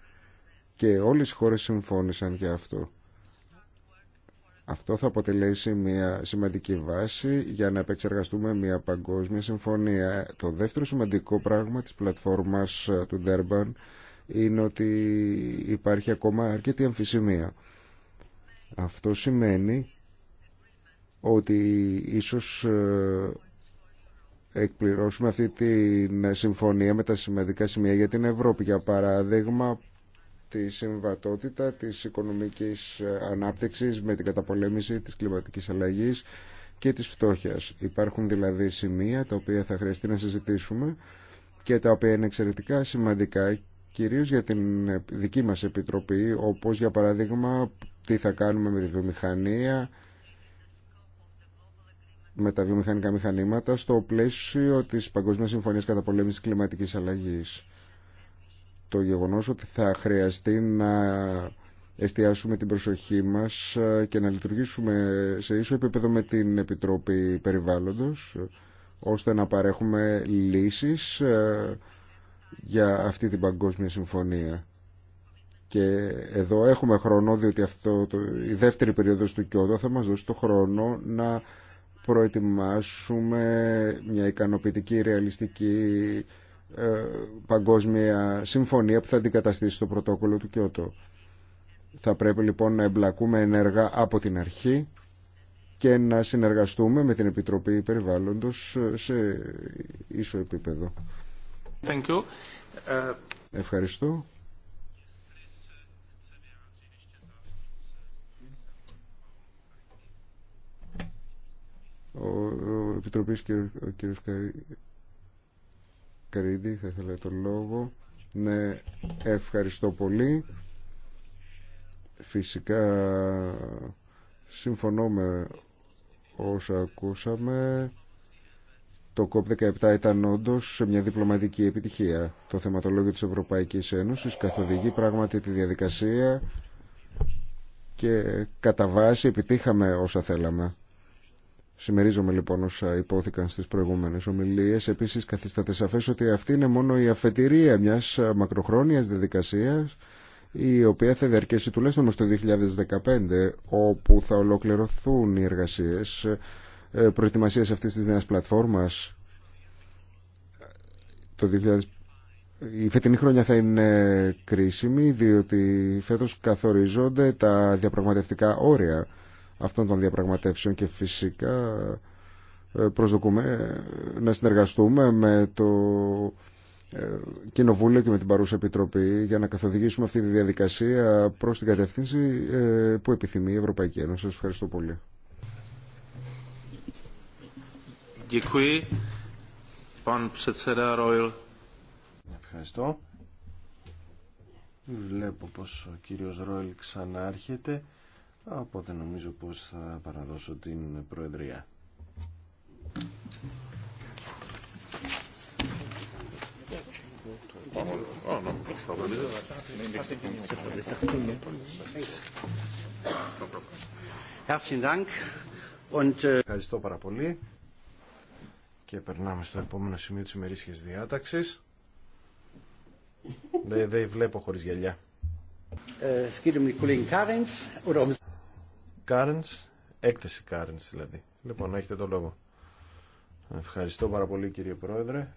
και όλες οι χώρες συμφώνησαν για αυτό. Αυτό θα αποτελέσει μια σημαντική βάση για να επεξεργαστούμε μια παγκόσμια συμφωνία. Το δεύτερο σημαντικό πράγμα της πλατφόρμας ε, του Durban είναι ότι υπάρχει ακόμα αρκετή αμφισημία. Αυτό σημαίνει ότι ίσως ε, εκπληρώσουμε αυτή τη συμφωνία με τα σημαντικά σημεία για την Ευρώπη. Για παράδειγμα, τη συμβατότητα της οικονομικής ανάπτυξης με την καταπολέμηση της κλιματικής αλλαγής και της φτώχειας. Υπάρχουν δηλαδή σημεία τα οποία θα χρειαστεί να συζητήσουμε και τα οποία είναι εξαιρετικά σημαντικά κυρίως για την δική μας επιτροπή όπως για παράδειγμα τι θα κάνουμε με τη βιομηχανία με τα βιομηχανικά μηχανήματα στο πλαίσιο της Παγκόσμιας Συμφωνίας Καταπολέμησης Κλιματικής Αλλαγής το γεγονός ότι θα χρειαστεί να εστιάσουμε την προσοχή μας ε, και να λειτουργήσουμε σε ίσο επίπεδο με την Επιτροπή Περιβάλλοντος ώστε να παρέχουμε λύσεις ε, για αυτή την παγκόσμια συμφωνία. Και εδώ έχουμε χρόνο, διότι αυτό το, η δεύτερη περίοδος του Κιώτο θα μας δώσει το χρόνο να προετοιμάσουμε μια ικανοποιητική, ρεαλιστική ε, παγκόσμια συμφωνία που θα αντικαταστήσει το πρωτόκολλο του Κιώτο. Θα πρέπει λοιπόν να εμπλακούμε ενεργά από την αρχή και να συνεργαστούμε με την Επιτροπή Περιβάλλοντος ε, σε ίσο επίπεδο. Thank you. Ε, Ευχαριστώ. Ο, Επιτροπής ο κύριος Καρίδη, θα ήθελα τον λόγο. Ναι, ευχαριστώ πολύ. Φυσικά συμφωνώ με όσα ακούσαμε. Το COP17 ήταν όντω μια διπλωματική επιτυχία. Το θεματολόγιο της Ευρωπαϊκής Ένωσης καθοδηγεί πράγματι τη διαδικασία και κατά βάση επιτύχαμε όσα θέλαμε. Συμμερίζομαι λοιπόν όσα υπόθηκαν στις προηγούμενες ομιλίες. Επίσης καθίσταται σαφές ότι αυτή είναι μόνο η αφετηρία μιας μακροχρόνιας διαδικασία, η οποία θα διαρκέσει τουλάχιστον το 2015 όπου θα ολοκληρωθούν οι εργασίες ε, προετοιμασίας αυτής της νέας πλατφόρμας. Το 2015 η φετινή χρονιά θα είναι κρίσιμη διότι φέτος καθοριζόνται τα διαπραγματευτικά όρια αυτών των διαπραγματεύσεων και φυσικά ε, προσδοκούμε ε, να συνεργαστούμε με το ε, Κοινοβούλιο και με την παρούσα Επιτροπή για να καθοδηγήσουμε αυτή τη διαδικασία προς την κατεύθυνση που επιθυμεί η Ευρωπαϊκή Ένωση. Σας ευχαριστώ πολύ. Ευχαριστώ. Βλέπω πως ο κύριος Ρόιλ ξανάρχεται. Οπότε νομίζω πως θα παραδώσω την Προεδρία. Äh, Ευχαριστώ πάρα πολύ και περνάμε στο επόμενο σημείο της ημερήσιας διάταξης. Δεν δε βλέπω χωρίς γυαλιά. Äh, Κάρενς, έκθεση Κάρνς δηλαδή. Λοιπόν, έχετε το λόγο. Ευχαριστώ πάρα πολύ κύριε Πρόεδρε.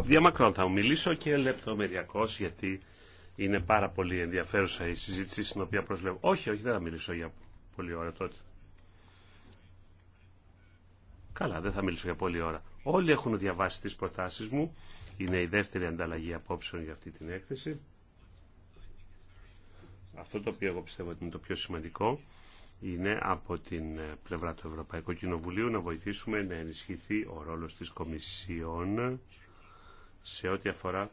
Διαμακρόν θα μιλήσω και λεπτομεριακώς γιατί είναι πάρα πολύ ενδιαφέρουσα η συζήτηση στην οποία προσβλέπω. Όχι, όχι, δεν θα μιλήσω για πολλή ώρα τότε. Καλά, δεν θα μιλήσω για πολλή ώρα. Όλοι έχουν διαβάσει τις προτάσεις μου. Είναι η δεύτερη ανταλλαγή απόψεων για αυτή την έκθεση. Αυτό το οποίο εγώ πιστεύω ότι είναι το πιο σημαντικό είναι από την πλευρά του Ευρωπαϊκού Κοινοβουλίου να βοηθήσουμε να ενισχυθεί ο ρόλος της Κομισιόν σε ό,τι αφορά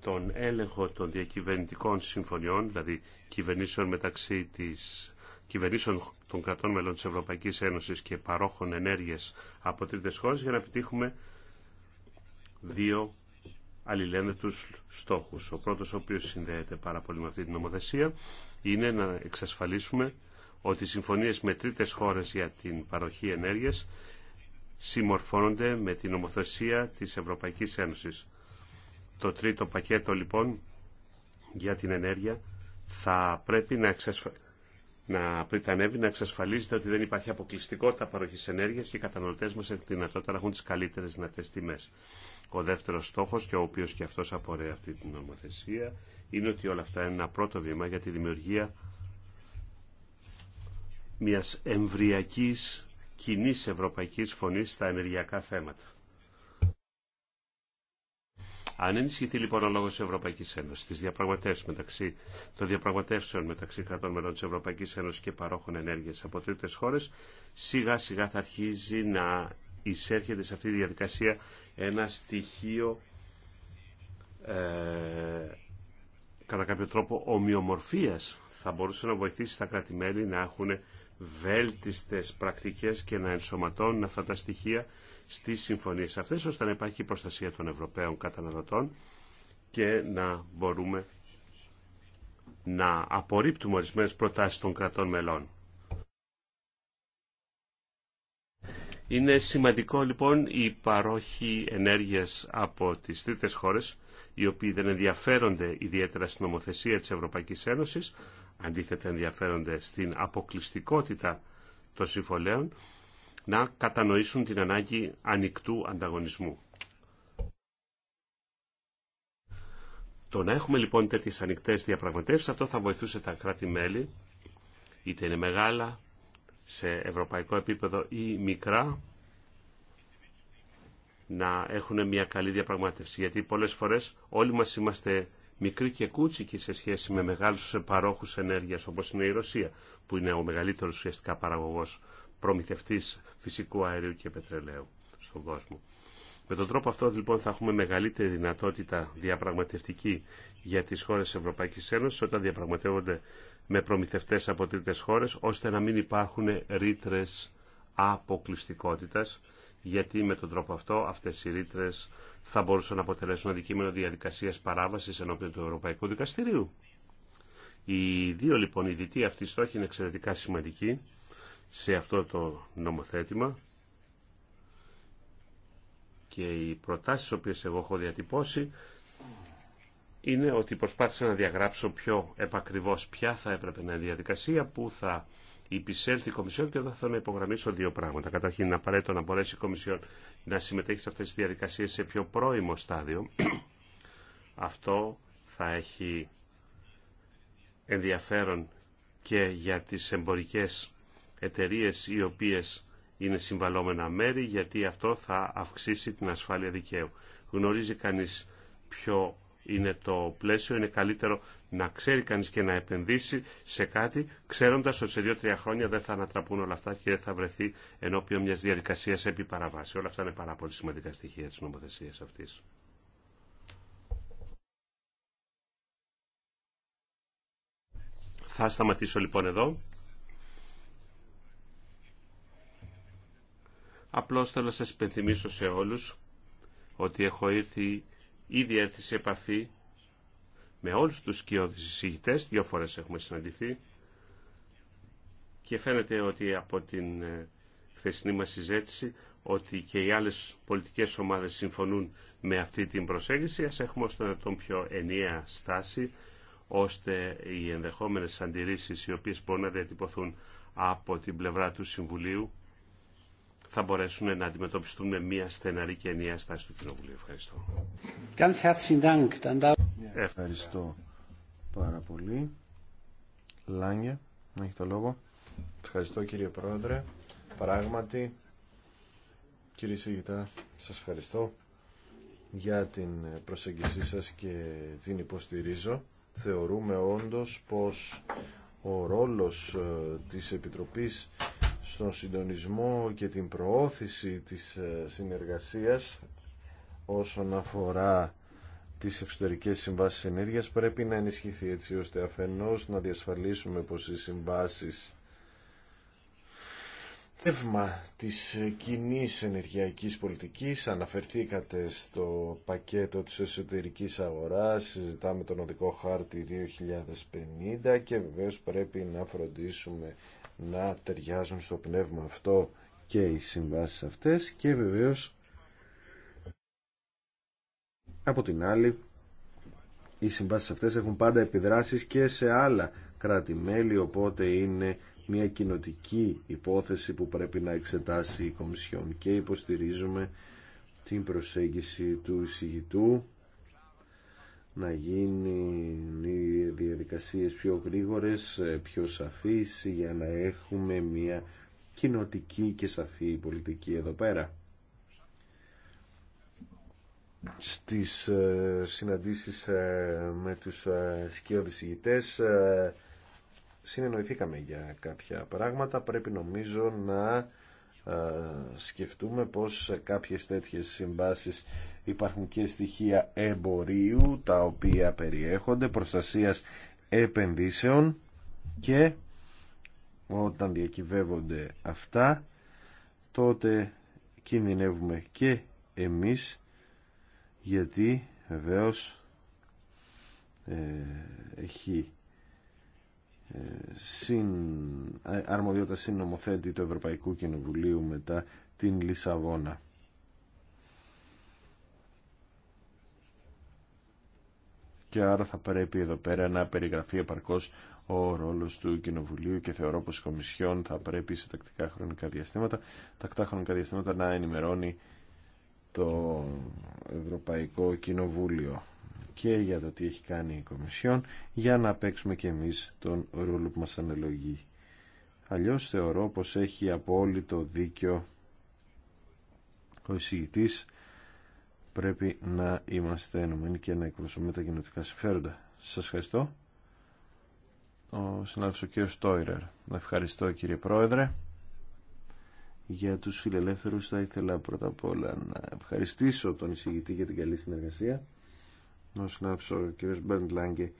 τον έλεγχο των διακυβερνητικών συμφωνιών, δηλαδή κυβερνήσεων μεταξύ της κυβερνήσεων των κρατών μελών της Ευρωπαϊκής Ένωσης και παρόχων ενέργειας από τρίτες χώρες για να επιτύχουμε δύο αλληλένδετους στόχους. Ο πρώτος ο οποίος συνδέεται πάρα πολύ με αυτή την νομοθεσία είναι να εξασφαλίσουμε ότι οι συμφωνίες με τρίτες χώρες για την παροχή ενέργειας συμμορφώνονται με την νομοθεσία της Ευρωπαϊκής Ένωσης. Το τρίτο πακέτο λοιπόν για την ενέργεια θα πρέπει να εξασφαλίσουμε να πριτανεύει, να εξασφαλίζεται ότι δεν υπάρχει αποκλειστικότητα παροχή ενέργεια και οι καταναλωτέ μα έχουν τη δυνατότητα να έχουν τι καλύτερε δυνατέ τιμέ. Ο δεύτερο στόχο, και ο οποίο και αυτό απορρέει αυτή την νομοθεσία, είναι ότι όλα αυτά είναι ένα πρώτο βήμα για τη δημιουργία μιας εμβριακής κοινή Ευρωπαϊκή Φωνή στα ενεργειακά θέματα. Αν ενισχυθεί λοιπόν ο λόγο τη Ευρωπαϊκή Ένωση μεταξύ των διαπραγματεύσεων μεταξύ κρατών μελών τη Ευρωπαϊκή Ένωση και παρόχων ενέργεια από τρίτε χώρε, σιγά σιγά θα αρχίζει να εισέρχεται σε αυτή τη διαδικασία ένα στοιχείο ε, κατά κάποιο τρόπο ομοιομορφίας θα μπορούσε να βοηθήσει τα κράτη-μέλη να έχουν βέλτιστες πρακτικές και να ενσωματώνουν αυτά τα στοιχεία Στι συμφωνίε αυτές, ώστε να υπάρχει προστασία των Ευρωπαίων καταναλωτών και να μπορούμε να απορρίπτουμε ορισμένε προτάσεις των κρατών μελών. Είναι σημαντικό λοιπόν η παρόχη ενέργειας από τις τρίτες χώρες, οι οποίοι δεν ενδιαφέρονται ιδιαίτερα στην νομοθεσία της Ευρωπαϊκής Ένωσης, αντίθετα ενδιαφέρονται στην αποκλειστικότητα των συμφωνέων να κατανοήσουν την ανάγκη ανοιχτού ανταγωνισμού. Το να έχουμε λοιπόν τέτοιες ανοιχτές διαπραγματεύσεις, αυτό θα βοηθούσε τα κράτη-μέλη, είτε είναι μεγάλα, σε ευρωπαϊκό επίπεδο ή μικρά, να έχουν μια καλή διαπραγμάτευση. Γιατί πολλές φορές όλοι μας είμαστε μικροί και κούτσικοι σε σχέση με μεγάλους παρόχους ενέργειας όπως είναι η Ρωσία που είναι ο μεγαλύτερος ουσιαστικά παραγωγός προμηθευτής φυσικού αερίου και πετρελαίου στον κόσμο. Με τον τρόπο αυτό λοιπόν θα έχουμε μεγαλύτερη δυνατότητα διαπραγματευτική για τις χώρες Ευρωπαϊκής Ένωσης όταν διαπραγματεύονται με προμηθευτές από τρίτες χώρες ώστε να μην υπάρχουν ρήτρε αποκλειστικότητας γιατί με τον τρόπο αυτό αυτές οι ρήτρε θα μπορούσαν να αποτελέσουν αντικείμενο διαδικασίας παράβασης ενώπιον του Ευρωπαϊκού Δικαστηρίου. Οι δύο λοιπόν οι δυτοί αυτοί στόχοι είναι εξαιρετικά σημαντικοί σε αυτό το νομοθέτημα και οι προτάσεις οποίες εγώ έχω διατυπώσει είναι ότι προσπάθησα να διαγράψω πιο επακριβώς ποια θα έπρεπε να είναι η διαδικασία που θα υπησέλθει η Κομισιόν και εδώ θέλω να υπογραμμίσω δύο πράγματα. Καταρχήν είναι απαραίτητο να μπορέσει η Κομισιόν να συμμετέχει σε αυτές τις διαδικασίες σε πιο πρώιμο στάδιο. Αυτό θα έχει ενδιαφέρον και για τις εμπορικές εταιρείε οι οποίες είναι συμβαλόμενα μέρη γιατί αυτό θα αυξήσει την ασφάλεια δικαίου. Γνωρίζει κανείς ποιο είναι το πλαίσιο, είναι καλύτερο να ξέρει κανείς και να επενδύσει σε κάτι, ξέροντας ότι σε δύο-τρία χρόνια δεν θα ανατραπούν όλα αυτά και δεν θα βρεθεί ενώπιον μιας διαδικασίας επί παραβάση. Όλα αυτά είναι πάρα πολύ σημαντικά στοιχεία της νομοθεσίας αυτής. Θα σταματήσω λοιπόν εδώ. Απλώς θέλω να σας υπενθυμίσω σε όλους ότι έχω ήρθει ήδη έρθει σε επαφή με όλους τους σκιώδεις εισηγητές, δύο φορές έχουμε συναντηθεί και φαίνεται ότι από την ε, χθεσινή μας συζήτηση ότι και οι άλλες πολιτικές ομάδες συμφωνούν με αυτή την προσέγγιση. Ας έχουμε ως τον πιο ενιαία στάση ώστε οι ενδεχόμενες αντιρρήσεις οι οποίες μπορούν να διατυπωθούν από την πλευρά του Συμβουλίου θα μπορέσουν να αντιμετωπιστούν με μια στεναρή και ενιαία στάση του Κοινοβουλίου. Ευχαριστώ. Ευχαριστώ πάρα πολύ. Λάνια, να έχει το λόγο. Ευχαριστώ κύριε Πρόεδρε. Πράγματι, κύριε Σιγητά, σας ευχαριστώ για την προσέγγισή σας και την υποστηρίζω. Θεωρούμε όντως πως ο ρόλος ε, της Επιτροπής στον συντονισμό και την προώθηση της ε, συνεργασίας όσον αφορά τις εξωτερικές συμβάσεις ενέργειας πρέπει να ενισχυθεί έτσι ώστε αφενός να διασφαλίσουμε πως οι συμβάσεις θεύμα της κοινή ενεργειακής πολιτικής αναφερθήκατε στο πακέτο της εσωτερικής αγοράς, συζητάμε τον οδικό χάρτη 2050 και βεβαίως πρέπει να φροντίσουμε να ταιριάζουν στο πνεύμα αυτό και οι συμβάσεις αυτές και βεβαίως από την άλλη οι συμβάσεις αυτές έχουν πάντα επιδράσεις και σε άλλα κράτη-μέλη οπότε είναι μια κοινοτική υπόθεση που πρέπει να εξετάσει η Κομισιόν και υποστηρίζουμε την προσέγγιση του εισηγητού να γίνουν οι διαδικασίες πιο γρήγορες, πιο σαφείς για να έχουμε μια κοινοτική και σαφή πολιτική εδώ πέρα. Στις ε, συναντήσεις ε, με τους ε, σκιώδης ηγητές συνεννοηθήκαμε για κάποια πράγματα. Πρέπει νομίζω να ε, σκεφτούμε πως σε κάποιες τέτοιες συμβάσεις υπάρχουν και στοιχεία εμπορίου τα οποία περιέχονται προστασίας επενδύσεων και όταν διακυβεύονται αυτά τότε κινδυνεύουμε και εμείς γιατί βεβαίως ε, έχει συν, ε, αρμοδιότητα συνομοθέτη του Ευρωπαϊκού Κοινοβουλίου μετά την Λισαβόνα. Και άρα θα πρέπει εδώ πέρα να περιγραφεί επαρκώς ο ρόλος του Κοινοβουλίου και θεωρώ πως η Κομισιόν θα πρέπει σε τακτικά χρονικά διαστήματα, τακτά χρονικά διαστήματα να ενημερώνει το Ευρωπαϊκό Κοινοβούλιο και για το τι έχει κάνει η Κομισιόν για να παίξουμε και εμείς τον ρόλο που μας αναλογεί. Αλλιώς θεωρώ πως έχει απόλυτο δίκιο ο εισηγητής πρέπει να είμαστε ενωμένοι και να εκπροσωπούμε τα κοινωτικά συμφέροντα. Σας ευχαριστώ. Ο συνάδελφος ο κ. Στόιρερ. Ευχαριστώ κύριε Πρόεδρε. Για τους φιλελεύθερους θα ήθελα πρώτα απ' όλα να ευχαριστήσω τον εισηγητή για την καλή συνεργασία να συνάδελφο ο κ. Μπέρντ Λάγκε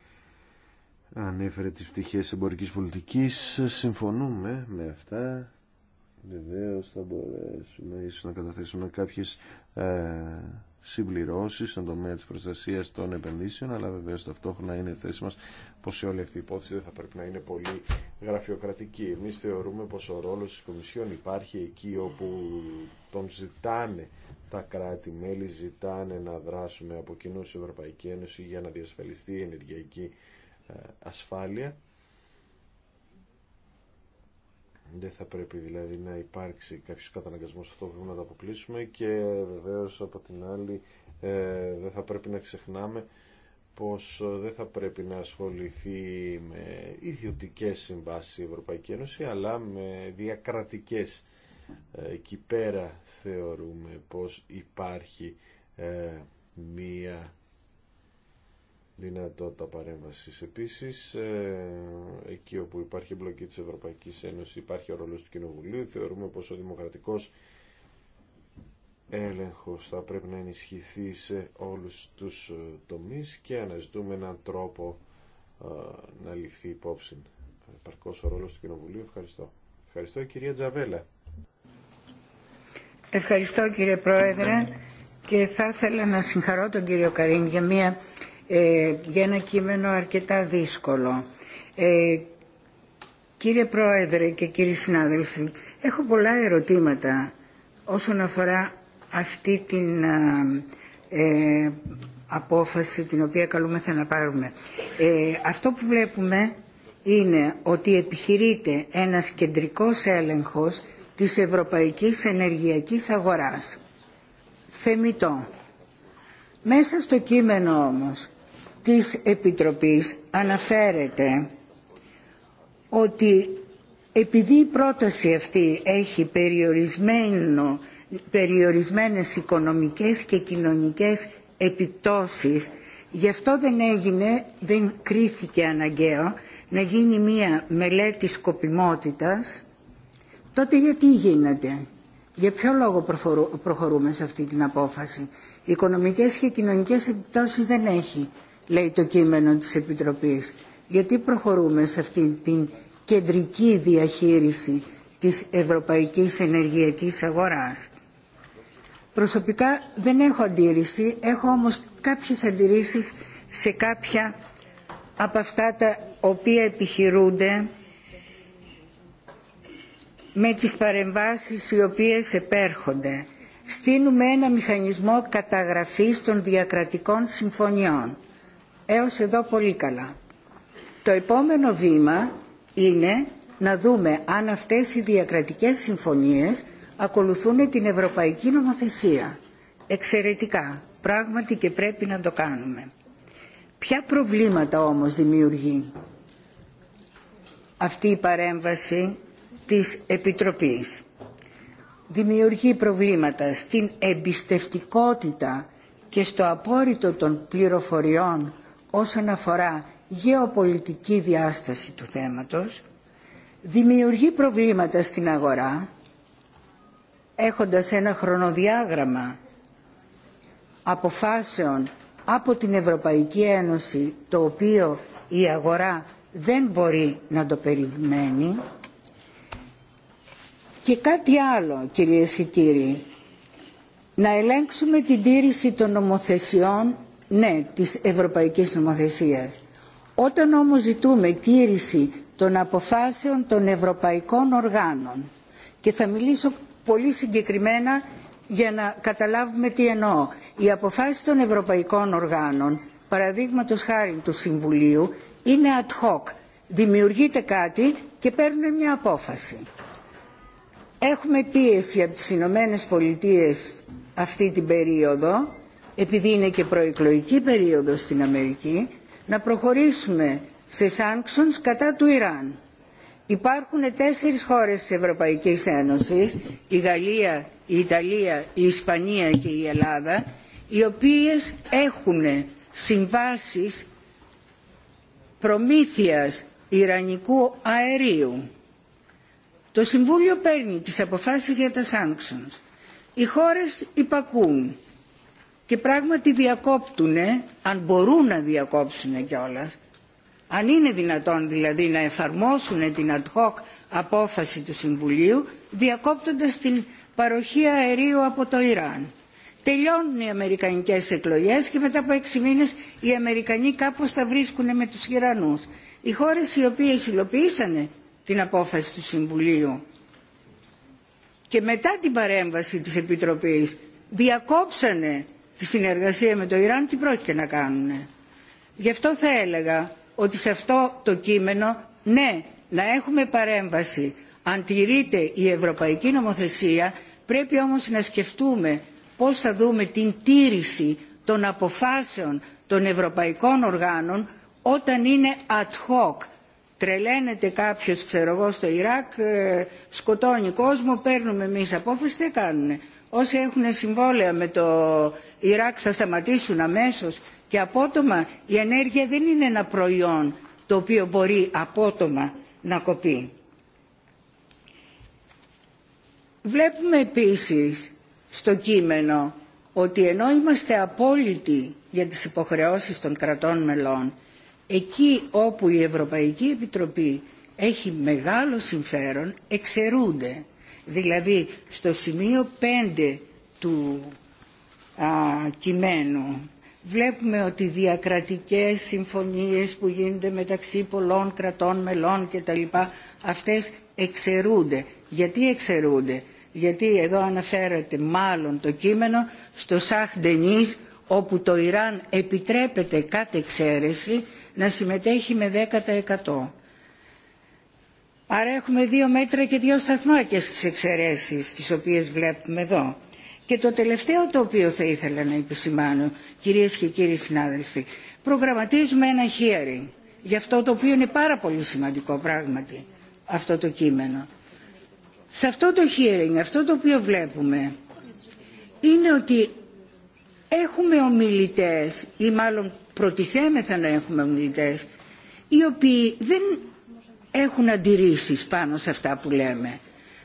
ανέφερε τις πτυχές εμπορικής πολιτικής. Συμφωνούμε με αυτά. Βεβαίω θα μπορέσουμε ίσως να καταθέσουμε κάποιες ε, συμπληρώσεις στον τομέα της προστασίας των επενδύσεων, αλλά βεβαίω ταυτόχρονα είναι θέση μας πως σε όλη αυτή η υπόθεση δεν θα πρέπει να είναι πολύ γραφειοκρατική. Εμείς θεωρούμε πως ο ρόλος της Κομισιόν υπάρχει εκεί όπου τον ζητάνε τα κράτη-μέλη ζητάνε να δράσουμε από κοινού στην Ευρωπαϊκή Ένωση για να διασφαλιστεί η ενεργειακή ε, ασφάλεια. Δεν θα πρέπει δηλαδή να υπάρξει κάποιο καταναγκασμός, αυτό πρέπει να το αποκλείσουμε και βεβαίως από την άλλη ε, δεν θα πρέπει να ξεχνάμε πως ε, δεν θα πρέπει να ασχοληθεί με ιδιωτικές συμβάσεις η Ευρωπαϊκή Ένωση αλλά με διακρατικές ε, εκεί πέρα θεωρούμε πως υπάρχει ε, μία δυνατότητα παρέμβασης. Επίσης, ε, εκεί όπου υπάρχει εμπλοκή της Ευρωπαϊκής Ένωσης, υπάρχει ο ρόλος του Κοινοβουλίου, θεωρούμε πως ο δημοκρατικός έλεγχος θα πρέπει να ενισχυθεί σε όλους τους τομείς και αναζητούμε έναν τρόπο να ληφθεί υπόψη. Επαρκώς ο ρόλος του Κοινοβουλίου. Ευχαριστώ. Ευχαριστώ κυρία Τζαβέλα. Ευχαριστώ κύριε Πρόεδρε και θα ήθελα να συγχαρώ τον κύριο Καρίν για, μια, ε, για ένα κείμενο αρκετά δύσκολο. Ε, κύριε Πρόεδρε και κύριοι συνάδελφοι, έχω πολλά ερωτήματα όσον αφορά αυτή την ε, απόφαση την οποία καλούμεθα να πάρουμε. Ε, αυτό που βλέπουμε είναι ότι επιχειρείται ένας κεντρικός έλεγχος της Ευρωπαϊκής Ενεργειακής Αγοράς. Θεμητό. Μέσα στο κείμενο όμως της Επιτροπής αναφέρεται ότι επειδή η πρόταση αυτή έχει περιορισμένο, περιορισμένες οικονομικές και κοινωνικές επιπτώσεις γι' αυτό δεν έγινε, δεν κρίθηκε αναγκαίο να γίνει μία μελέτη σκοπιμότητας τότε γιατί γίνεται. Για ποιο λόγο προχωρούμε σε αυτή την απόφαση. οικονομικές και κοινωνικές επιπτώσεις δεν έχει, λέει το κείμενο της Επιτροπής. Γιατί προχωρούμε σε αυτή την κεντρική διαχείριση της ευρωπαϊκής ενεργειακής αγοράς. Προσωπικά δεν έχω αντίρρηση, έχω όμως κάποιες αντιρρήσεις σε κάποια από αυτά τα οποία επιχειρούνται με τις παρεμβάσεις οι οποίες επέρχονται. στείλουμε ένα μηχανισμό καταγραφής των διακρατικών συμφωνιών. Έως εδώ πολύ καλά. Το επόμενο βήμα είναι να δούμε αν αυτές οι διακρατικές συμφωνίες ακολουθούν την ευρωπαϊκή νομοθεσία. Εξαιρετικά. Πράγματι και πρέπει να το κάνουμε. Ποια προβλήματα όμως δημιουργεί αυτή η παρέμβαση της Επιτροπής. Δημιουργεί προβλήματα στην εμπιστευτικότητα και στο απόρριτο των πληροφοριών όσον αφορά γεωπολιτική διάσταση του θέματος, δημιουργεί προβλήματα στην αγορά, έχοντας ένα χρονοδιάγραμμα αποφάσεων από την Ευρωπαϊκή Ένωση, το οποίο η αγορά δεν μπορεί να το περιμένει, και κάτι άλλο, κυρίες και κύριοι. Να ελέγξουμε την τήρηση των νομοθεσιών, ναι, της Ευρωπαϊκής Νομοθεσίας. Όταν όμως ζητούμε τήρηση των αποφάσεων των ευρωπαϊκών οργάνων, και θα μιλήσω πολύ συγκεκριμένα για να καταλάβουμε τι εννοώ. Οι αποφάσεις των ευρωπαϊκών οργάνων, παραδείγματος χάρη του Συμβουλίου, είναι ad hoc. Δημιουργείται κάτι και παίρνουν μια απόφαση. Έχουμε πίεση από τις Ηνωμένε Πολιτείε αυτή την περίοδο, επειδή είναι και προεκλογική περίοδο στην Αμερική, να προχωρήσουμε σε sanctions κατά του Ιράν. Υπάρχουν τέσσερις χώρες της Ευρωπαϊκής Ένωσης, η Γαλλία, η Ιταλία, η Ισπανία και η Ελλάδα, οι οποίες έχουν συμβάσεις προμήθειας Ιρανικού αερίου το Συμβούλιο παίρνει τις αποφάσεις για τα sanctions. Οι χώρες υπακούν και πράγματι διακόπτουν, αν μπορούν να διακόψουν κιόλα, αν είναι δυνατόν δηλαδή να εφαρμόσουν την ad hoc απόφαση του Συμβουλίου, διακόπτοντας την παροχή αερίου από το Ιράν. Τελειώνουν οι Αμερικανικές εκλογές και μετά από έξι μήνες οι Αμερικανοί κάπως τα βρίσκουν με τους Ιρανούς. Οι χώρες οι οποίες υλοποιήσανε την απόφαση του Συμβουλίου και μετά την παρέμβαση της Επιτροπής διακόψανε τη συνεργασία με το Ιράν, τι πρόκειται να κάνουν. Γι' αυτό θα έλεγα ότι σε αυτό το κείμενο, ναι, να έχουμε παρέμβαση. Αν τηρείται η ευρωπαϊκή νομοθεσία, πρέπει όμως να σκεφτούμε πώς θα δούμε την τήρηση των αποφάσεων των ευρωπαϊκών οργάνων όταν είναι ad hoc τρελαίνεται κάποιος ξέρω εγώ στο Ιράκ, ε, σκοτώνει κόσμο, παίρνουμε εμεί απόφαση, τι κάνουν. Όσοι έχουν συμβόλαια με το Ιράκ θα σταματήσουν αμέσως και απότομα η ενέργεια δεν είναι ένα προϊόν το οποίο μπορεί απότομα να κοπεί. Βλέπουμε επίσης στο κείμενο ότι ενώ είμαστε απόλυτοι για τις υποχρεώσεις των κρατών μελών εκεί όπου η Ευρωπαϊκή Επιτροπή έχει μεγάλο συμφέρον εξαιρούνται. Δηλαδή στο σημείο 5 του κειμένου βλέπουμε ότι διακρατικές συμφωνίες που γίνονται μεταξύ πολλών κρατών μελών κτλ. αυτές εξαιρούνται. Γιατί εξαιρούνται. Γιατί εδώ αναφέρεται μάλλον το κείμενο στο Σαχ Ντενής όπου το Ιράν επιτρέπεται κατ' εξαίρεση να συμμετέχει με 10%. Άρα έχουμε δύο μέτρα και δύο και στις εξαιρέσεις τις οποίες βλέπουμε εδώ. Και το τελευταίο το οποίο θα ήθελα να επισημάνω, κυρίες και κύριοι συνάδελφοι, προγραμματίζουμε ένα hearing για αυτό το οποίο είναι πάρα πολύ σημαντικό πράγματι αυτό το κείμενο. Σε αυτό το hearing, αυτό το οποίο βλέπουμε, είναι ότι έχουμε ομιλητές ή μάλλον προτιθέμεθα να έχουμε ομιλητές οι οποίοι δεν έχουν αντιρρήσεις πάνω σε αυτά που λέμε.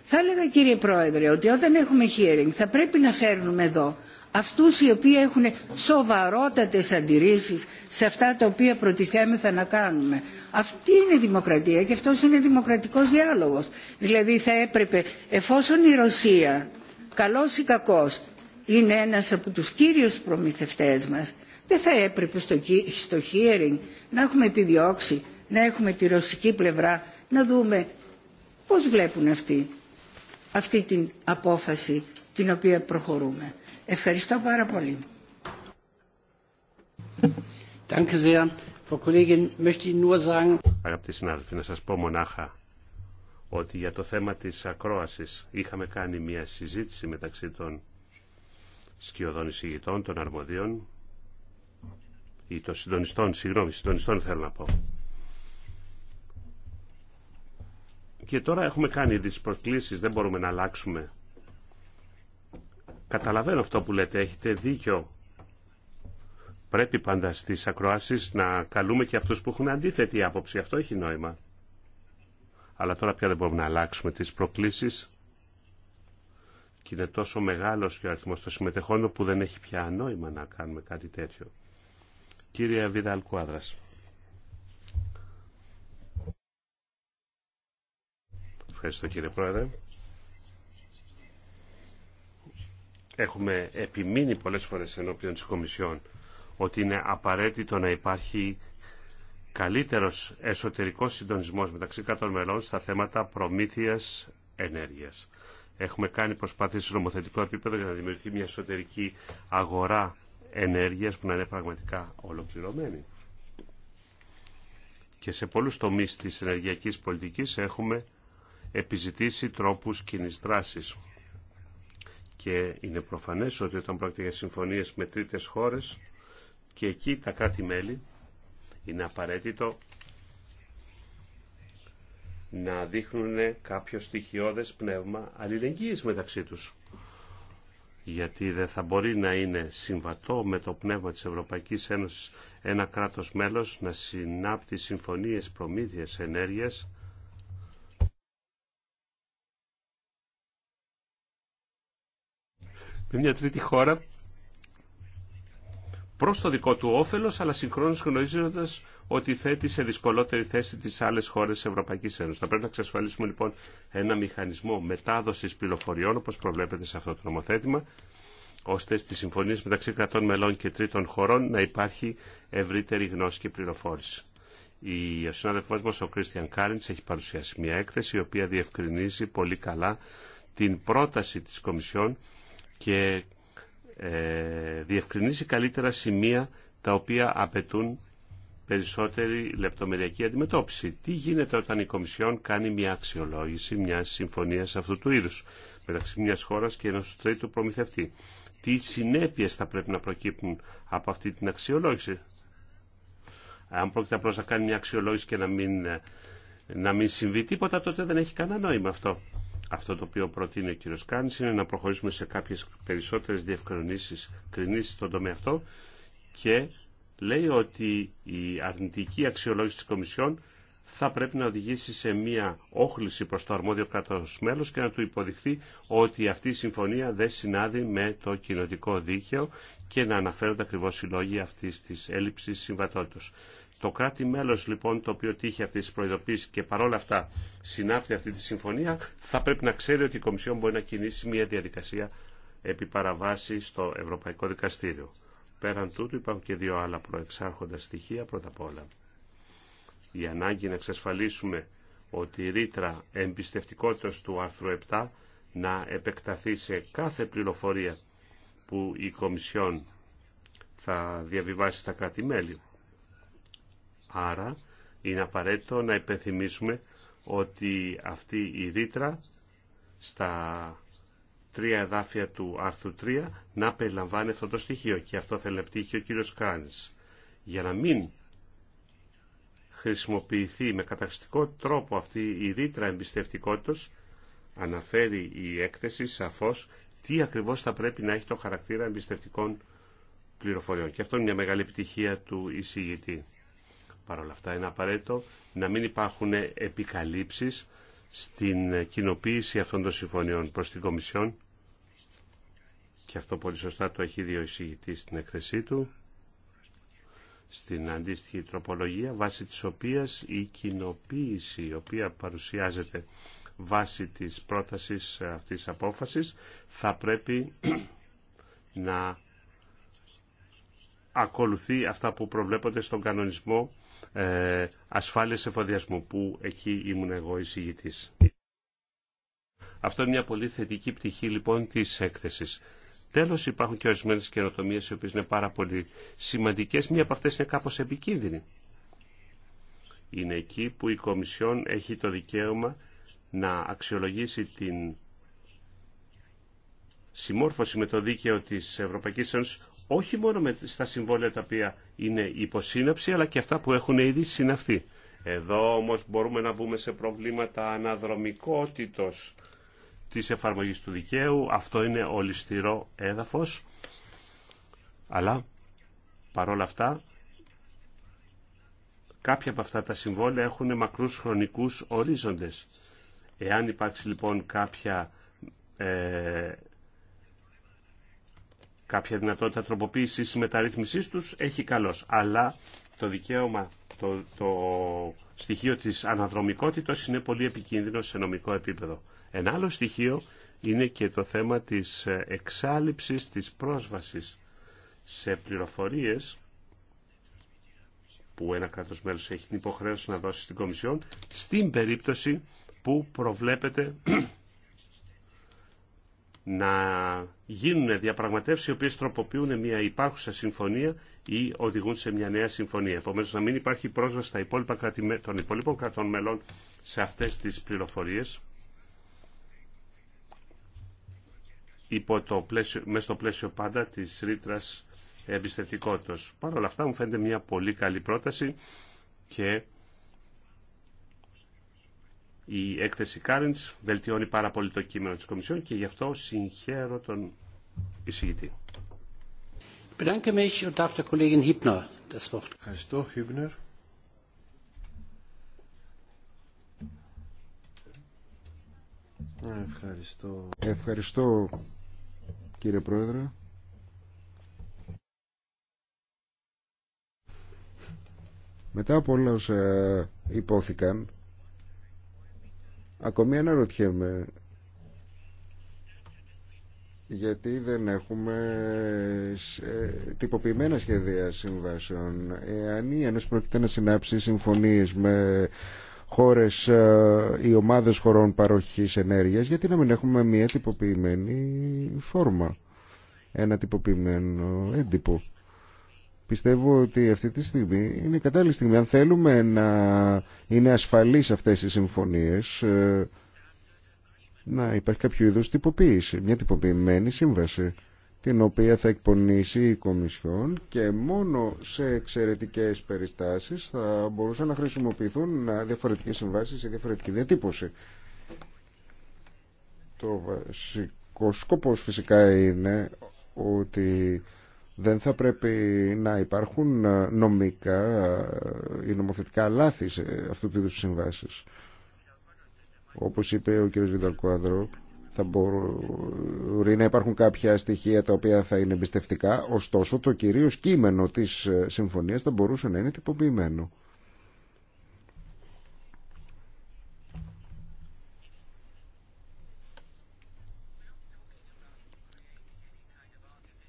Θα έλεγα κύριε Πρόεδρε ότι όταν έχουμε hearing θα πρέπει να φέρνουμε εδώ αυτούς οι οποίοι έχουν σοβαρότατες αντιρρήσεις σε αυτά τα οποία προτιθέμεθα να κάνουμε. Αυτή είναι η δημοκρατία και αυτός είναι δημοκρατικός διάλογος. Δηλαδή θα έπρεπε εφόσον η Ρωσία, καλός ή κακός, είναι ένας από τους κύριους προμηθευτές μας δεν θα έπρεπε στο, στο hearing να έχουμε επιδιώξει να έχουμε τη ρωσική πλευρά να δούμε πώς βλέπουν αυτοί αυτή την απόφαση την οποία προχωρούμε. Ευχαριστώ πάρα πολύ. Αγαπητοί συνάδελφοι, να σας πω μονάχα ότι για το θέμα της ακρόασης είχαμε κάνει μια συζήτηση μεταξύ των σκιωδών εισηγητών, των αρμοδίων ή των συντονιστών, συγγνώμη, συντονιστών θέλω να πω. Και τώρα έχουμε κάνει τις προκλήσεις, δεν μπορούμε να αλλάξουμε. Καταλαβαίνω αυτό που λέτε, έχετε δίκιο. Πρέπει πάντα στις ακροάσεις να καλούμε και αυτούς που έχουν αντίθετη άποψη. Αυτό έχει νόημα. Αλλά τώρα πια δεν μπορούμε να αλλάξουμε τις προκλήσεις. Και είναι τόσο μεγάλος και ο αριθμός των συμμετεχόντων που δεν έχει πια νόημα να κάνουμε κάτι τέτοιο. Κύριε Βιδάλ Κουάδρας. Ευχαριστώ κύριε Πρόεδρε. Έχουμε επιμείνει πολλές φορές ενώπιον της Κομισιόν ότι είναι απαραίτητο να υπάρχει καλύτερος εσωτερικός συντονισμός μεταξύ κάτων μελών στα θέματα προμήθειας ενέργειας. Έχουμε κάνει προσπάθειες σε νομοθετικό επίπεδο για να δημιουργηθεί μια εσωτερική αγορά ενέργειας που να είναι πραγματικά ολοκληρωμένη. Και σε πολλούς τομείς της ενεργειακής πολιτικής έχουμε επιζητήσει τρόπους κοινή δράση. Και είναι προφανές ότι όταν πρόκειται για συμφωνίες με τρίτες χώρες και εκεί τα κράτη-μέλη είναι απαραίτητο να δείχνουν κάποιο στοιχειώδες πνεύμα αλληλεγγύης μεταξύ τους γιατί δεν θα μπορεί να είναι συμβατό με το πνεύμα της Ευρωπαϊκής Ένωσης ένα κράτος μέλος να συνάπτει συμφωνίες προμήθειας ενέργειας με μια τρίτη χώρα Προ το δικό του όφελο, αλλά συγχρόνω γνωρίζοντα ότι θέτει σε δυσκολότερη θέση τι άλλε χώρε τη Ευρωπαϊκή Ένωση. Θα πρέπει να εξασφαλίσουμε λοιπόν ένα μηχανισμό μετάδοση πληροφοριών, όπω προβλέπεται σε αυτό το νομοθέτημα, ώστε στι συμφωνίε μεταξύ κρατών μελών και τρίτων χωρών να υπάρχει ευρύτερη γνώση και πληροφόρηση. Ο συνάδελφός μας ο Κρίστιαν Κάριντς έχει παρουσιάσει μια έκθεση η οποία διευκρινίζει πολύ καλά την πρόταση της Κομισιόν και ε, καλύτερα σημεία τα οποία απαιτούν περισσότερη λεπτομεριακή αντιμετώπιση. Τι γίνεται όταν η Κομισιόν κάνει μια αξιολόγηση μια συμφωνίας αυτού του είδου μεταξύ μια χώρας και ενός τρίτου προμηθευτή. Τι συνέπειες θα πρέπει να προκύπτουν από αυτή την αξιολόγηση. Αν πρόκειται απλώ να κάνει μια αξιολόγηση και να μην, ε, να μην συμβεί τίποτα, τότε δεν έχει κανένα νόημα αυτό. Αυτό το οποίο προτείνει ο κύριος Κάνης είναι να προχωρήσουμε σε κάποιες περισσότερες διευκρινήσεις κρινήσεις στον τομέα αυτό και λέει ότι η αρνητική αξιολόγηση της Κομισιόν θα πρέπει να οδηγήσει σε μία όχληση προς το αρμόδιο κράτος μέλος και να του υποδειχθεί ότι αυτή η συμφωνία δεν συνάδει με το κοινοτικό δίκαιο και να αναφέρονται ακριβώς οι λόγοι αυτής της έλλειψης συμβατότητας. Το κράτη μέλος λοιπόν το οποίο τύχει αυτή τη προειδοποίηση και παρόλα αυτά συνάπτει αυτή τη συμφωνία θα πρέπει να ξέρει ότι η Κομισιόν μπορεί να κινήσει μια διαδικασία επί παραβάση στο Ευρωπαϊκό Δικαστήριο. Πέραν τούτου υπάρχουν και δύο άλλα προεξάρχοντα στοιχεία. Πρώτα απ' όλα η ανάγκη να εξασφαλίσουμε ότι η ρήτρα εμπιστευτικότητας του άρθρου 7 να επεκταθεί σε κάθε πληροφορία που η Κομισιόν θα διαβιβάσει στα κράτη-μέλη. Άρα είναι απαραίτητο να υπενθυμίσουμε ότι αυτή η ρήτρα στα τρία εδάφια του άρθρου 3 να περιλαμβάνει αυτό το στοιχείο και αυτό θέλει να πτύχει ο κύριος Κράνης. Για να μην χρησιμοποιηθεί με καταχρηστικό τρόπο αυτή η ρήτρα εμπιστευτικότητος αναφέρει η έκθεση σαφώς τι ακριβώς θα πρέπει να έχει το χαρακτήρα εμπιστευτικών πληροφοριών. Και αυτό είναι μια μεγάλη επιτυχία του εισηγητή. Παρ' όλα αυτά είναι απαραίτητο να μην υπάρχουν επικαλύψεις στην κοινοποίηση αυτών των συμφωνιών προς την Κομισιόν και αυτό πολύ σωστά το έχει δει ο στην έκθεσή του στην αντίστοιχη τροπολογία βάσει της οποίας η κοινοποίηση η οποία παρουσιάζεται βάσει της πρότασης αυτής της απόφασης θα πρέπει να ακολουθεί αυτά που προβλέπονται στον κανονισμό ε, ασφάλειας εφοδιασμού, που εκεί ήμουν εγώ εισηγητής. Αυτό είναι μια πολύ θετική πτυχή λοιπόν της έκθεσης. Τέλος υπάρχουν και ορισμένε καινοτομίε οι οποίες είναι πάρα πολύ σημαντικές. Μία από αυτές είναι κάπως επικίνδυνη. Είναι εκεί που η Κομισιόν έχει το δικαίωμα να αξιολογήσει την συμμόρφωση με το δίκαιο της Ευρωπαϊκής Ένωσης όχι μόνο με, στα συμβόλαια τα οποία είναι υποσύναψη, αλλά και αυτά που έχουν ήδη συναυθεί. Εδώ όμως μπορούμε να μπούμε σε προβλήματα αναδρομικότητος της εφαρμογής του δικαίου. Αυτό είναι ολιστηρό έδαφος. Αλλά, παρόλα αυτά, κάποια από αυτά τα συμβόλαια έχουν μακρούς χρονικούς ορίζοντες. Εάν υπάρξει λοιπόν κάποια ε, κάποια δυνατότητα τροποποίηση ή μεταρρύθμισής του έχει καλώς. Αλλά το δικαίωμα, το, το στοιχείο της αναδρομικότητας είναι πολύ επικίνδυνο σε νομικό επίπεδο. Ένα άλλο στοιχείο είναι και το θέμα της εξάλληψης της πρόσβασης σε πληροφορίες που ένα κράτος μέλος έχει την υποχρέωση να δώσει στην Κομισιόν στην περίπτωση που προβλέπεται να γίνουν διαπραγματεύσει οι οποίε τροποποιούν μια υπάρχουσα συμφωνία ή οδηγούν σε μια νέα συμφωνία. Επομένω να μην υπάρχει πρόσβαση στα υπόλοιπα των υπόλοιπων κρατών μελών σε αυτές τις πληροφορίες υπό το πλαίσιο, μέσα στο πλαίσιο πάντα της ρήτρα εμπιστευτικότητας. Παρ' όλα αυτά μου φαίνεται μια πολύ καλή πρόταση και η έκθεση Currents βελτιώνει πάρα πολύ το κείμενο της Κομισιόν και γι' αυτό συγχαίρω τον εισηγητή. Ευχαριστώ, Hübner. Ευχαριστώ. Ευχαριστώ, κύριε Πρόεδρε. Μετά από όλα όσα υπόθηκαν, Ακόμη αναρωτιέμαι γιατί δεν έχουμε ε, τυποποιημένα σχέδια συμβάσεων. Εάν η Ένωση πρόκειται να συνάψει συμφωνίες με χώρες ε, ή ομάδες χωρών παροχής ενέργειας, γιατί να μην έχουμε μια τυποποιημένη φόρμα, ένα τυποποιημένο έντυπο. Πιστεύω ότι αυτή τη στιγμή είναι η κατάλληλη στιγμή. Αν θέλουμε να είναι ασφαλείς αυτές οι συμφωνίες, ε, να υπάρχει κάποιο είδου τυποποίηση, μια τυποποιημένη σύμβαση, την οποία θα εκπονήσει η Κομισιόν και μόνο σε εξαιρετικές περιστάσεις θα μπορούσαν να χρησιμοποιηθούν διαφορετικές συμβάσεις ή διαφορετική διατύπωση. Το βασικό σκοπός φυσικά είναι ότι δεν θα πρέπει να υπάρχουν ε, νομικά ε, ή νομοθετικά λάθη σε αυτού του συμβάσει. Όπως είπε ο κ. Βινταλκουάδρο, θα μπορεί να υπάρχουν κάποια στοιχεία τα οποία θα είναι εμπιστευτικά, ωστόσο το κυρίω κείμενο της ε, συμφωνίας θα μπορούσε να είναι τυποποιημένο.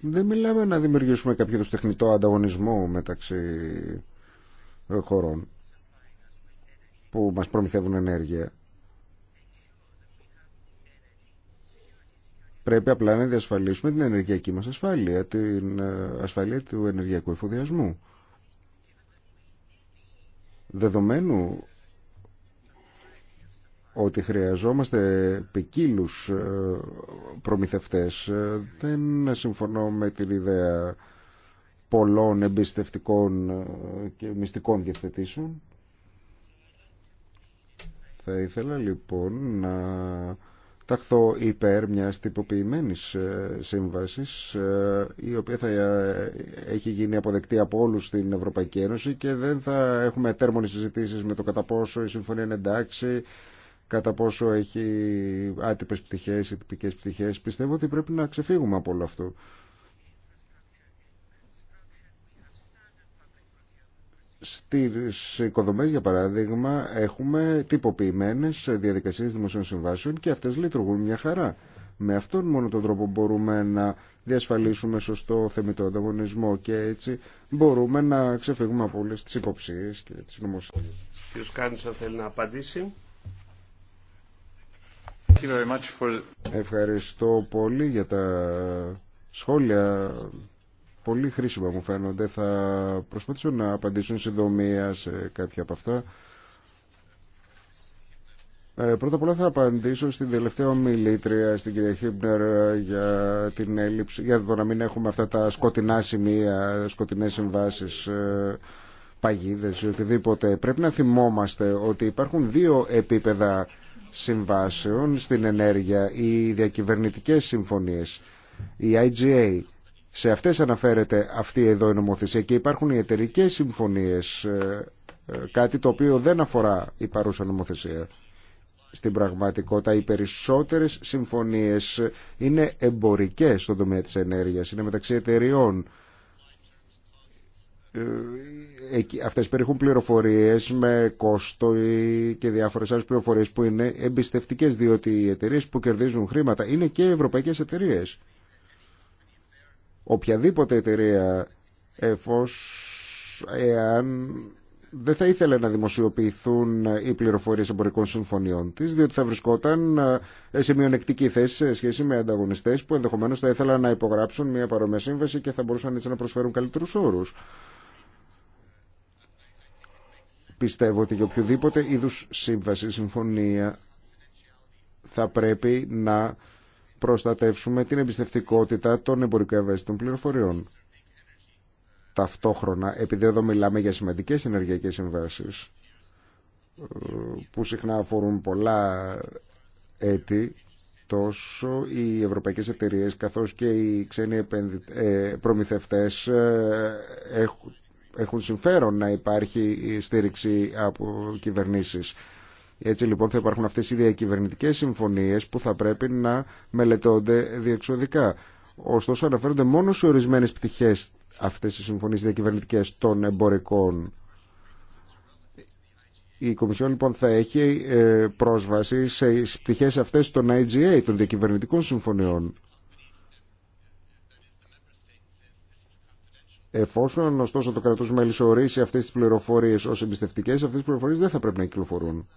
Δεν μιλάμε να δημιουργήσουμε κάποιο είδου τεχνητό ανταγωνισμό μεταξύ ε, χωρών που μας προμηθεύουν ενέργεια. Πρέπει απλά να διασφαλίσουμε την ενεργειακή μας ασφάλεια, την ε, ασφάλεια του ενεργειακού εφοδιασμού. Δεδομένου ότι χρειαζόμαστε ποικίλου ε, προμηθευτές. Ε, δεν συμφωνώ με την ιδέα πολλών εμπιστευτικών ε, και μυστικών διευθετήσεων. Θα ήθελα λοιπόν να ταχθώ υπέρ μιας τυποποιημένης σύμβασης η οποία θα έχει γίνει αποδεκτή από όλους στην Ευρωπαϊκή Ένωση και δεν θα έχουμε τέρμονες συζητήσεις με το κατά πόσο η συμφωνία είναι εντάξει κατά πόσο έχει άτυπες πτυχές ή τυπικές πτυχές. Πιστεύω ότι πρέπει να ξεφύγουμε από όλο αυτό. Στις οικοδομές, για παράδειγμα, έχουμε τυποποιημένες διαδικασίες δημοσίων συμβάσεων και αυτές λειτουργούν μια χαρά. Με αυτόν μόνο τον τρόπο μπορούμε να διασφαλίσουμε σωστό θεμητό ανταγωνισμό και έτσι μπορούμε να ξεφύγουμε από όλες τις υποψίες και τις νομοσίες. Ποιος κάνει αν θέλει να απαντήσει. Ευχαριστώ πολύ για τα σχόλια. Πολύ χρήσιμα μου φαίνονται. Θα προσπαθήσω να απαντήσω συντομία σε κάποια από αυτά. Ε, πρώτα απ' όλα θα απαντήσω στην τελευταία ομιλήτρια, στην κυρία Χίμπνερ, για, την έλλειψη, για το να μην έχουμε αυτά τα σκοτεινά σημεία, σκοτεινές συμβάσεις, ε, παγίδες ή οτιδήποτε. Πρέπει να θυμόμαστε ότι υπάρχουν δύο επίπεδα συμβάσεων στην ενέργεια, οι διακυβερνητικές συμφωνίες, η IGA. Σε αυτές αναφέρεται αυτή εδώ η νομοθεσία και υπάρχουν οι εταιρικέ συμφωνίες, ε, ε, κάτι το οποίο δεν αφορά η παρούσα νομοθεσία. Στην πραγματικότητα οι περισσότερες συμφωνίες είναι εμπορικές στον τομέα της ενέργειας, είναι μεταξύ εταιριών ε, αυτές περιέχουν πληροφορίες με κόστο και διάφορες άλλες πληροφορίες που είναι εμπιστευτικές διότι οι εταιρείε που κερδίζουν χρήματα είναι και ευρωπαϊκές εταιρείε. Οποιαδήποτε εταιρεία εφόσον εάν δεν θα ήθελε να δημοσιοποιηθούν οι πληροφορίες εμπορικών συμφωνιών της, διότι θα βρισκόταν ε, σε μειονεκτική θέση σε σχέση με ανταγωνιστές που ενδεχομένως θα ήθελαν να υπογράψουν μια παρόμοια σύμβαση και θα μπορούσαν έτσι να προσφέρουν καλύτερους όρους. Πιστεύω ότι για οποιοδήποτε είδου σύμβαση, συμφωνία θα πρέπει να προστατεύσουμε την εμπιστευτικότητα των εμπορικών ευαίσθητων πληροφοριών. Ταυτόχρονα, επειδή εδώ μιλάμε για σημαντικές ενεργειακές συμβάσεις ε, που συχνά αφορούν πολλά έτη, τόσο οι ευρωπαϊκές εταιρείες καθώς και οι ξένοι ε, προμηθευτές ε, έχουν συμφέρον να υπάρχει στήριξη από κυβερνήσεις. Έτσι λοιπόν θα υπάρχουν αυτές οι διακυβερνητικές συμφωνίες που θα πρέπει να μελετώνται διεξοδικά. Ωστόσο αναφέρονται μόνο σε ορισμένες πτυχές αυτές οι συμφωνίες διακυβερνητικές των εμπορικών. Η Κομισιόν λοιπόν θα έχει ε, πρόσβαση σε πτυχές αυτές των IGA, των διακυβερνητικών συμφωνιών. Εφόσον ωστόσο το κρατό μέλη ορίσει αυτέ τι πληροφορίε ω εμπιστευτικέ, αυτέ τι πληροφορίε δεν θα πρέπει να κυκλοφορούν.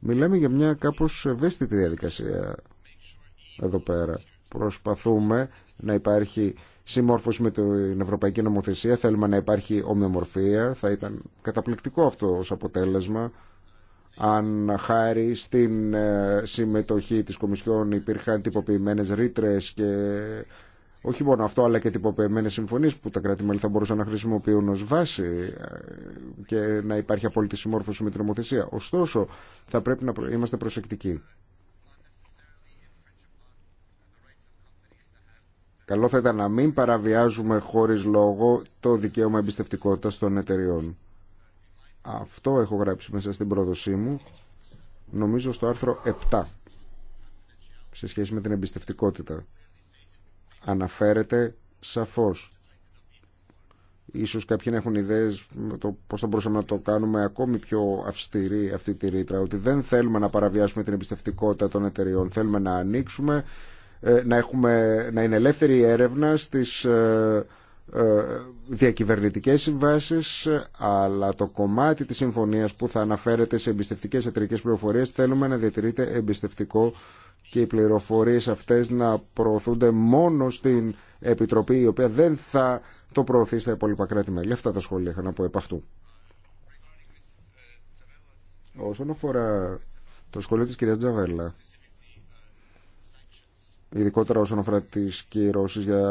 Μιλάμε για μια κάπω ευαίσθητη διαδικασία εδώ πέρα. Προσπαθούμε να υπάρχει συμμόρφωση με την Ευρωπαϊκή Νομοθεσία, θέλουμε να υπάρχει ομοιομορφία. Θα ήταν καταπληκτικό αυτό ως αποτέλεσμα αν χάρη στην ε, συμμετοχή της Κομισιόν υπήρχαν τυποποιημένες ρήτρε και όχι μόνο αυτό, αλλά και τυποποιημένε συμφωνίε που τα κράτη-μέλη θα μπορούσαν να χρησιμοποιούν ω βάση ε, και να υπάρχει απόλυτη συμμόρφωση με την νομοθεσία. Ωστόσο, θα πρέπει να είμαστε προσεκτικοί. Καλό θα ήταν να μην παραβιάζουμε χωρίς λόγο το δικαίωμα εμπιστευτικότητα των εταιριών. Αυτό έχω γράψει μέσα στην προδοσή μου, νομίζω στο άρθρο 7, σε σχέση με την εμπιστευτικότητα αναφέρεται σαφώς. Ίσως κάποιοι να έχουν ιδέες το πώς θα μπορούσαμε να το κάνουμε ακόμη πιο αυστηρή αυτή τη ρήτρα, ότι δεν θέλουμε να παραβιάσουμε την εμπιστευτικότητα των εταιριών, θέλουμε να ανοίξουμε, ε, να, έχουμε, να είναι ελεύθερη η έρευνα στις ε, ε, διακυβερνητικές συμβάσεις αλλά το κομμάτι της συμφωνίας που θα αναφέρεται σε εμπιστευτικές εταιρικές πληροφορίες θέλουμε να διατηρείται εμπιστευτικό και οι πληροφορίες αυτές να προωθούνται μόνο στην Επιτροπή η οποία δεν θα το προωθεί στα υπόλοιπα κράτη-μέλη. Αυτά τα σχόλια είχα να πω επ' αυτού. Όσον αφορά το σχολείο της κυρίας Τζαβέλα, ειδικότερα όσον αφορά τις κυρώσεις για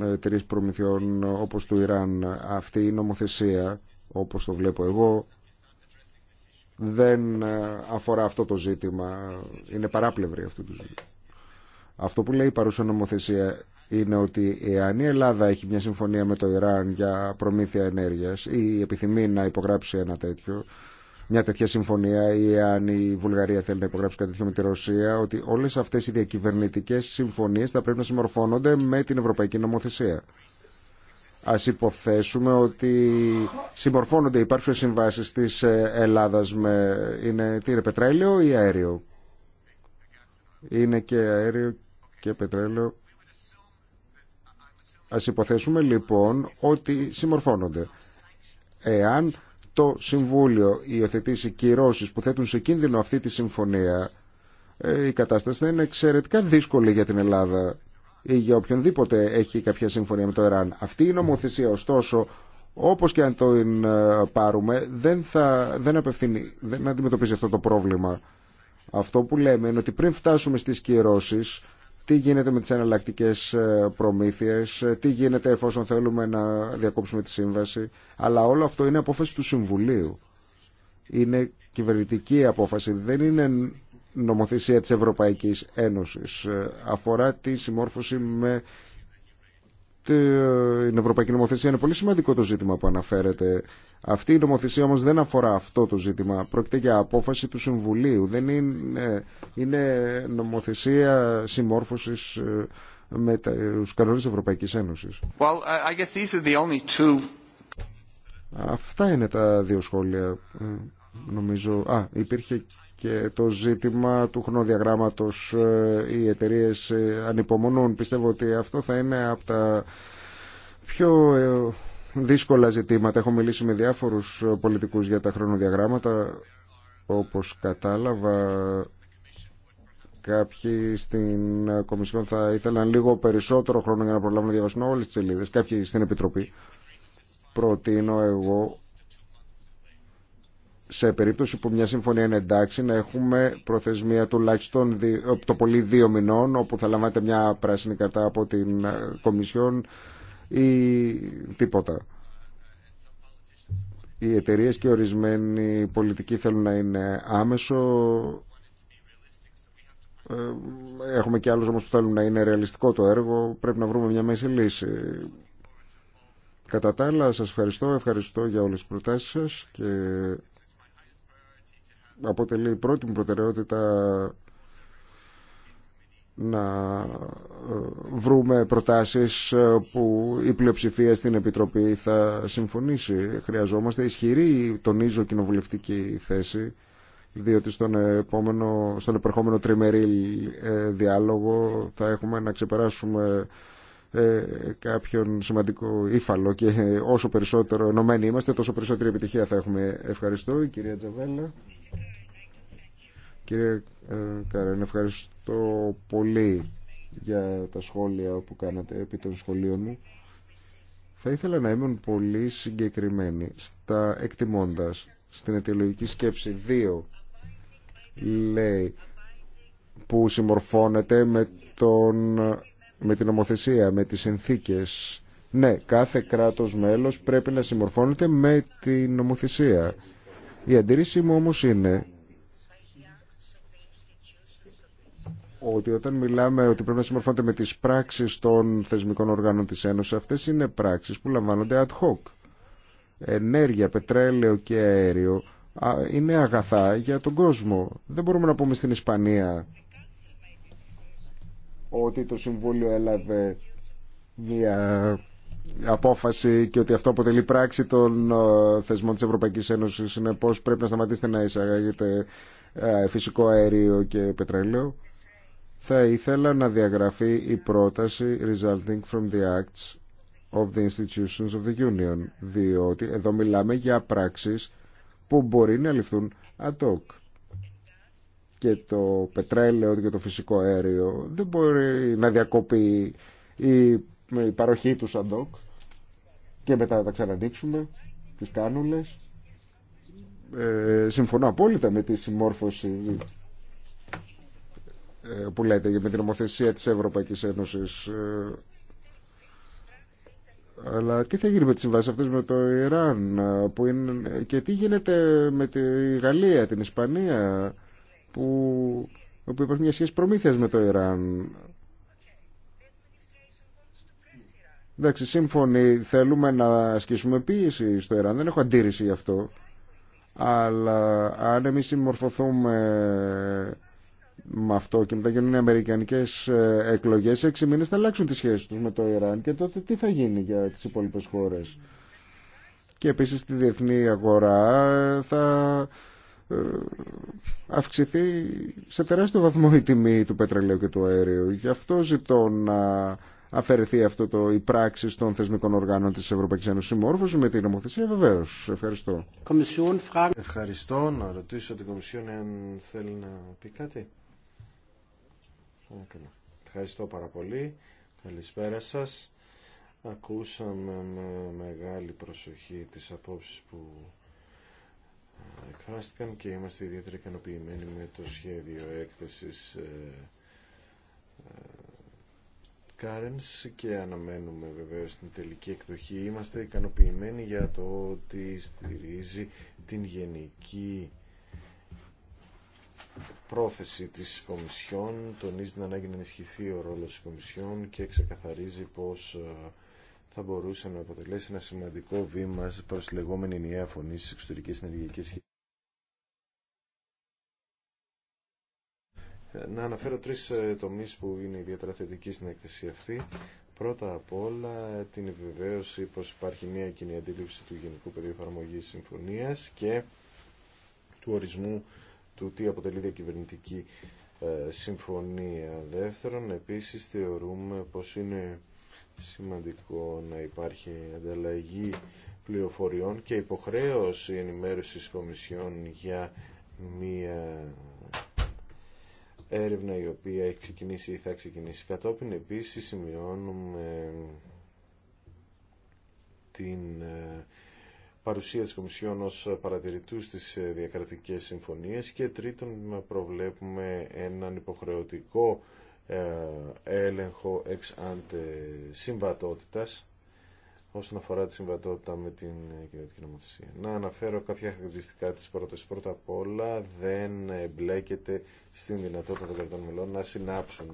εταιρείε προμηθειών όπως του Ιράν, αυτή η νομοθεσία, όπως το βλέπω εγώ, δεν ε, αφορά αυτό το ζήτημα. Είναι παράπλευρη αυτή τη ζήτημα. Αυτό που λέει η παρούσα νομοθεσία είναι ότι εάν η Ελλάδα έχει μια συμφωνία με το Ιράν για προμήθεια ενέργειας ή επιθυμεί να υπογράψει ένα τέτοιο, μια τέτοια συμφωνία ή εαν η Βουλγαρία θέλει να υπογράψει κάτι τέτοιο με τη Ρωσία, ότι όλες αυτές οι διακυβερνητικές συμφωνίες θα πρέπει να συμμορφώνονται με την Ευρωπαϊκή Νομοθεσία. Ας υποθέσουμε ότι συμμορφώνονται υπάρχουν συμβάσεις της ε, Ελλάδας με είναι, τι συμμορφώνονται. Εάν το Συμβούλιο υιοθετήσει κυρώσεις που θέτουν σε κίνδυνο αυτή τη συμφωνία, ε, η κατάσταση θα είναι εξαιρετικά δύσκολη για την Ελλάδα ή για οποιονδήποτε έχει κάποια συμφωνία με το ΕΡΑΝ. Αυτή η νομοθεσία ωστόσο όπως και αν το ε, πάρουμε δεν, θα, δεν, απευθύνει, δεν αντιμετωπίζει αυτό το πρόβλημα. Αυτό που λέμε είναι ότι πριν φτάσουμε στις κυρώσεις τι γίνεται με τις εναλλακτικέ ε, προμήθειες, ε, τι γίνεται εφόσον θέλουμε να διακόψουμε τη σύμβαση. Αλλά όλο αυτό είναι απόφαση του Συμβουλίου. Είναι κυβερνητική απόφαση. Δεν είναι νομοθεσία της Ευρωπαϊκής Ένωσης. Ε, αφορά τη συμμόρφωση με την Ευρωπαϊκή Νομοθεσία. Είναι πολύ σημαντικό το ζήτημα που αναφέρεται. Αυτή η νομοθεσία όμως δεν αφορά αυτό το ζήτημα. Πρόκειται για απόφαση του Συμβουλίου. Δεν είναι, είναι νομοθεσία συμμόρφωσης ε, με τους κανόνες της Ευρωπαϊκής Ένωσης. Well, I guess these are the only two... Αυτά είναι τα δύο σχόλια. Ε, νομίζω, α, υπήρχε και το ζήτημα του χρονοδιαγράμματος ε, οι εταιρείε ε, ανυπομονούν. Πιστεύω ότι αυτό θα είναι από τα πιο ε, δύσκολα ζητήματα. Έχω μιλήσει με διάφορους πολιτικούς για τα χρονοδιαγράμματα. Όπως κατάλαβα, κάποιοι στην Κομισιόν θα ήθελαν λίγο περισσότερο χρόνο για να προλάβουν να διαβάσουν όλες τις σελίδες. Κάποιοι στην Επιτροπή. Προτείνω εγώ σε περίπτωση που μια συμφωνία είναι εντάξει να έχουμε προθεσμία τουλάχιστον ε, το πολύ δύο μηνών όπου θα λαμβάνετε μια πράσινη καρτά από την ε, Κομισιόν ή τίποτα. Οι εταιρείε και ορισμένοι πολιτικοί θέλουν να είναι άμεσο. Ε, έχουμε και άλλους όμως που θέλουν να είναι ρεαλιστικό το έργο. Πρέπει να βρούμε μια μέση λύση. Κατά τα άλλα, σας ευχαριστώ. Ευχαριστώ για όλες τις προτάσεις σας και αποτελεί πρώτη μου προτεραιότητα να ε, βρούμε προτάσεις ε, που η πλειοψηφία στην Επιτροπή θα συμφωνήσει. Χρειαζόμαστε ισχυρή, τονίζω, κοινοβουλευτική θέση, διότι στον, επόμενο, στον επερχόμενο τριμερή ε, διάλογο θα έχουμε να ξεπεράσουμε κάποιον σημαντικό ύφαλο και όσο περισσότερο ενωμένοι είμαστε, τόσο περισσότερη επιτυχία θα έχουμε. Ευχαριστώ, η κυρία Τζαβέλα. Κύριε ε, Καρέν, ευχαριστώ πολύ για τα σχόλια που κάνατε επί των σχολείων μου. Θα ήθελα να ήμουν πολύ συγκεκριμένη στα εκτιμώντας στην αιτιολογική σκέψη 2 λέει που συμμορφώνεται με, τον, με την νομοθεσία, με τις συνθήκες. Ναι, κάθε κράτος μέλος πρέπει να συμμορφώνεται με την νομοθεσία. Η αντίρρηση μου όμως είναι ότι όταν μιλάμε ότι πρέπει να συμμορφώνεται με τις πράξεις των θεσμικών οργάνων της Ένωσης, αυτές είναι πράξεις που λαμβάνονται ad hoc. Ενέργεια, πετρέλαιο και αέριο είναι αγαθά για τον κόσμο. Δεν μπορούμε να πούμε στην Ισπανία ότι το Συμβούλιο έλαβε μια απόφαση και ότι αυτό αποτελεί πράξη των ε, θεσμών της Ευρωπαϊκής Ένωσης. Είναι πώς πρέπει να σταματήσετε να εισαγάγετε ε, φυσικό αέριο και πετρέλαιο θα ήθελα να διαγραφεί η πρόταση resulting from the acts of the institutions of the union διότι εδώ μιλάμε για πράξεις που μπορεί να ληφθούν ad hoc και το πετρέλαιο και το φυσικό αέριο δεν μπορεί να διακοπεί η, παροχή τους ad hoc και μετά να τα ξανανοίξουμε τις κάνουλες ε, συμφωνώ απόλυτα με τη συμμόρφωση ε, που λέτε με την ομοθεσία της Ευρωπαϊκής Ένωσης ε, αλλά τι θα γίνει με τις συμβάσεις αυτές με το Ιράν που είναι... και τι γίνεται με τη Γαλλία, την Ισπανία που, όπου υπάρχει μια σχέση προμήθειας με το Ιράν. Εντάξει, σύμφωνοι, θέλουμε να ασκήσουμε πίεση στο Ιράν, δεν έχω αντίρρηση γι' αυτό. Αλλά αν εμείς συμμορφωθούμε με αυτό και μετά γίνουν οι αμερικανικέ ε, εκλογέ. Σε έξι μήνε θα αλλάξουν τι σχέσει του με το Ιράν και τότε τι θα γίνει για τι υπόλοιπε χώρε. Και επίση στη διεθνή αγορά ε, θα ε, αυξηθεί σε τεράστιο βαθμό η τιμή του πετρελαίου και του αερίου. Γι' αυτό ζητώ να αφαιρεθεί αυτό το η πράξη των θεσμικών οργάνων της Ευρωπαϊκής Ένωσης Συμμόρφωση με την νομοθεσία βεβαίω. Ευχαριστώ. Ευχαριστώ. Να ρωτήσω την Κομισιόν αν θέλει να πει κάτι. Ναι, Ευχαριστώ πάρα πολύ. Καλησπέρα σας. Ακούσαμε με μεγάλη προσοχή τις απόψεις που ε, εκφράστηκαν και είμαστε ιδιαίτερα ικανοποιημένοι με το σχέδιο έκθεσης ε, ε, Κάρενς και αναμένουμε βεβαίω την τελική εκδοχή. Είμαστε ικανοποιημένοι για το ότι στηρίζει την γενική πρόθεση της Κομισιόν, τονίζει την ανάγκη να ενισχυθεί ο ρόλος της Κομισιόν και ξεκαθαρίζει πως ε, θα μπορούσε να αποτελέσει ένα σημαντικό βήμα προς τη λεγόμενη ενιαία φωνή στις εξωτερικές συνεργειακές σχέσεις. Ε, να αναφέρω τρεις ε, τομείς που είναι ιδιαίτερα θετικοί στην έκθεση αυτή. Πρώτα απ' όλα την επιβεβαίωση πως υπάρχει μια κοινή αντίληψη του Γενικού Πεδίου Εφαρμογής Συμφωνίας και του ορισμού του τι αποτελεί διακυβερνητική ε, συμφωνία. Δεύτερον, επίσης θεωρούμε πως είναι σημαντικό να υπάρχει ανταλλαγή πληροφοριών και υποχρέωση ενημέρωσης κομισιών για μία έρευνα η οποία έχει ξεκινήσει ή θα ξεκινήσει. Κατόπιν επίσης σημειώνουμε την ε, παρουσία της Κομισιόν ως παρατηρητού στις ε, διακρατικές συμφωνίες και τρίτον προβλέπουμε έναν υποχρεωτικό ε, έλεγχο εξ άντε συμβατότητας όσον αφορά τη συμβατότητα με την ε, κοινωνική νομοθεσία. Να αναφέρω κάποια χαρακτηριστικά της πρώτης. Πρώτα απ' όλα δεν εμπλέκεται στην δυνατότητα των κρατών μελών να συνάψουν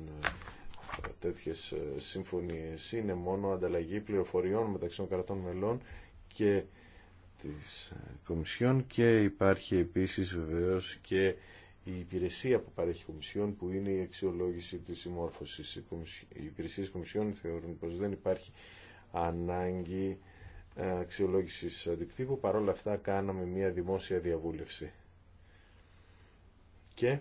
τέτοιες συμφωνίες. Είναι μόνο ανταλλαγή πληροφοριών μεταξύ των κρατών μελών και της ε, Κομισιόν και υπάρχει επίσης βεβαίως και η υπηρεσία που παρέχει η Κομισιόν που είναι η αξιολόγηση της συμμόρφωσης. Οι υπηρεσίες Κομισιόν θεωρούν πως δεν υπάρχει ανάγκη ε, αξιολόγησης αντικτύπου. παρόλα αυτά κάναμε μια δημόσια διαβούλευση. Και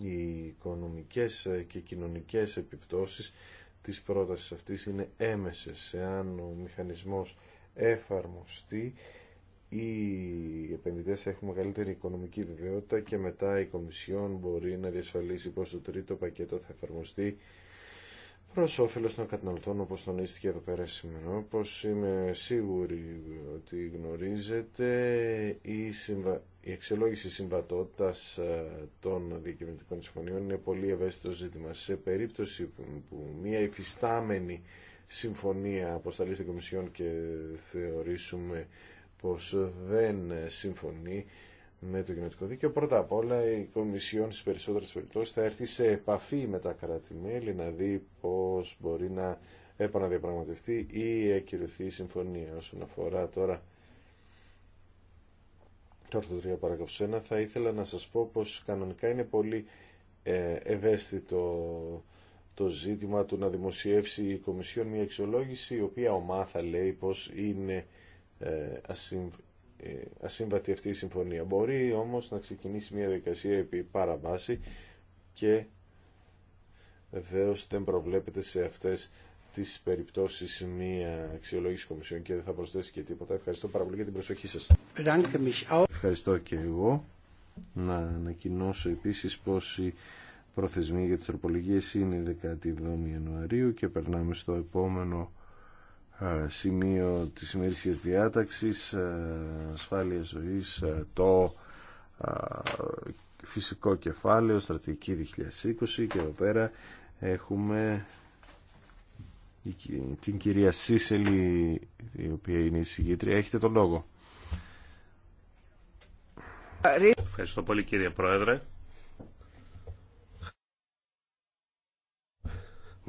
οι οικονομικές ε, και κοινωνικές επιπτώσεις της πρότασης αυτής είναι έμεσες εάν ο μηχανισμός εφαρμοστεί οι επενδυτές έχουν μεγαλύτερη οικονομική βεβαιότητα και μετά η Κομισιόν μπορεί να διασφαλίσει πως το τρίτο πακέτο θα εφαρμοστεί προς όφελος των καταναλωτών, όπω τονίστηκε εδώ πέρα σήμερα. όπως είμαι σίγουρη ότι γνωρίζετε, η, συμβα... η εξελόγηση συμβατότητα ε, των διακυβερνητικών συμφωνιών είναι πολύ ευαίσθητο ζήτημα. Σε περίπτωση που μία υφιστάμενη συμφωνία αποσταλεί στην Κομισιόν και θεωρήσουμε πως δεν συμφωνεί με το κοινωτικό δίκαιο. Πρώτα απ' όλα η Κομισιόν στις περισσότερες περιπτώσεις θα έρθει σε επαφή με τα κράτη-μέλη να δει πώς μπορεί να επαναδιαπραγματευτεί ή ακυρωθεί η συμφωνία. Όσον αφορά τώρα το άρθρο 3 παράγραφος 1 θα ήθελα να σας πω πως κανονικά είναι πολύ ε, ευαίσθητο το ζήτημα του να δημοσιεύσει η Κομισιόν μια αξιολόγηση η οποία ομάθα λέει πως είναι ε, ε, ασύμβατη αυτή η συμφωνία. Μπορεί όμως να ξεκινήσει μια διαδικασία επί παραβάση και βεβαίω δεν προβλέπεται σε αυτές τις περιπτώσεις μια αξιολόγηση Κομισιόν και δεν θα προσθέσει και τίποτα. Ευχαριστώ πάρα πολύ για την προσοχή σας. Ευχαριστώ και εγώ. Να ανακοινώσω επίσης πως η προθεσμία για τις τροπολογίες είναι 17 Ιανουαρίου και περνάμε στο επόμενο σημείο της ημερήσιας διάταξης ασφάλεια ζωής το φυσικό κεφάλαιο στρατηγική 2020 και εδώ πέρα έχουμε την κυρία Σίσελη η οποία είναι η συγγήτρια έχετε τον λόγο Ευχαριστώ πολύ κύριε Πρόεδρε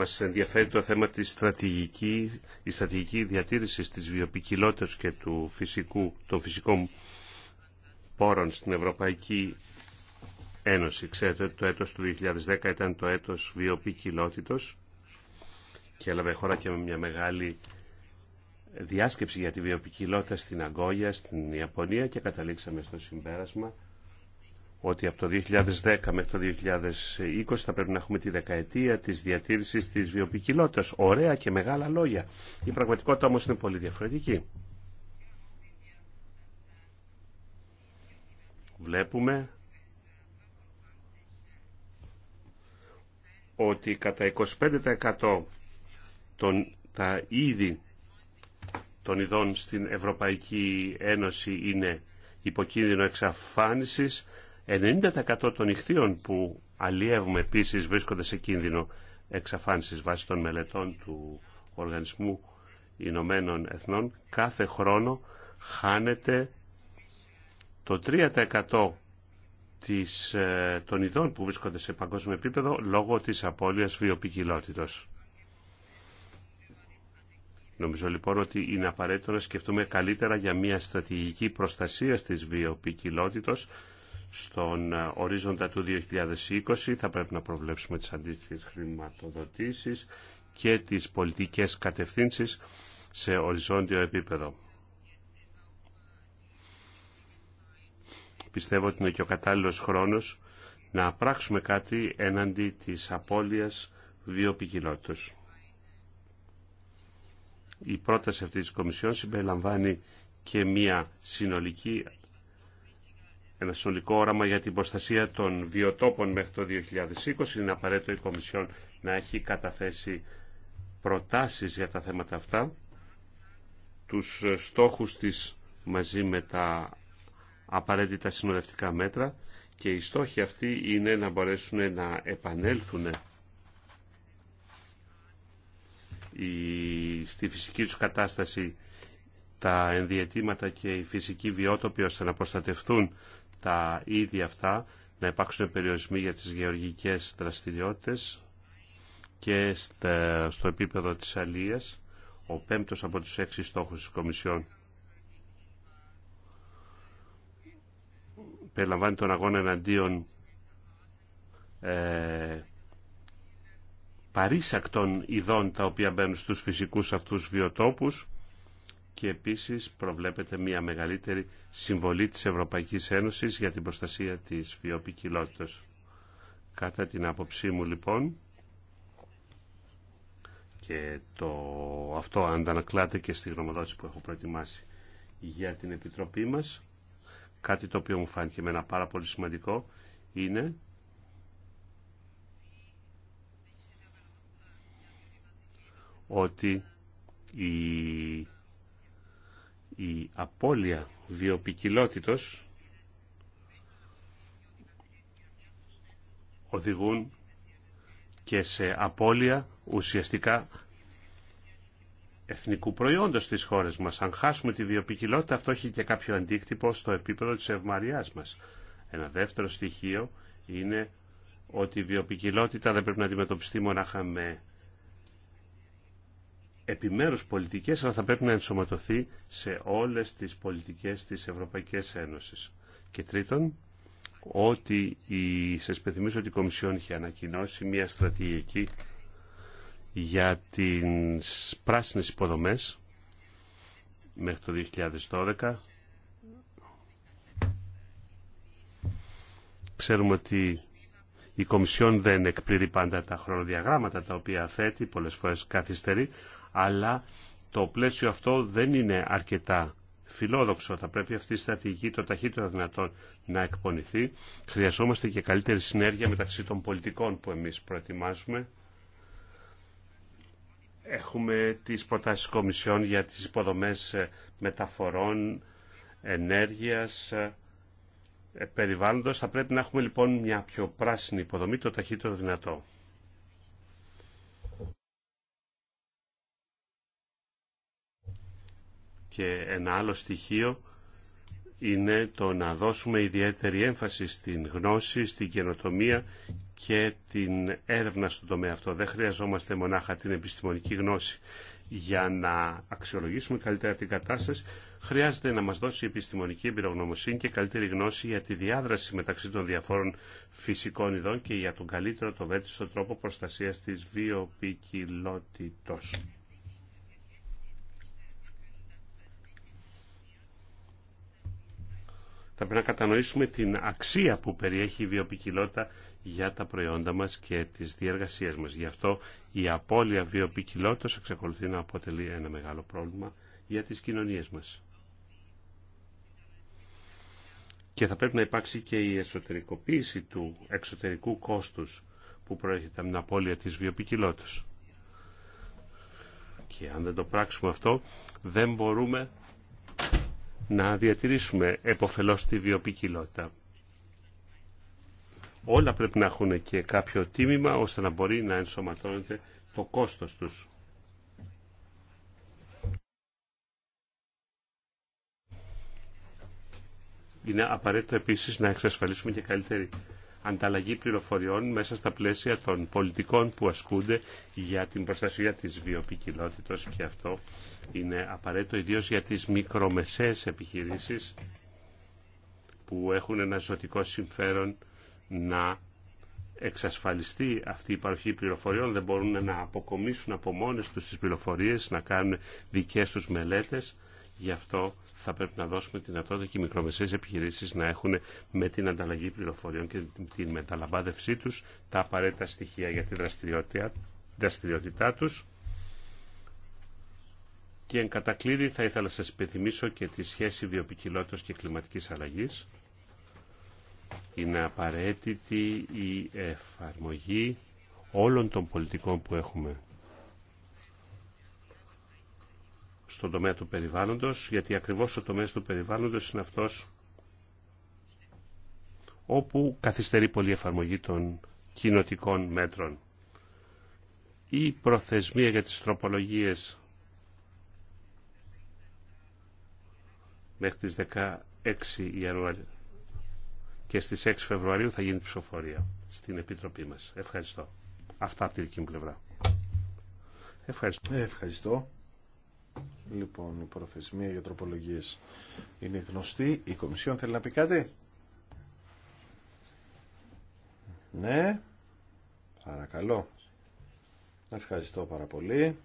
Μα ενδιαφέρει το θέμα της στρατηγική, η στρατηγική διατήρησης της βιοπικιλότητας και του φυσικού, των φυσικών πόρων στην Ευρωπαϊκή Ένωση. Ξέρετε το έτος του 2010 ήταν το έτος βιοπικιλότητος και έλαβε χώρα και με μια μεγάλη διάσκεψη για τη βιοπικιλότητα στην Αγκόγια, στην Ιαπωνία και καταλήξαμε στο συμπέρασμα ότι από το 2010 μέχρι το 2020 θα πρέπει να έχουμε τη δεκαετία της διατήρησης της βιοπικιλότητας. Ωραία και μεγάλα λόγια. Η πραγματικότητα όμως είναι πολύ διαφορετική. Βλέπουμε ότι κατά 25% των, τα είδη των ειδών στην Ευρωπαϊκή Ένωση είναι υποκίνδυνο εξαφάνισης 90% των ηχθείων που αλλιεύουμε επίση βρίσκονται σε κίνδυνο εξαφάνιση βάσει των μελετών του Οργανισμού Ηνωμένων Εθνών. Κάθε χρόνο χάνεται το 3% της, ε, των ειδών που βρίσκονται σε παγκόσμιο επίπεδο λόγω της απώλειας βιοπικιλότητος. Νομίζω λοιπόν ότι είναι απαραίτητο να σκεφτούμε καλύτερα για μια στρατηγική προστασία της βιοπικιλότητος στον ε, ορίζοντα του 2020 θα πρέπει να προβλέψουμε τις αντίστοιχες χρηματοδοτήσεις και τις πολιτικές κατευθύνσεις σε οριζόντιο επίπεδο. Πιστεύω ότι είναι και ο κατάλληλος χρόνος να πράξουμε κάτι έναντι της απώλειας βιοπικιλότητας. Η πρόταση αυτής της Κομισιόν συμπεριλαμβάνει και μια συνολική ένα συνολικό όραμα για την προστασία των βιοτόπων μέχρι το 2020. Είναι απαραίτητο η Κομισιόν να έχει καταθέσει προτάσεις για τα θέματα αυτά, τους στόχους της μαζί με τα απαραίτητα συνοδευτικά μέτρα και οι στόχοι αυτοί είναι να μπορέσουν να επανέλθουν στη φυσική τους κατάσταση τα ενδιατήματα και οι φυσικοί βιότοποι ώστε να προστατευτούν τα ίδια αυτά, να υπάρξουν περιορισμοί για τις γεωργικές δραστηριότητες και στο επίπεδο της αλίας, ο πέμπτος από τους έξι στόχους της Κομισιόν. Περιλαμβάνει τον αγώνα εναντίον ε, παρήσακτων ειδών τα οποία μπαίνουν στους φυσικούς αυτούς βιοτόπους και επίσης προβλέπεται μια μεγαλύτερη συμβολή της Ευρωπαϊκής Ένωσης για την προστασία της βιοποικιλότητας. Κατά την άποψή μου λοιπόν και το αυτό αντανακλάται και στη γνωμοδότηση που έχω προετοιμάσει για την Επιτροπή μας κάτι το οποίο μου φάνηκε εμένα πάρα πολύ σημαντικό είναι ότι η η απώλεια βιοπικιλότητος οδηγούν και σε απώλεια ουσιαστικά εθνικού προϊόντος στις χώρες μας. Αν χάσουμε τη βιοπικιλότητα αυτό έχει και κάποιο αντίκτυπο στο επίπεδο της ευμαριάς μας. Ένα δεύτερο στοιχείο είναι ότι η βιοπικιλότητα δεν πρέπει να αντιμετωπιστεί μονάχα με επιμέρους πολιτικές, αλλά θα πρέπει να ενσωματωθεί σε όλες τις πολιτικές της Ευρωπαϊκής Ένωσης. Και τρίτον, ότι η, σας υπενθυμίζω ότι η Κομισιόν είχε ανακοινώσει μια στρατηγική για τις πράσινες υποδομές μέχρι το 2012. Ξέρουμε ότι η Κομισιόν δεν εκπλήρει πάντα τα χρονοδιαγράμματα τα οποία θέτει, πολλές φορές καθυστερεί, αλλά το πλαίσιο αυτό δεν είναι αρκετά φιλόδοξο. Θα πρέπει αυτή η στρατηγική το ταχύτερο δυνατόν να εκπονηθεί. Χρειαζόμαστε και καλύτερη συνέργεια μεταξύ των πολιτικών που εμείς προετοιμάζουμε. Έχουμε τις προτάσεις κομισιών για τις υποδομές ε, μεταφορών, ενέργειας, ε, περιβάλλοντος. Θα πρέπει να έχουμε λοιπόν μια πιο πράσινη υποδομή το ταχύτερο δυνατό. Και ένα άλλο στοιχείο είναι το να δώσουμε ιδιαίτερη έμφαση στην γνώση, στην καινοτομία και την έρευνα στον τομέα αυτό. Δεν χρειαζόμαστε μονάχα την επιστημονική γνώση για να αξιολογήσουμε καλύτερα την κατάσταση. Χρειάζεται να μας δώσει η επιστημονική εμπειρογνωμοσύνη και καλύτερη γνώση για τη διάδραση μεταξύ των διαφόρων φυσικών ειδών και για τον καλύτερο, το τρόπο προστασίας της βιοποικιλότητος. θα πρέπει να κατανοήσουμε την αξία που περιέχει η βιοπικιλότητα για τα προϊόντα μας και τις διεργασίες μας. Γι' αυτό η απώλεια βιοπικιλότητας εξακολουθεί να αποτελεί ένα μεγάλο πρόβλημα για τις κοινωνίες μας. Και θα πρέπει να υπάρξει και η εσωτερικοποίηση του εξωτερικού κόστους που προέρχεται από την απώλεια της βιοπικιλότητας. Και αν δεν το πράξουμε αυτό, δεν μπορούμε να διατηρήσουμε εποφελώς τη βιοπικιλότητα. Όλα πρέπει να έχουν και κάποιο τίμημα ώστε να μπορεί να ενσωματώνεται το κόστος τους. Είναι απαραίτητο επίσης να εξασφαλίσουμε και καλύτερη ανταλλαγή πληροφοριών μέσα στα πλαίσια των πολιτικών που ασκούνται για την προστασία της βιοπικιλότητας και αυτό είναι απαραίτητο ιδίως για τις μικρομεσαίες επιχειρήσεις που έχουν ένα ζωτικό συμφέρον να εξασφαλιστεί αυτή η παροχή πληροφοριών, δεν μπορούν να αποκομίσουν από μόνες τους τις πληροφορίες, να κάνουν δικές τους μελέτες Γι' αυτό θα πρέπει να δώσουμε τη δυνατότητα και οι μικρομεσαίες επιχειρήσεις να έχουν με την ανταλλαγή πληροφοριών και την μεταλαμπάδευσή του τα απαραίτητα στοιχεία για τη δραστηριότητα, δραστηριότητά τους. Και εν κατακλείδη θα ήθελα να σας υπενθυμίσω και τη σχέση βιοπικιλότητας και κλιματικής αλλαγής. Είναι απαραίτητη η εφαρμογή όλων των πολιτικών που έχουμε στον τομέα του περιβάλλοντος, γιατί ακριβώς ο τομέας του περιβάλλοντος είναι αυτός όπου καθυστερεί πολύ η εφαρμογή των κοινοτικών μέτρων. Η προθεσμία για τις τροπολογίες μέχρι τις 16 Ιανουαρίου και στις 6 Φεβρουαρίου θα γίνει ψηφοφορία στην Επιτροπή μας. Ευχαριστώ. Αυτά από τη δική μου πλευρά. Ευχαριστώ. Ευχαριστώ. Λοιπόν, η προθεσμία για τροπολογίες είναι γνωστή. Η Κομισιόν θέλει να πει κάτι. Ναι. Παρακαλώ. Ευχαριστώ πάρα πολύ.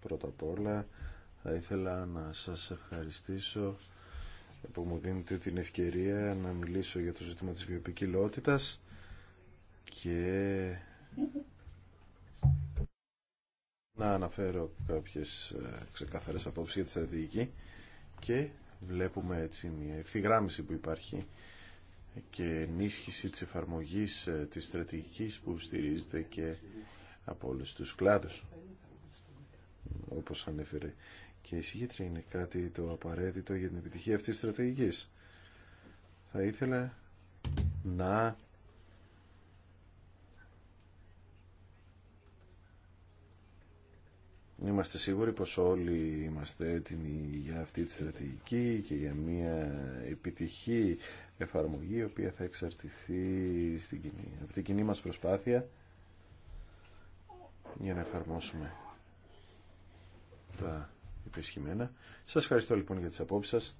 Πρώτα απ' όλα θα ήθελα να σας ευχαριστήσω που μου δίνετε την ευκαιρία να μιλήσω για το ζήτημα της βιοποικιλότητας και να αναφέρω κάποιες ε, ξεκαθαρές απόψεις για τη στρατηγική και βλέπουμε έτσι μια ευθυγράμμιση που υπάρχει και ενίσχυση της εφαρμογής ε, της στρατηγικής που στηρίζεται και από όλους τους κλάδους όπως ανέφερε και η συγκέτρια είναι κάτι το απαραίτητο για την επιτυχία αυτής της στρατηγικής θα ήθελα να Είμαστε σίγουροι πως όλοι είμαστε έτοιμοι για αυτή τη στρατηγική και για μια επιτυχή εφαρμογή η οποία θα εξαρτηθεί στην κοινή, από την κοινή μας προσπάθεια για να εφαρμόσουμε τα υπεσχημένα. Σας ευχαριστώ λοιπόν για τις απόψεις σας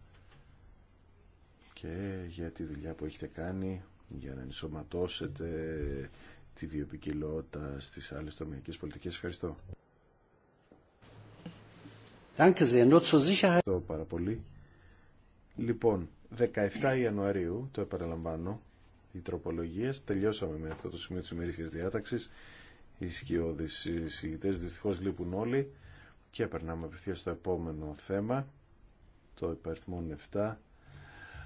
και για τη δουλειά που έχετε κάνει για να ενσωματώσετε τη βιοπικιλότητα στις άλλες τομιακές πολιτικές. Ευχαριστώ. Ευχαριστώ πάρα πολύ. Λοιπόν, 17 Ιανουαρίου, το επαναλαμβάνω, οι τροπολογίε. Τελειώσαμε με αυτό το σημείο τη ημερήσια διάταξη. Οι σκιώδει συγητές δυστυχώ λείπουν όλοι. Και περνάμε απευθεία στο επόμενο θέμα, το υπαριθμόν 7.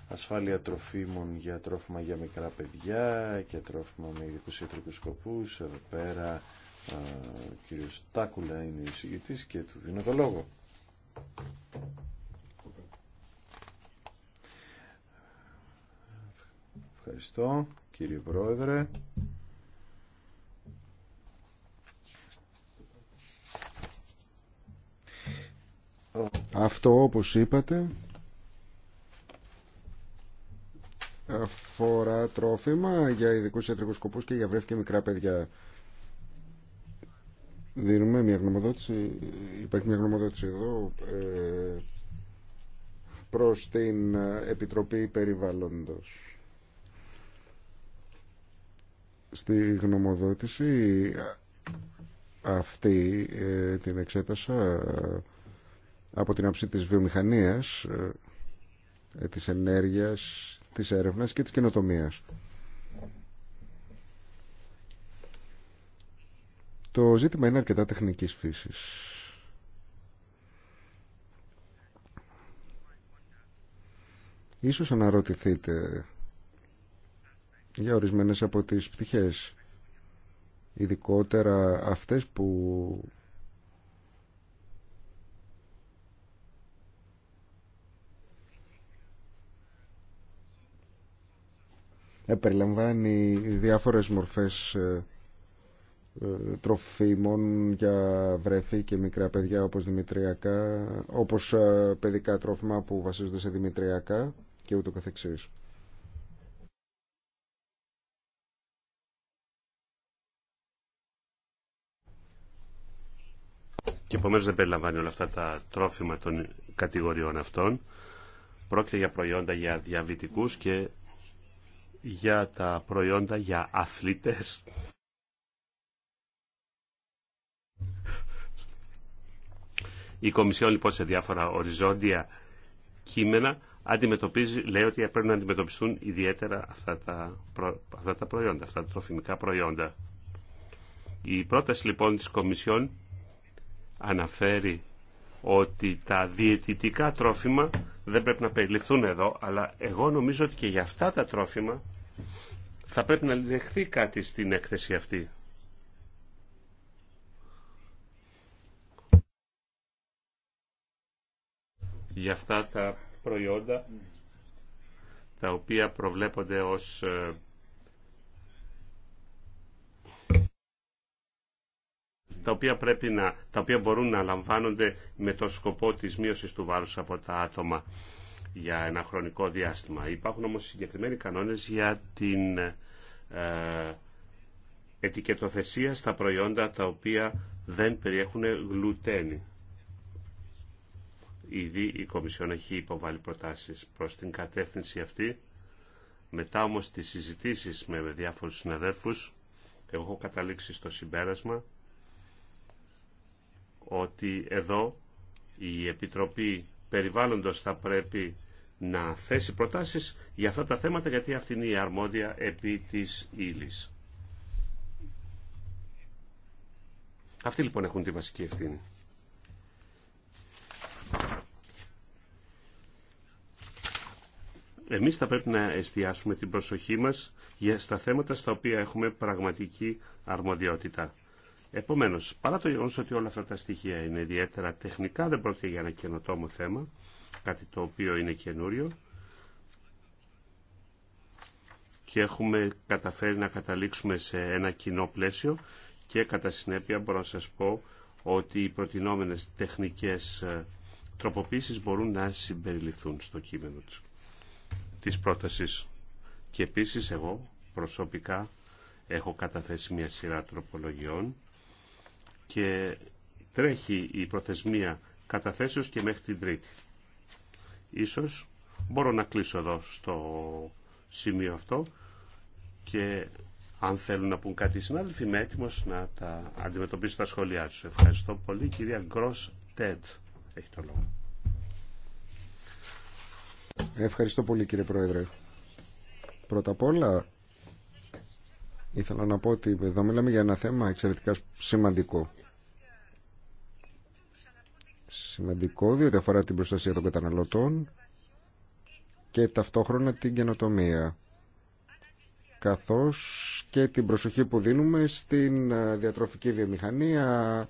Ασφάλεια τροφίμων για τρόφιμα για μικρά παιδιά και τρόφιμα με ειδικού ιατρικού σκοπού. Εδώ πέρα ο κύριος Τάκουλα είναι ο συγητής και του δίνω το λόγο. Ευχαριστώ κύριε Πρόεδρε. Αυτό όπως είπατε αφορά τρόφιμα για ειδικούς ιατρικούς σκοπούς και για βρέφη και μικρά παιδιά. Δίνουμε μια γνωμοδότηση, υπάρχει μια γνωμοδότηση εδώ ε, προς την Επιτροπή Περιβάλλοντος. Στη γνωμοδότηση αυτή ε, την εξέτασα ε, από την άψη της βιομηχανίας, ε, ε, της ενέργειας, της έρευνας και της καινοτομίας. Το ζήτημα είναι αρκετά τεχνικής φύσης. Ίσως αναρωτηθείτε για ορισμένες από τις πτυχές, ειδικότερα αυτές που περιλαμβάνει διάφορες μορφές ε, ε, τροφίμων για βρέφη και μικρά παιδιά όπως, δημητριακά, όπως ε, παιδικά τρόφιμα που βασίζονται σε δημητριακά και ούτω καθεξής. Και επομένως δεν περιλαμβάνει όλα αυτά τα τρόφιμα των κατηγοριών αυτών. Πρόκειται για προϊόντα για διαβητικούς και για τα προϊόντα για αθλητές. Η Κομισιόν λοιπόν σε διάφορα οριζόντια κείμενα αντιμετωπίζει, λέει ότι πρέπει να αντιμετωπιστούν ιδιαίτερα αυτά τα, αυτά τα προϊόντα, αυτά τα τροφιμικά προϊόντα. Η πρόταση λοιπόν της Κομισιόν αναφέρει ότι τα διαιτητικά τρόφιμα δεν πρέπει να περιληφθούν εδώ, αλλά εγώ νομίζω ότι και για αυτά τα τρόφιμα θα πρέπει να λεχθεί κάτι στην έκθεση αυτή. για αυτά τα προϊόντα τα οποία προβλέπονται ως ε, τα οποία, πρέπει να, τα οποία μπορούν να λαμβάνονται με το σκοπό της μείωσης του βάρους από τα άτομα για ένα χρονικό διάστημα. Υπάρχουν όμως συγκεκριμένοι κανόνες για την ε, ετικετοθεσία στα προϊόντα τα οποία δεν περιέχουν γλουτένη. Ήδη η Κομισιόν έχει υποβάλει προτάσεις προς την κατεύθυνση αυτή. Μετά όμως τις συζητήσεις με διάφορους συναδέλφους, εγώ έχω καταλήξει στο συμπέρασμα ότι εδώ η Επιτροπή Περιβάλλοντος θα πρέπει να θέσει προτάσεις για αυτά τα θέματα γιατί αυτή είναι η αρμόδια επί της ύλης. Αυτοί λοιπόν έχουν τη βασική ευθύνη. Εμείς θα πρέπει να εστιάσουμε την προσοχή μας στα θέματα στα οποία έχουμε πραγματική αρμοδιότητα. Επομένως, παρά το γεγονός ότι όλα αυτά τα στοιχεία είναι ιδιαίτερα τεχνικά, δεν πρόκειται για ένα καινοτόμο θέμα, κάτι το οποίο είναι καινούριο, και έχουμε καταφέρει να καταλήξουμε σε ένα κοινό πλαίσιο και κατά συνέπεια μπορώ να σας πω ότι οι προτινόμενες τεχνικές ε, τροποποίησεις μπορούν να συμπεριληφθούν στο κείμενο τους της πρότασης. Και επίσης εγώ προσωπικά έχω καταθέσει μια σειρά τροπολογιών και τρέχει η προθεσμία καταθέσεως και μέχρι την Τρίτη. Ίσως μπορώ να κλείσω εδώ στο σημείο αυτό και αν θέλουν να πούν κάτι οι συνάδελφοι είμαι έτοιμο να τα αντιμετωπίσω τα σχόλιά τους. Ευχαριστώ πολύ κυρία Γκρος Τέντ. Έχει το λόγο. Ευχαριστώ πολύ κύριε Πρόεδρε. Πρώτα απ' όλα ήθελα να πω ότι εδώ μιλάμε για ένα θέμα εξαιρετικά σημαντικό. Σημαντικό διότι αφορά την προστασία των καταναλωτών και ταυτόχρονα την καινοτομία καθώς και την προσοχή που δίνουμε στην ε, διατροφική βιομηχανία,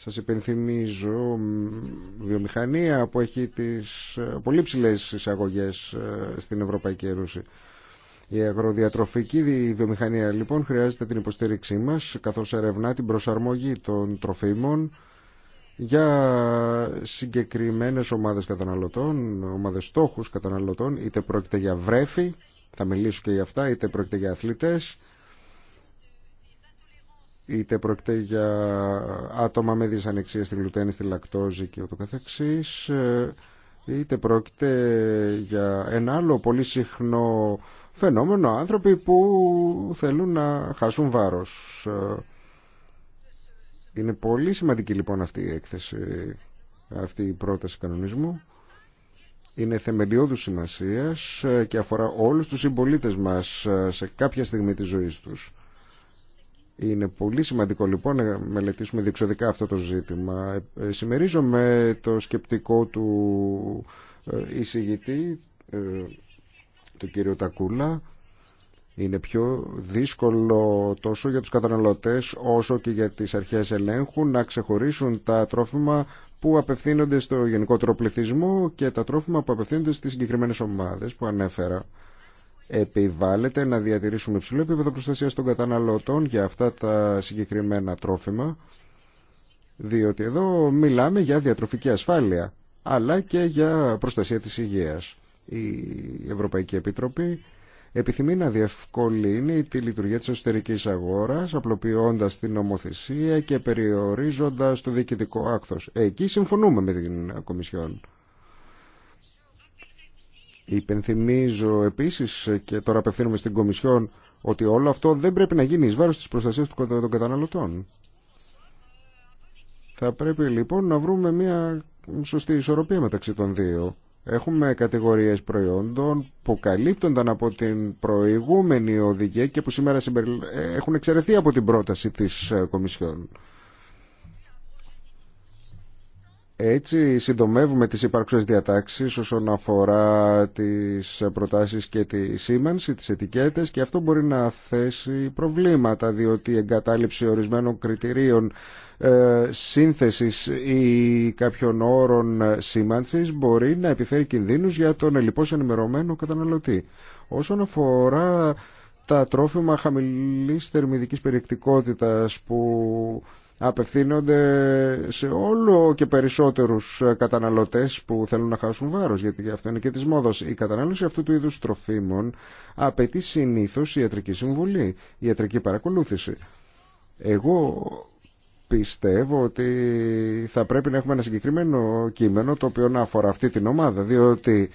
σας υπενθυμίζω βιομηχανία που έχει τις ε, πολύ ψηλές εισαγωγές ε, στην Ευρωπαϊκή Ένωση. Η αγροδιατροφική βιομηχανία λοιπόν χρειάζεται την υποστήριξή μας καθώς ερευνά την προσαρμογή των τροφίμων για συγκεκριμένες ομάδες καταναλωτών, ομάδες στόχους καταναλωτών, είτε πρόκειται για βρέφη, θα μιλήσω και για αυτά, είτε πρόκειται για αθλητές, είτε πρόκειται για άτομα με δυσανεξία στη γλουτένη, στη λακτόζη και ούτω καθεξής, είτε πρόκειται για ένα άλλο πολύ συχνό φαινόμενο άνθρωποι που θέλουν να χάσουν βάρος. Είναι πολύ σημαντική λοιπόν αυτή η έκθεση, αυτή η πρόταση κανονισμού. Είναι θεμελιώδους σημασίας και αφορά όλους τους συμπολίτε μας σε κάποια στιγμή της ζωής τους. Είναι πολύ σημαντικό λοιπόν να μελετήσουμε διεξοδικά αυτό το ζήτημα. Ε, ε, συμμερίζομαι το σκεπτικό του ε, εισηγητή, του κύριο Τακούλα. Είναι πιο δύσκολο τόσο για τους καταναλωτές όσο και για τις αρχές ελέγχου να ξεχωρίσουν τα τρόφιμα που απευθύνονται στο γενικότερο πληθυσμό και τα τρόφιμα που απευθύνονται στις συγκεκριμένες ομάδες που ανέφερα επιβάλλεται να διατηρήσουμε υψηλό επίπεδο προστασίας των καταναλωτών για αυτά τα συγκεκριμένα τρόφιμα διότι εδώ μιλάμε για διατροφική ασφάλεια αλλά και για προστασία της υγείας. Η Ευρωπαϊκή Επιτροπή επιθυμεί να διευκολύνει τη λειτουργία της εσωτερικής αγοράς απλοποιώντας την νομοθεσία και περιορίζοντας το διοικητικό άκθος. Εκεί συμφωνούμε με την Κομισιόν. Υπενθυμίζω επίση, και τώρα απευθύνομαι στην Κομισιόν ότι όλο αυτό δεν πρέπει να γίνει ει βάρο της προστασίας των καταναλωτών. Θα πρέπει λοιπόν να βρούμε μια σωστή ισορροπία μεταξύ των δύο. Έχουμε κατηγορίε προϊόντων που καλύπτονταν από την προηγούμενη οδηγία και που σήμερα έχουν εξαιρεθεί από την πρόταση τη ε, Κομισιόν. Έτσι συντομεύουμε τις υπαρξές διατάξεις όσον αφορά τις προτάσεις και τη σήμανση, τις ετικέτες και αυτό μπορεί να θέσει προβλήματα διότι η εγκατάλειψη ορισμένων κριτηρίων ε, σύνθεσης ή κάποιων όρων σήμανσης μπορεί να επιφέρει κινδύνους για τον ελλιπώς ενημερωμένο καταναλωτή. Όσον αφορά τα τρόφιμα χαμηλής θερμιδικής περιεκτικότητας που απευθύνονται σε όλο και περισσότερους ε, καταναλωτές που θέλουν να χάσουν βάρος γιατί αυτό είναι και της μόδας. Η κατανάλωση αυτού του είδους τροφίμων απαιτεί συνήθως ιατρική συμβουλή, ιατρική παρακολούθηση. Εγώ πιστεύω ότι θα πρέπει να έχουμε ένα συγκεκριμένο κείμενο το οποίο να αφορά αυτή την ομάδα διότι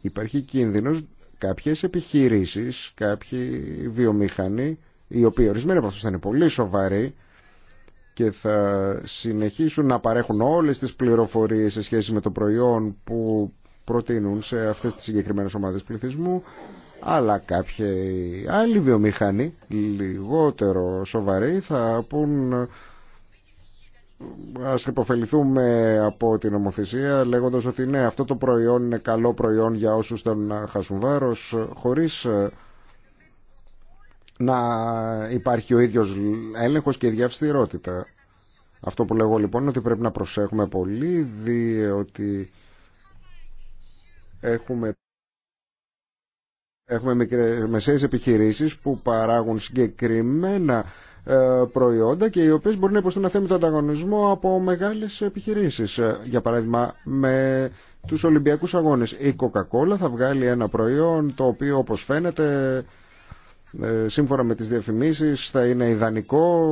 υπάρχει κίνδυνος κάποιες επιχειρήσεις, κάποιοι βιομηχανοί οι οποίοι ορισμένοι από αυτούς θα είναι πολύ σοβαροί και θα συνεχίσουν να παρέχουν όλες τις πληροφορίες σε σχέση με το προϊόν που προτείνουν σε αυτές τις συγκεκριμένες ομάδες πληθυσμού αλλά κάποιοι άλλοι βιομηχανοί λιγότερο σοβαροί θα πούν ας υποφεληθούμε από την ομοθεσία λέγοντας ότι ναι αυτό το προϊόν είναι καλό προϊόν για όσους θέλουν να χάσουν βάρος χωρίς ε, να υπάρχει ο ίδιος έλεγχος και η διαυστηρότητα. Αυτό που λέγω λοιπόν είναι ότι πρέπει να προσέχουμε πολύ διότι έχουμε, έχουμε μεσαίες επιχειρήσεις που παράγουν συγκεκριμένα ε, προϊόντα και οι οποίες μπορεί να υποστούν τον ανταγωνισμό από μεγάλες επιχειρήσεις. Ε, για παράδειγμα με τους Ολυμπιακούς Αγώνες η Coca-Cola θα βγάλει ένα προϊόν το οποίο όπως φαίνεται ε, σύμφωνα με τις διαφημίσεις θα είναι ιδανικό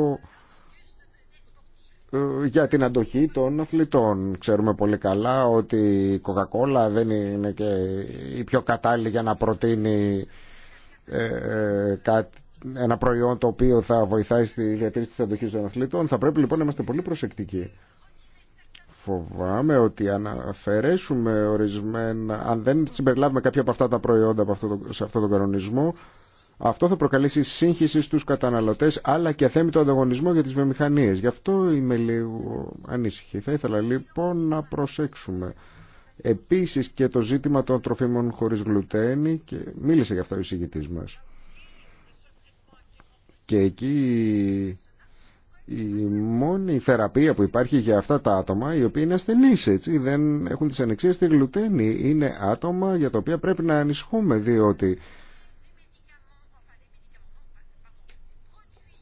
ε, για την αντοχή των αθλητών. Ξέρουμε πολύ καλά ότι η Coca-Cola δεν είναι και η πιο κατάλληλη για να προτείνει ε, ένα προϊόν το οποίο θα βοηθάει στη διατήρηση της αντοχής των αθλητών. Θα πρέπει λοιπόν να είμαστε πολύ προσεκτικοί. Φοβάμαι ότι αν αφαιρέσουμε ορισμένα, αν δεν συμπεριλάβουμε κάποια από αυτά τα προϊόντα σε αυτόν τον κανονισμό, αυτό θα προκαλέσει σύγχυση στους καταναλωτές αλλά και αθέμητο ανταγωνισμό για τις βιομηχανίες. Γι' αυτό είμαι λίγο ανήσυχη. Θα ήθελα λοιπόν να προσέξουμε. Επίσης και το ζήτημα των τροφίμων χωρίς γλουτένη και μίλησε γι' αυτό ο εισηγητής μας. Και εκεί η μόνη θεραπεία που υπάρχει για αυτά τα άτομα οι οποίοι είναι ασθενείς έτσι δεν έχουν τις ανεξίες στη γλουτένη είναι άτομα για τα οποία πρέπει να ανησυχούμε διότι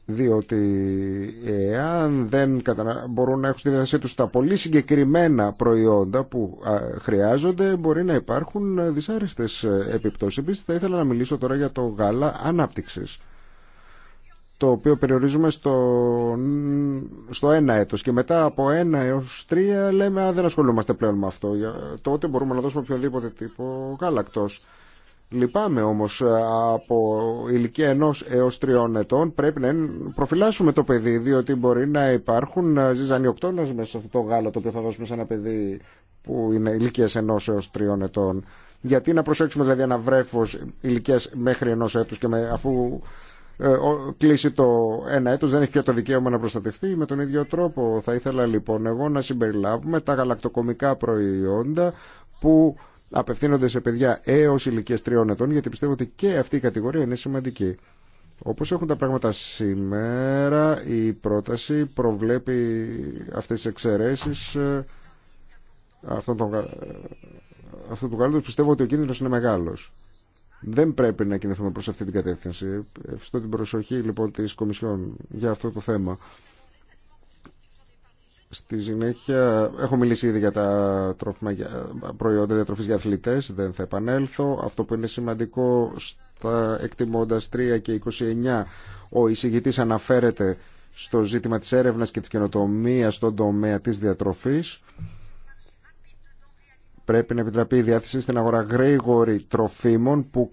διότι εάν δεν μπορούν να έχουν στη διάθεσή τους τα πολύ συγκεκριμένα προϊόντα που χρειάζονται μπορεί να υπάρχουν δυσάρεστες ε, επιπτώσεις. Επίσης θα ήθελα να μιλήσω τώρα για το γάλα ανάπτυξης το οποίο περιορίζουμε στο, στο ένα έτος και μετά από ένα έως τρία λέμε α, δεν ασχολούμαστε πλέον με αυτό τότε μπορούμε να δώσουμε οποιοδήποτε τύπο γάλακτος Λυπάμαι όμω ε, από ηλικία ενός έω τριών ετών πρέπει να προφυλάσσουμε το παιδί διότι μπορεί να υπάρχουν ε, ζυζανιοκτόνε μέσα σε αυτό το γάλα το οποίο θα δώσουμε σε ένα παιδί που είναι ηλικία ενός έω τριών ετών. Γιατί να προσέξουμε δηλαδή ένα βρέφο ηλικία μέχρι ενός έτου και αφού ε, κλείσει το ένα έτος δεν έχει πια το δικαίωμα να προστατευτεί με τον ίδιο τρόπο θα ήθελα λοιπόν εγώ να συμπεριλάβουμε τα γαλακτοκομικά προϊόντα που απευθύνονται σε παιδιά έως ηλικία τριών ετών γιατί πιστεύω ότι και αυτή η κατηγορία είναι σημαντική. Όπως έχουν τα πράγματα σήμερα, η πρόταση προβλέπει αυτές τις εξαιρεσει ε, Αυτό αυτού του καλού. Πιστεύω ότι ο κίνδυνος είναι μεγάλος. Δεν πρέπει να κινηθούμε προς αυτή την κατεύθυνση. Ευχαριστώ την προσοχή λοιπόν της Κομισιόν για αυτό το θέμα. Στη συνέχεια, έχω μιλήσει ήδη για τα προϊόντα διατροφής για αθλητές, δεν θα επανέλθω. Αυτό που είναι σημαντικό στα εκτιμώντας 3 και 29, ο εισηγητής αναφέρεται στο ζήτημα της έρευνας και της καινοτομίας στον τομέα της διατροφής. Πρέπει να επιτραπεί η διάθεση στην αγορά γρήγορη τροφίμων που,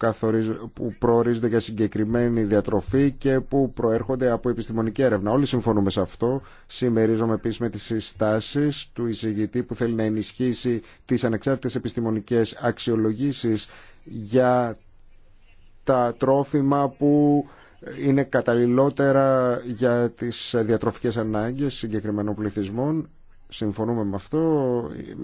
που προορίζονται για συγκεκριμένη διατροφή και που προέρχονται από επιστημονική έρευνα. Όλοι συμφωνούμε σε αυτό. Συμμερίζομαι επίση με τι συστάσει του εισηγητή που θέλει να ενισχύσει τι ανεξάρτητε επιστημονικέ αξιολογήσει για τα τρόφιμα που είναι καταλληλότερα για τις διατροφικές ανάγκες συγκεκριμένων πληθυσμών συμφωνούμε με αυτό,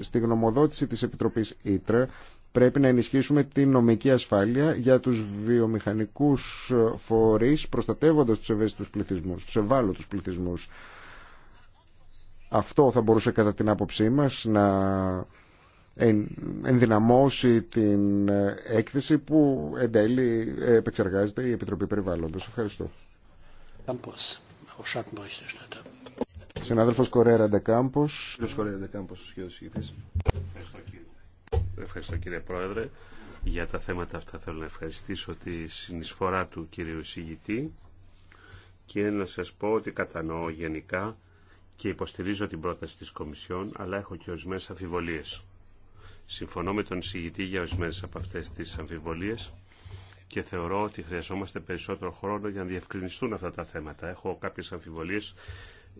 στη γνωμοδότηση της Επιτροπής ΙΤΡΕ πρέπει να ενισχύσουμε τη νομική ασφάλεια για τους βιομηχανικούς φορείς προστατεύοντας τους ευαίσθητους πληθυσμούς, τους ευάλωτους πληθυσμούς. Αυτό θα μπορούσε κατά την άποψή μας να ενδυναμώσει την έκθεση που εν τέλει επεξεργάζεται η Επιτροπή Περιβάλλοντος. Ευχαριστώ. Συνάδελφος Ευχαριστώ κύριε. Ευχαριστώ κύριε Πρόεδρε. Για τα θέματα αυτά θέλω να ευχαριστήσω τη συνεισφορά του κύριου εισηγητή και να σας πω ότι κατανοώ γενικά και υποστηρίζω την πρόταση της Κομισιόν, αλλά έχω και ορισμένε αμφιβολίες. Συμφωνώ με τον εισηγητή για ορισμένε από αυτές τις αμφιβολίες και θεωρώ ότι χρειαζόμαστε περισσότερο χρόνο για να διευκρινιστούν αυτά τα θέματα. Έχω κάποιες αμφιβολίες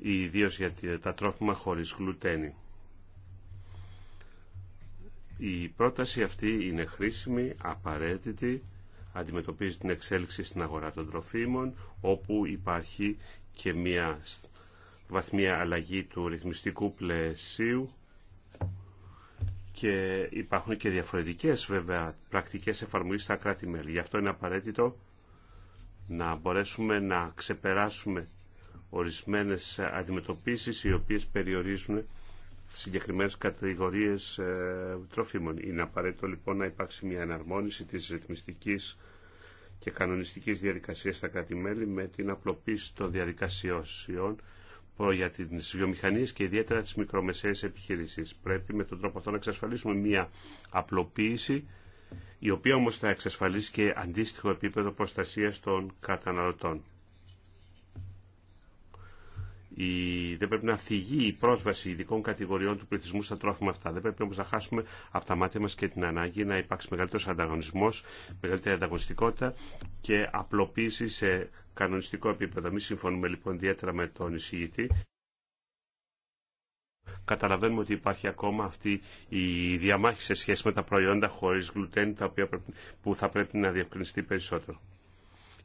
ιδίω για τα τρόφιμα χωρίς γλουτένη. Η πρόταση αυτή είναι χρήσιμη, απαραίτητη, αντιμετωπίζει την εξέλιξη στην αγορά των τροφίμων, όπου υπάρχει και μια βαθμία αλλαγή του ρυθμιστικού πλαισίου και υπάρχουν και διαφορετικές βέβαια πρακτικές εφαρμογής στα κράτη-μέλη. Γι' αυτό είναι απαραίτητο να μπορέσουμε να ξεπεράσουμε ορισμένες αντιμετωπίσεις οι οποίες περιορίζουν συγκεκριμένες κατηγορίες ε, τροφίμων. Είναι απαραίτητο λοιπόν να υπάρξει μια εναρμόνιση της ρυθμιστικής και κανονιστικής διαδικασίας στα κράτη-μέλη με την απλοποίηση των διαδικασιών για τις βιομηχανίες και ιδιαίτερα τις μικρομεσαίες επιχειρήσεις. Πρέπει με τον τρόπο αυτό να εξασφαλίσουμε μια απλοποίηση η οποία όμως θα εξασφαλίσει και αντίστοιχο επίπεδο προστασία των καταναλωτών η, δεν πρέπει να θυγεί η πρόσβαση ειδικών κατηγοριών του πληθυσμού στα τρόφιμα αυτά. Δεν πρέπει όμω να χάσουμε από τα μάτια μα και την ανάγκη να υπάρξει μεγαλύτερο ανταγωνισμό, μεγαλύτερη ανταγωνιστικότητα και απλοποίηση σε κανονιστικό επίπεδο. Εμεί συμφωνούμε λοιπόν ιδιαίτερα με τον εισηγητή. Καταλαβαίνουμε ότι υπάρχει ακόμα αυτή η διαμάχη σε σχέση με τα προϊόντα χωρί γλουτένι τα οποία που θα πρέπει να διευκρινιστεί περισσότερο.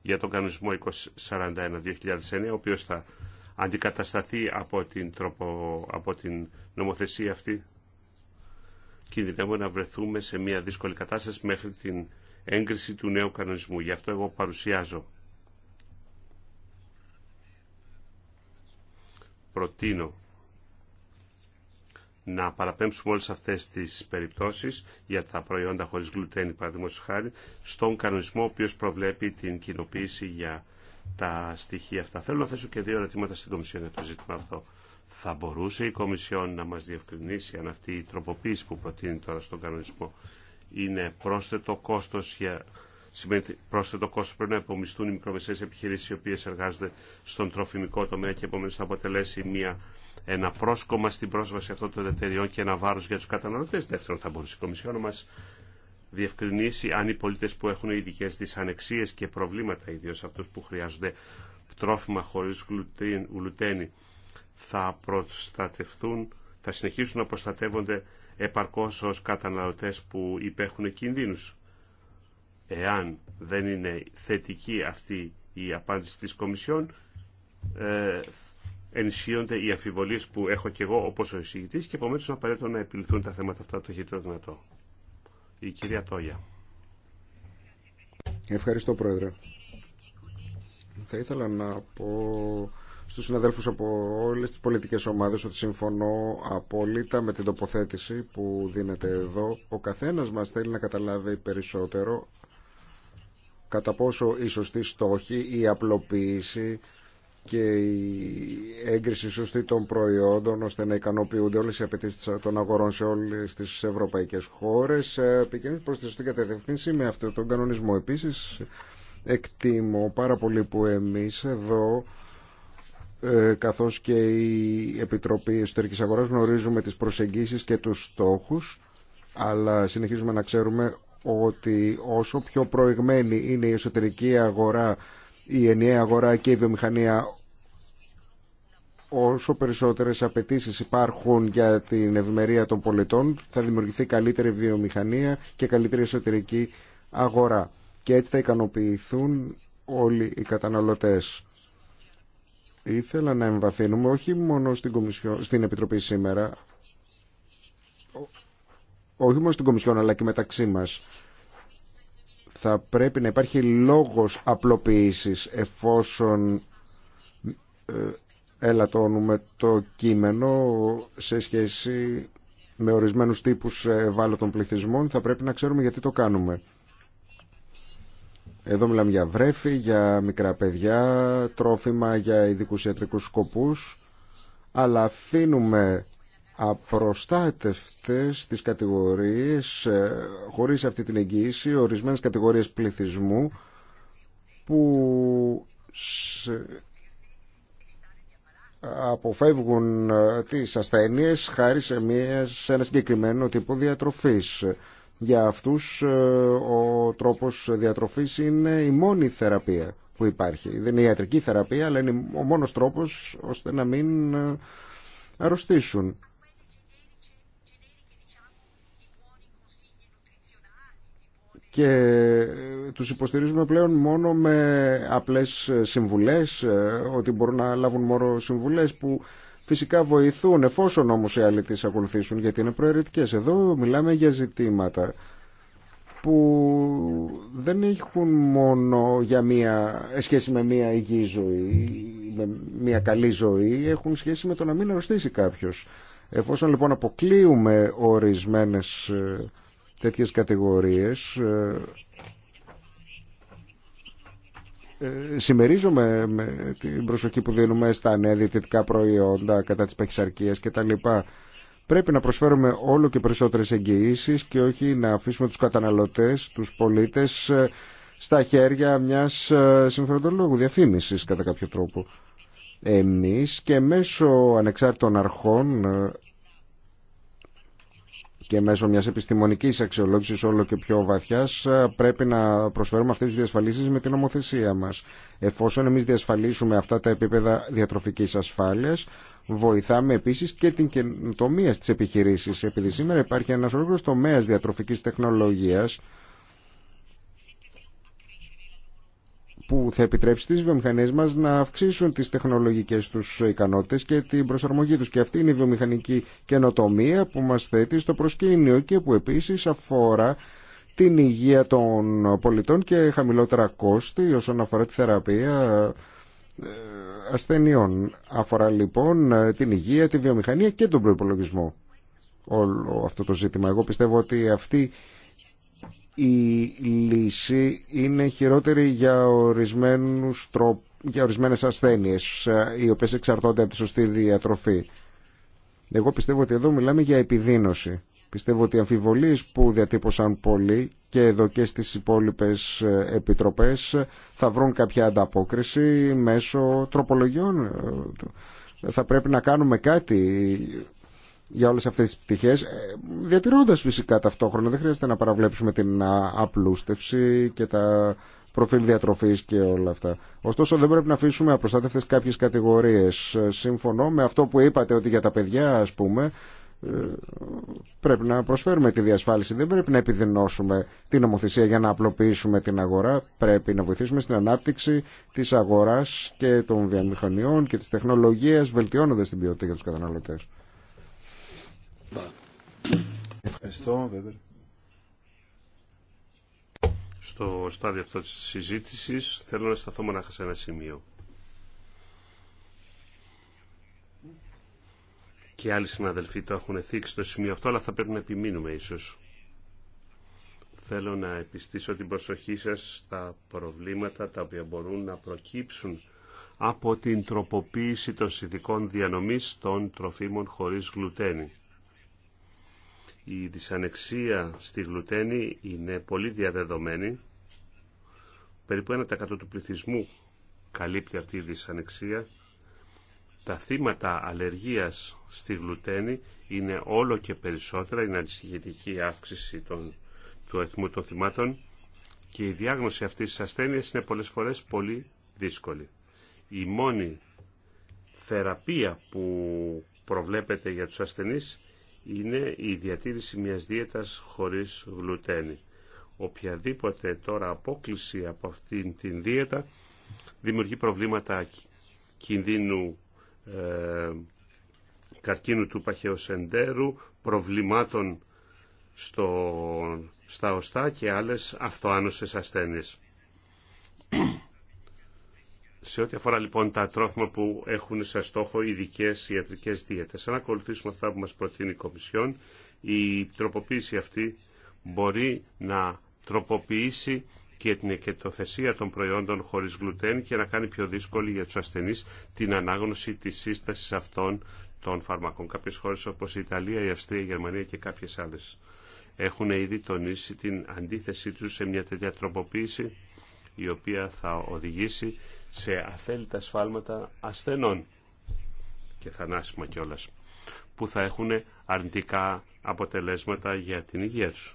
Για τον κανονισμό 2041-2009, ο οποίο θα αντικατασταθεί από την, τροπο, από την νομοθεσία αυτή. Κινδυνεύουμε να βρεθούμε σε μια δύσκολη κατάσταση μέχρι την έγκριση του νέου κανονισμού. Γι' αυτό εγώ παρουσιάζω. Προτείνω να παραπέμψουμε όλες αυτές τις περιπτώσεις για τα προϊόντα χωρίς γλουτένη, παραδείγματος χάρη, στον κανονισμό ο οποίος προβλέπει την κοινοποίηση για τα στοιχεία αυτά. Θέλω να θέσω και δύο ερωτήματα στην Κομισιόν για το ζήτημα αυτό. Θα μπορούσε η Κομισιόν να μας διευκρινίσει αν αυτή η τροποποίηση που προτείνει τώρα στον κανονισμό είναι πρόσθετο κόστος για... Σημαίνει πρόσθετο πρέπει να υπομισθούν οι μικρομεσαίε επιχειρήσει, οι οποίε εργάζονται στον τροφιμικό τομέα και επομένω θα αποτελέσει μια, ένα πρόσκομα στην πρόσβαση αυτών των εταιριών και ένα βάρο για του καταναλωτέ. Δεύτερον θα μπορούσε η Κομισιόν να μα διευκρινίσει αν οι πολίτες που έχουν ειδικέ δυσανεξίε και προβλήματα, ιδίως αυτούς που χρειάζονται τρόφιμα χωρίς γλουτένη θα προστατευτούν, θα συνεχίσουν να προστατεύονται επαρκώς ω καταναλωτές που υπέχουν κινδύνους. Εάν δεν είναι θετική αυτή η απάντηση της Κομισιόν, ε, ενισχύονται οι αμφιβολίες που έχω και εγώ όπως ο εισηγητής και επομένως είναι απαραίτητο να επιληθούν τα θέματα αυτά το χειρότερο δυνατό. Η κυρία Τόγια. Ευχαριστώ Πρόεδρε. Θα ήθελα να πω στους συναδέλφους από όλες τις πολιτικές ομάδες ότι συμφωνώ απόλυτα με την τοποθέτηση που δίνεται εδώ. Ο καθένας μας θέλει να καταλάβει περισσότερο κατά πόσο σωστή στόχη ή στόχη, η απλοποίηση και η έγκριση σωστή των προϊόντων ώστε να ικανοποιούνται όλες οι απαιτήσει των αγορών σε όλες τις ευρωπαϊκές χώρες ε, πηγαίνουν προς τη σωστή κατεύθυνση με αυτόν τον κανονισμό. Επίσης εκτιμώ πάρα πολύ που εμείς εδώ ε, καθώς και η Επιτροπή Εσωτερικής Αγοράς γνωρίζουμε τις προσεγγίσεις και τους στόχους αλλά συνεχίζουμε να ξέρουμε ότι όσο πιο προηγμένη είναι η εσωτερική αγορά η ενιαία αγορά και η βιομηχανία όσο περισσότερες απαιτήσεις υπάρχουν για την ευημερία των πολιτών θα δημιουργηθεί καλύτερη βιομηχανία και καλύτερη εσωτερική αγορά και έτσι θα ικανοποιηθούν όλοι οι καταναλωτές. Ήθελα να εμβαθύνουμε όχι μόνο στην, στην Επιτροπή σήμερα, όχι μόνο στην Κομισιόν αλλά και μεταξύ μας θα πρέπει να υπάρχει λόγος απλοποίησης εφόσον ε, ελαττώνουμε το κείμενο σε σχέση με ορισμένους τύπους ευάλωτων πληθυσμών θα πρέπει να ξέρουμε γιατί το κάνουμε. Εδώ μιλάμε για βρέφη, για μικρά παιδιά, τρόφιμα για ειδικού ιατρικούς σκοπούς αλλά αφήνουμε απροστάτευτες τις κατηγορίες, ε, χωρίς αυτή την εγγύηση, ορισμένες κατηγορίες πληθυσμού που αποφεύγουν ε, τις ασθένειες χάρη σε, μια, σε ένα συγκεκριμένο τύπο διατροφής. Για αυτούς ε, ο τρόπος διατροφής είναι η μόνη θεραπεία που υπάρχει. Δεν είναι η ιατρική θεραπεία, αλλά είναι ο μόνος τρόπος ώστε να μην αρρωστήσουν. και ε, τους υποστηρίζουμε πλέον μόνο με απλές ε, συμβουλές, ε, ότι μπορούν να λάβουν μόνο συμβουλές που φυσικά βοηθούν εφόσον όμως οι άλλοι τις ακολουθήσουν γιατί είναι προαιρετικές. Εδώ μιλάμε για ζητήματα που δεν έχουν μόνο για μία, σχέση με μία υγιή ζωή, με μία καλή ζωή, έχουν σχέση με το να μην αρρωστήσει κάποιος. Εφόσον λοιπόν αποκλείουμε ορισμένες τέτοιες κατηγορίες ε, ε, συμμερίζομαι με την προσοχή που δίνουμε στα νέα διαιτητικά προϊόντα κατά και τα κτλ. Πρέπει να προσφέρουμε όλο και περισσότερες εγγυήσει και όχι να αφήσουμε τους καταναλωτές, τους πολίτες ε, στα χέρια μιας συμφεροντολόγου διαφήμισης κατά κάποιο τρόπο. Εμείς και μέσω ανεξάρτητων αρχών και μέσω μιας επιστημονικής αξιολόγησης όλο και πιο βαθιάς πρέπει να προσφέρουμε αυτές τις διασφαλίσεις με την ομοθεσία μας. Εφόσον εμείς διασφαλίσουμε αυτά τα επίπεδα διατροφικής ασφάλειας, βοηθάμε επίσης και την καινοτομία στις επιχειρήσεις, επειδή σήμερα υπάρχει ένας ολόκληρος τομέας διατροφικής τεχνολογίας που θα επιτρέψει στις βιομηχανίες μας να αυξήσουν τις τεχνολογικές τους ικανότητες και την προσαρμογή τους. Και αυτή είναι η βιομηχανική καινοτομία που μας θέτει στο προσκήνιο και που επίσης αφορά την υγεία των πολιτών και χαμηλότερα κόστη όσον αφορά τη θεραπεία ε, ασθενειών. Αφορά λοιπόν την υγεία, τη βιομηχανία και τον προπολογισμό όλο αυτό το ζήτημα. Εγώ πιστεύω ότι αυτή η λύση είναι χειρότερη για, ορισμένους τρο για ορισμένες ασθένειες ε, οι οποίες εξαρτώνται από τη σωστή διατροφή. Εγώ πιστεύω ότι εδώ μιλάμε για επιδείνωση. Πιστεύω ότι οι αμφιβολίες που διατύπωσαν πολλοί και εδώ και στις υπόλοιπες ε, επιτροπές ε, θα βρουν κάποια ανταπόκριση μέσω τροπολογιών. Θα πρέπει να κάνουμε κάτι για όλες αυτές τις πτυχές, ε, διατηρώντας φυσικά ταυτόχρονα, δεν χρειάζεται να παραβλέψουμε την απλούστευση και τα προφίλ διατροφής και όλα αυτά. Ωστόσο δεν πρέπει να αφήσουμε απροστάτευτες κάποιες κατηγορίες. Ε, Σύμφωνο με αυτό που είπατε ότι για τα παιδιά ας πούμε ε, πρέπει να προσφέρουμε τη διασφάλιση. Δεν πρέπει να επιδεινώσουμε την νομοθεσία για να απλοποιήσουμε την αγορά. Πρέπει να βοηθήσουμε στην ανάπτυξη της αγοράς και των βιομηχανιών και της τεχνολογίας βελτιώνοντας την ποιότητα για τους καταναλωτές. Στο στάδιο αυτό της συζήτησης θέλω να σταθώ μονάχα σε ένα σημείο. Και άλλοι συναδελφοί το έχουν θίξει το σημείο αυτό, αλλά θα πρέπει να επιμείνουμε ίσως. Θέλω να επιστήσω την προσοχή σας στα προβλήματα τα οποία μπορούν να προκύψουν από την τροποποίηση των συνδικών διανομής των τροφίμων χωρίς γλουτένη η δυσανεξία στη γλουτένη είναι πολύ διαδεδομένη. Περίπου 1% του πληθυσμού καλύπτει αυτή η δυσανεξία. Τα θύματα αλλεργίας στη γλουτένη είναι όλο και περισσότερα, είναι αντισυγητική αύξηση των, του αριθμού των θυμάτων και η διάγνωση αυτής της ασθένειας είναι πολλές φορές πολύ δύσκολη. Η μόνη θεραπεία που προβλέπεται για τους ασθενείς είναι η διατήρηση μιας δίαιτας χωρίς γλουτένη. Οποιαδήποτε τώρα απόκληση από αυτήν την δίαιτα δημιουργεί προβλήματα κινδύνου ε, καρκίνου του παχαιοσεντέρου, προβλημάτων στο, στα οστά και άλλες αυτοάνωσες ασθένειες. Σε ό,τι αφορά λοιπόν τα τρόφιμα που έχουν σε στόχο ειδικέ ιατρικέ δίαιτες, αν ακολουθήσουμε αυτά που μα προτείνει η Κομισιόν, η τροποποίηση αυτή μπορεί να τροποποιήσει και την εκετοθεσία των προϊόντων χωρί γλουτέν και να κάνει πιο δύσκολη για του ασθενεί την ανάγνωση τη σύσταση αυτών των φαρμακών. Κάποιε χώρε όπω η Ιταλία, η Αυστρία, η Γερμανία και κάποιε άλλε έχουν ήδη τονίσει την αντίθεσή του σε μια τέτοια τροποποίηση η οποία θα οδηγήσει σε αθέλητα σφάλματα ασθενών και θανάσιμα κιόλα, που θα έχουν αρνητικά αποτελέσματα για την υγεία του.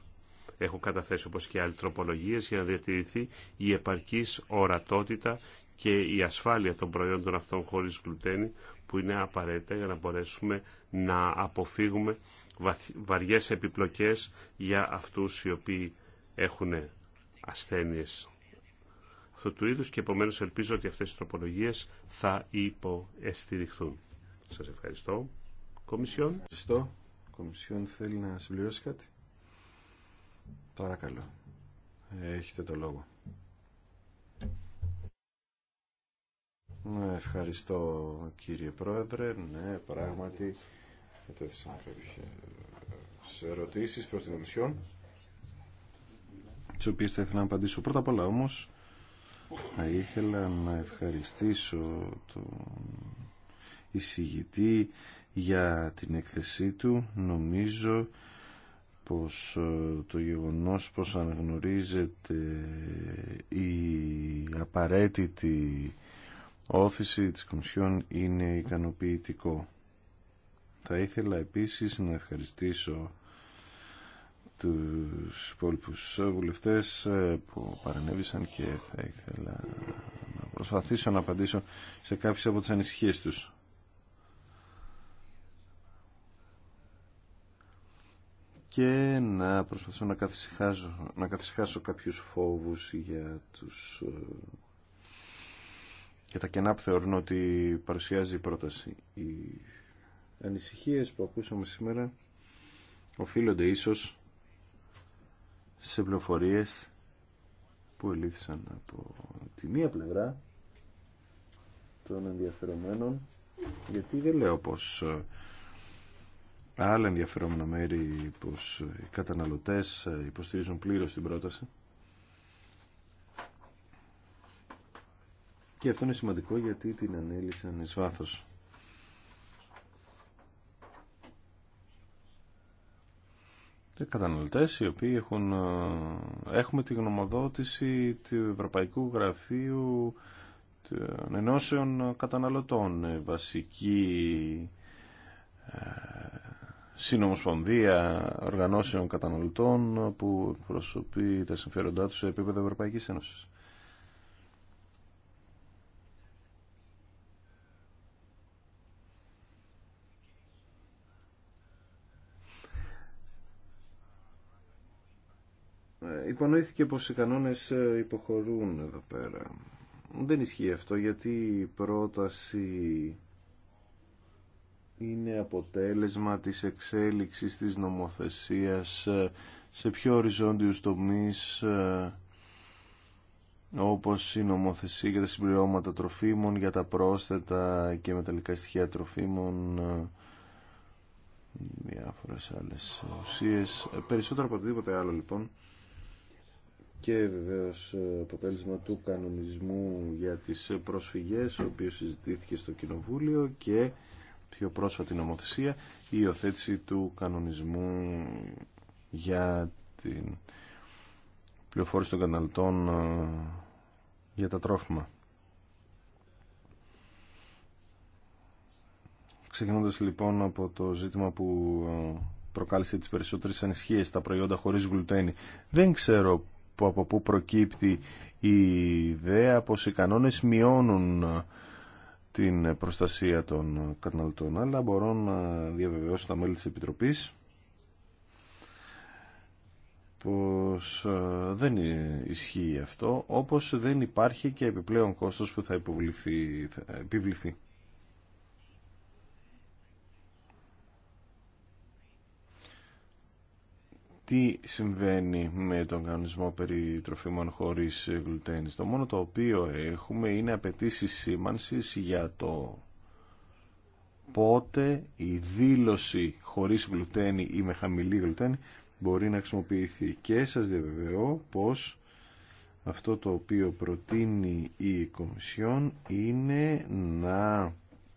Έχω καταθέσει όπως και άλλοι τροπολογίες για να διατηρηθεί η επαρκής ορατότητα και η ασφάλεια των προϊόντων αυτών χωρίς γλουτένη που είναι απαραίτητα για να μπορέσουμε να αποφύγουμε βαριές επιπλοκές για αυτούς οι οποίοι έχουν ασθένειες αυτού του είδου και επομένως ελπίζω ότι αυτές οι τροπολογίες θα υποεστηριχθούν. Σας ευχαριστώ. Κομισιόν. Ευχαριστώ. Κομισιόν θέλει να συμπληρώσει κάτι. Παρακαλώ. Έχετε το λόγο. Ναι, Ευχαριστώ κύριε Πρόεδρε. Ναι, πράγματι έθεσαν κάποιες ερωτήσεις προς την Κομισιόν Τι οποίες θα ήθελα να απαντήσω. Πρώτα απ' όλα όμως θα ήθελα να ευχαριστήσω τον εισηγητή για την έκθεσή του. Νομίζω πως ε, το γεγονός πως αναγνωρίζεται η απαραίτητη όθηση της Κομισιόν είναι ικανοποιητικό. Θα ήθελα επίσης να ευχαριστήσω τους υπόλοιπους βουλευτές ε, που παρενέβησαν και θα ήθελα να προσπαθήσω να απαντήσω σε κάποιες από τις ανησυχίες τους. και να προσπαθήσω να καθησυχάσω, να καθησυχάσω κάποιους φόβους για, τους, ε, για τα κενά που θεωρούν ότι παρουσιάζει η πρόταση. Οι ανησυχίες που ακούσαμε σήμερα οφείλονται ίσως σε πληροφορίες που ελήφθησαν από τη μία πλευρά των ενδιαφερομένων γιατί δεν λέω πως ε, άλλα ενδιαφερόμενα μέρη πως οι καταναλωτές ε, υποστηρίζουν πλήρως την πρόταση και αυτό είναι σημαντικό γιατί την ανέλησαν εις βάθος. καταναλωτέ, οι οποίοι έχουν, ε, έχουμε τη γνωμοδότηση του Ευρωπαϊκού Γραφείου των Ενώσεων Καταναλωτών ε, βασική ε, συνομοσπονδία οργανώσεων καταναλωτών που προσωπεί τα συμφέροντά τους σε επίπεδο Ευρωπαϊκής Ένωσης. υπονοήθηκε πως οι κανόνες ε, υποχωρούν εδώ πέρα. Δεν ισχύει αυτό γιατί η πρόταση είναι αποτέλεσμα της εξέλιξης της νομοθεσίας ε, σε πιο οριζόντιους τομείς ε, όπως η νομοθεσία για τα συμπληρώματα τροφίμων, για τα πρόσθετα και μεταλλικά στοιχεία τροφίμων, διάφορες άλλες ουσίες. Περισσότερο από οτιδήποτε άλλο λοιπόν και βεβαίως ε, αποτέλεσμα του κανονισμού για τις προσφυγές, ο οποίος συζητήθηκε στο Κοινοβούλιο και πιο πρόσφατη νομοθεσία, η υιοθέτηση του κανονισμού για την πληροφόρηση των καταναλωτών ε, για τα τρόφιμα. Ξεκινώντας λοιπόν από το ζήτημα που ε, προκάλεσε τις περισσότερες ανησυχίες, τα προϊόντα χωρίς γλουτένη, δεν ξέρω από πού προκύπτει η ιδέα πως οι κανόνες μειώνουν ε, την προστασία των καταναλωτών. Αλλά μπορώ να διαβεβαιώσω τα μέλη της Επιτροπής πως ε, δεν ε, ισχύει αυτό, όπως δεν υπάρχει και επιπλέον κόστος που θα επιβληθεί. τι συμβαίνει με τον κανονισμό περί τροφίμων χωρίς γλουτένης. Το μόνο το οποίο έχουμε είναι απαιτήσει σήμανσης για το πότε η δήλωση χωρίς γλουτένη ή με χαμηλή γλουτένη μπορεί να χρησιμοποιηθεί. Και σας διαβεβαιώ πως αυτό το οποίο προτείνει η Κομισιόν είναι να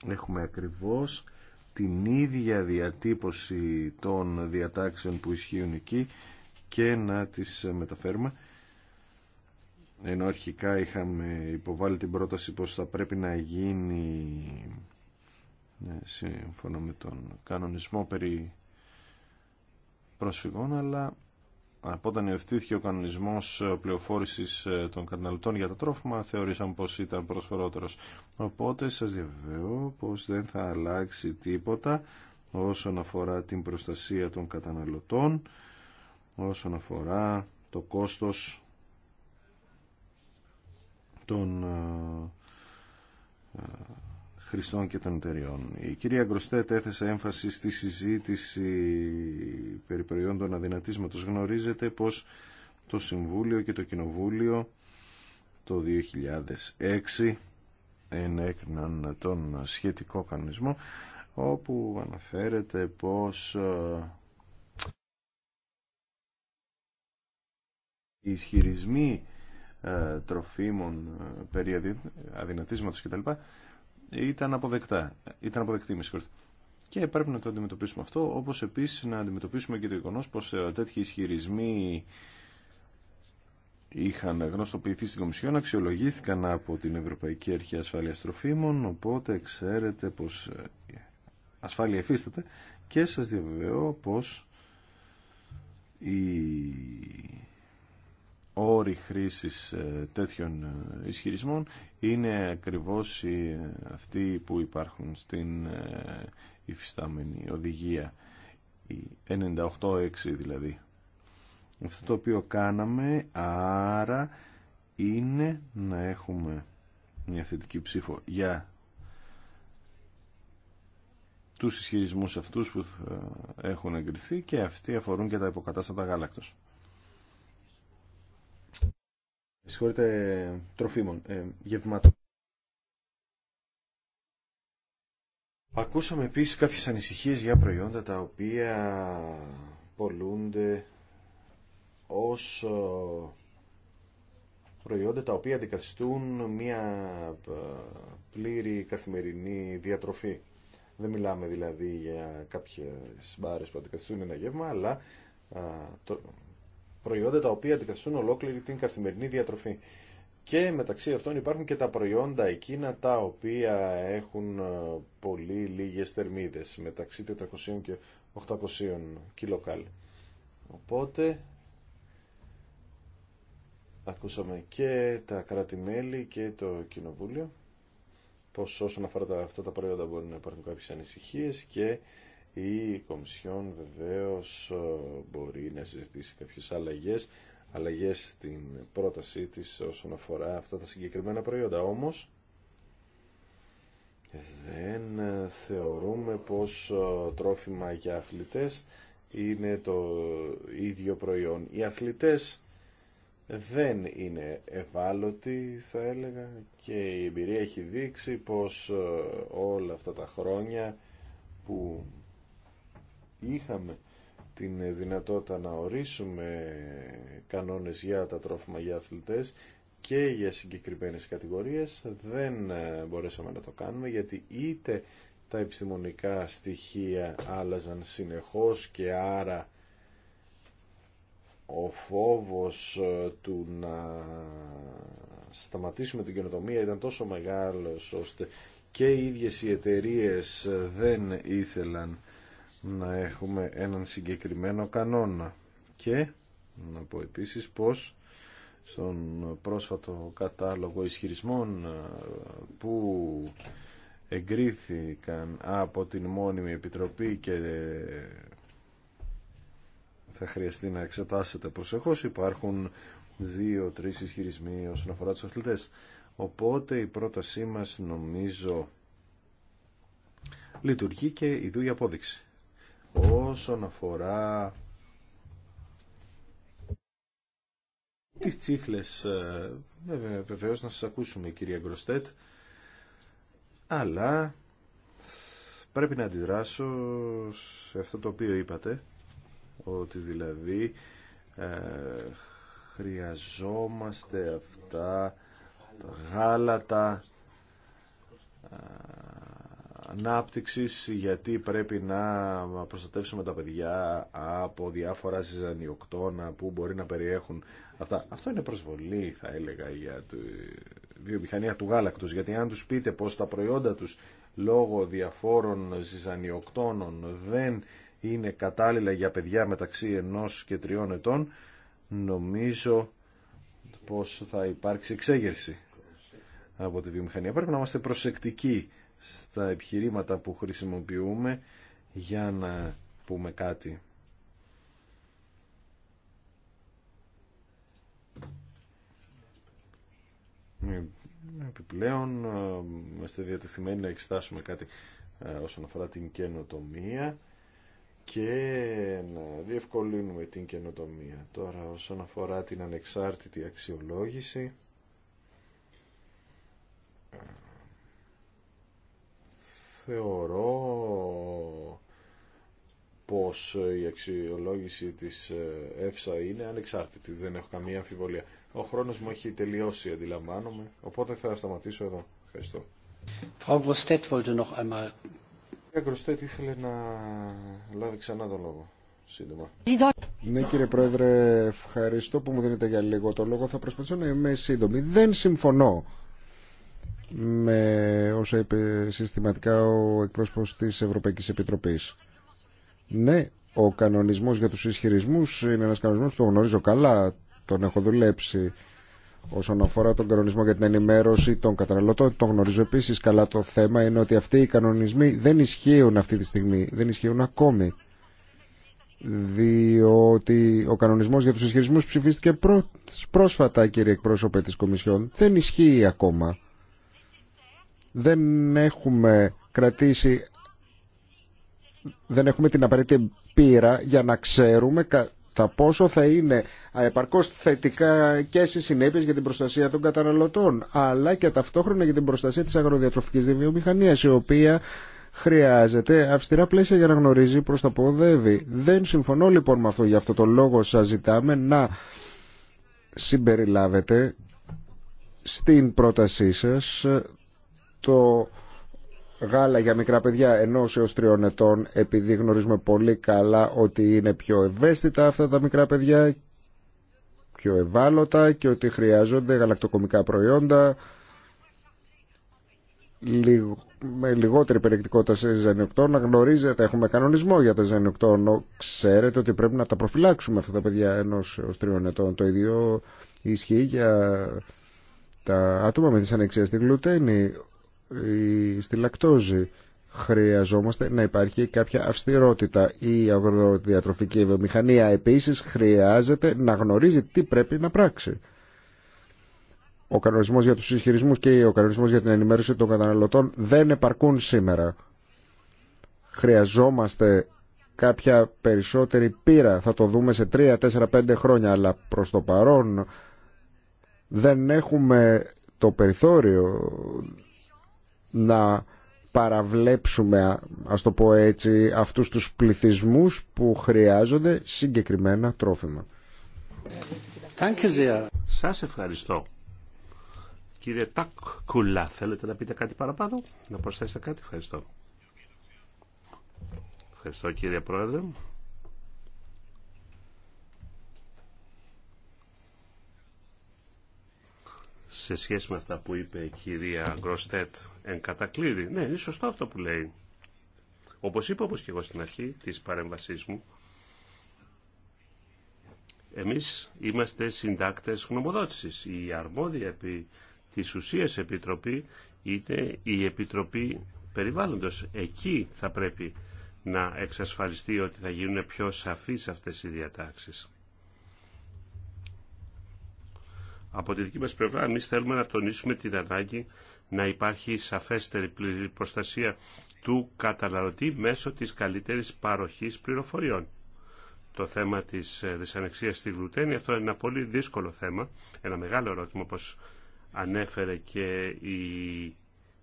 έχουμε ακριβώς την ίδια διατύπωση των διατάξεων που ισχύουν εκεί και να τις μεταφέρουμε. Ενώ αρχικά είχαμε υποβάλει την πρόταση πως θα πρέπει να γίνει ναι, σύμφωνα με τον κανονισμό περί προσφυγών, αλλά από όταν ευθύθηκε ο κανονισμός ε, πληροφόρηση ε, των καταναλωτών για το τρόφιμα θεωρήσαμε πως ήταν προσφορότερο. Οπότε σας διαβεβαιώ πως δεν θα αλλάξει τίποτα όσον αφορά την προστασία των καταναλωτών, όσον αφορά το κόστος των ε, χρηστών και των εταιριών. Η κυρία Γκροστέτ έθεσε έμφαση στη συζήτηση περί προϊόντων αδυνατίσματος. Γνωρίζετε πως το Συμβούλιο και το Κοινοβούλιο το 2006 ενέκριναν τον σχετικό κανονισμό όπου αναφέρεται πως ε, οι ισχυρισμοί ε, τροφίμων ε, περί αδυνατίσματος κτλ ήταν αποδεκτά. Ήταν αποδεκτή, με Και πρέπει να το αντιμετωπίσουμε αυτό, όπως επίσης να αντιμετωπίσουμε και το γεγονό πως ε, τέτοιοι ισχυρισμοί είχαν γνωστοποιηθεί στην Κομισιόν, αξιολογήθηκαν από την Ευρωπαϊκή Αρχή Ασφάλειας Τροφίμων, οπότε ξέρετε πως ε, ασφάλεια εφίσταται και σας διαβεβαιώ πω η όροι χρήσης ε, τέτοιων ε, ισχυρισμών είναι ακριβώς ε, αυτοί που υπάρχουν στην υφιστάμενη οδηγία, η 98-6 δηλαδή. Αυτό το οποίο κάναμε άρα είναι να έχουμε μια θετική ψήφο για τους ισχυρισμούς αυτούς που έχουν εγκριθεί και αυτοί αφορούν και τα υποκατάστατα γάλακτος συγχωρείτε, τροφίμων, ε, γευμάτων. Ακούσαμε επίσης κάποιες ανησυχίες για προϊόντα τα οποία πολλούνται ως ε, προϊόντα τα οποία αντικαθιστούν μια ε, πλήρη καθημερινή διατροφή. Δεν μιλάμε δηλαδή για κάποιες μπάρες που αντικαθιστούν ένα γεύμα, αλλά ε, προϊόντα τα οποία αντικαθιστούν ολόκληρη την καθημερινή διατροφή. Και μεταξύ αυτών υπάρχουν και τα προϊόντα εκείνα τα οποία έχουν ε, πολύ λίγες θερμίδες, μεταξύ 400 και 800 κιλοκάλ. Οπότε ακούσαμε και τα κρατη και το Κοινοβούλιο πως όσον αφορά τα, αυτά τα προϊόντα μπορεί να υπάρχουν κάποιες ανησυχίες και η Κομισιόν βεβαίως ε, μπορεί να συζητήσει κάποιες αλλαγές, στην πρότασή της όσον αφορά αυτά τα συγκεκριμένα προϊόντα. Όμως δεν ε, θεωρούμε πως ε, τρόφιμα για αθλητές είναι το ίδιο προϊόν. Οι αθλητές δεν είναι ευάλωτοι θα έλεγα και η εμπειρία έχει δείξει πως όλα αυτά τα χρόνια που είχαμε την δυνατότητα να ορίσουμε κανόνες για τα τρόφιμα για αθλητές και για συγκεκριμένες κατηγορίες δεν ε, μπορέσαμε να το κάνουμε γιατί είτε τα επιστημονικά στοιχεία άλλαζαν συνεχώς και άρα ο φόβος ε, του να σταματήσουμε την καινοτομία ήταν τόσο μεγάλος ώστε και οι ίδιες οι εταιρείες δεν ήθελαν να έχουμε έναν συγκεκριμένο κανόνα. Και να πω επίσης πως στον πρόσφατο κατάλογο ισχυρισμών ε, που εγκρίθηκαν από την μόνιμη επιτροπή και θα χρειαστεί να εξετάσετε προσεχώς υπάρχουν δύο-τρεις ισχυρισμοί όσον αφορά τους αθλητές οπότε η πρότασή μας νομίζω λειτουργεί και η δουλειά απόδειξη όσον αφορά τις τσίχλες ε, βεβαίω να σας ακούσουμε κυρία Γκροστέτ αλλά πρέπει να αντιδράσω σε αυτό το οποίο είπατε ότι δηλαδή ε, χρειαζόμαστε αυτά τα γάλατα ε, Ανάπτυξη γιατί πρέπει να προστατεύσουμε τα παιδιά από διάφορα ζυζανιοκτώνα που μπορεί να περιέχουν αυτά. Αυτό είναι προσβολή θα έλεγα για τη βιομηχανία του γάλακτος γιατί αν τους πείτε πω τα προϊόντα τους λόγω διαφόρων ζυζανιοκτώνων δεν είναι κατάλληλα για παιδιά μεταξύ ενός και τριών ετών νομίζω πως θα υπάρξει εξέγερση από τη βιομηχανία. Πρέπει να είμαστε προσεκτικοί στα επιχειρήματα που χρησιμοποιούμε για να πούμε κάτι. Επιπλέον, ε, είμαστε διατεθειμένοι να εξετάσουμε κάτι ε, όσον αφορά την καινοτομία και να διευκολύνουμε την καινοτομία. Τώρα, όσον αφορά την ανεξάρτητη αξιολόγηση, θεωρώ πως η αξιολόγηση της ΕΦΣΑ είναι ανεξάρτητη, δεν έχω καμία αμφιβολία. Ο χρόνος μου έχει τελειώσει, αντιλαμβάνομαι, οπότε θα σταματήσω εδώ. Ευχαριστώ. Frau Grostet Γκροστέτ ήθελε να λάβει ξανά τον λόγο. Σύντομα. Ναι κύριε Πρόεδρε, ευχαριστώ που μου δίνετε για λίγο το λόγο. Θα προσπαθήσω να είμαι σύντομη. Δεν συμφωνώ με όσα είπε συστηματικά ο εκπρόσωπος της Ευρωπαϊκής Επιτροπής. Ναι, ο κανονισμός για τους ισχυρισμούς είναι ένας κανονισμός που τον γνωρίζω καλά, τον έχω δουλέψει όσον αφορά τον κανονισμό για την ενημέρωση των καταναλωτών. Τον γνωρίζω επίση καλά το θέμα είναι ότι αυτοί οι κανονισμοί δεν ισχύουν αυτή τη στιγμή, δεν ισχύουν ακόμη. Διότι ο κανονισμός για τους ισχυρισμού ψηφίστηκε πρόσφατα, κύριε εκπρόσωπε της Κομισιόν, δεν ισχύει ακόμα δεν έχουμε κρατήσει δεν έχουμε την απαραίτητη πείρα για να ξέρουμε κατά πόσο θα είναι επαρκώς θετικά και στις συνέπειες για την προστασία των καταναλωτών αλλά και ταυτόχρονα για την προστασία της αγροδιατροφικής βιομηχανίας η οποία χρειάζεται αυστηρά πλαίσια για να γνωρίζει προς τα ποδεύει. Δεν συμφωνώ λοιπόν με αυτό. Γι' αυτό το λόγο σας ζητάμε να συμπεριλάβετε στην πρότασή σας το γάλα για μικρά παιδιά ενό έω τριών ετών, επειδή γνωρίζουμε πολύ καλά ότι είναι πιο ευαίσθητα αυτά τα μικρά παιδιά, πιο ευάλωτα και ότι χρειάζονται γαλακτοκομικά προϊόντα με λιγότερη περιεκτικότητα σε ζενιοκτώνα. Γνωρίζετε, έχουμε κανονισμό για τα ζενιοκτώνα. Ξέρετε ότι πρέπει να τα προφυλάξουμε αυτά τα παιδιά ενό έω τριών ετών. Το ίδιο ισχύει για τα άτομα με δυσανεξία στη γλουτένη στη λακτόζη. Χρειαζόμαστε να υπάρχει κάποια αυστηρότητα. Η αγροδιατροφική βιομηχανία επίσης χρειάζεται να γνωρίζει τι πρέπει να πράξει. Ο κανονισμός για τους ισχυρισμού και ο κανονισμός για την ενημέρωση των καταναλωτών δεν επαρκούν σήμερα. Χρειαζόμαστε κάποια περισσότερη πείρα. Θα το δούμε σε 3, 4, 5 χρόνια. Αλλά προς το παρόν δεν έχουμε το περιθώριο να παραβλέψουμε, ας το πω έτσι, αυτούς τους πληθυσμούς που χρειάζονται συγκεκριμένα τρόφιμα. Σας ευχαριστώ. Κύριε Τάκκουλα, θέλετε να πείτε κάτι παραπάνω, να προσθέσετε κάτι. Ευχαριστώ. Ευχαριστώ κύριε Πρόεδρε. σε σχέση με αυτά που είπε η κυρία Γκροστέτ εν κατακλείδη. Ναι, είναι σωστό αυτό που λέει. Όπως είπα όπως και εγώ στην αρχή της παρέμβασής μου, εμείς είμαστε συντάκτες γνωμοδότησης. Η αρμόδια επί της ουσίας επιτροπή είναι η Επιτροπή Περιβάλλοντος. Εκεί θα πρέπει να εξασφαλιστεί ότι θα γίνουν πιο σαφείς αυτές οι διατάξεις. Από τη δική μας πλευρά, εμείς θέλουμε να τονίσουμε την ανάγκη να υπάρχει σαφέστερη προστασία του καταναλωτή μέσω της καλύτερης παροχής πληροφοριών. Το θέμα της ε, δυσανεξίας στη γλουτένη, αυτό είναι ένα πολύ δύσκολο θέμα, ένα μεγάλο ερώτημα όπως ανέφερε και η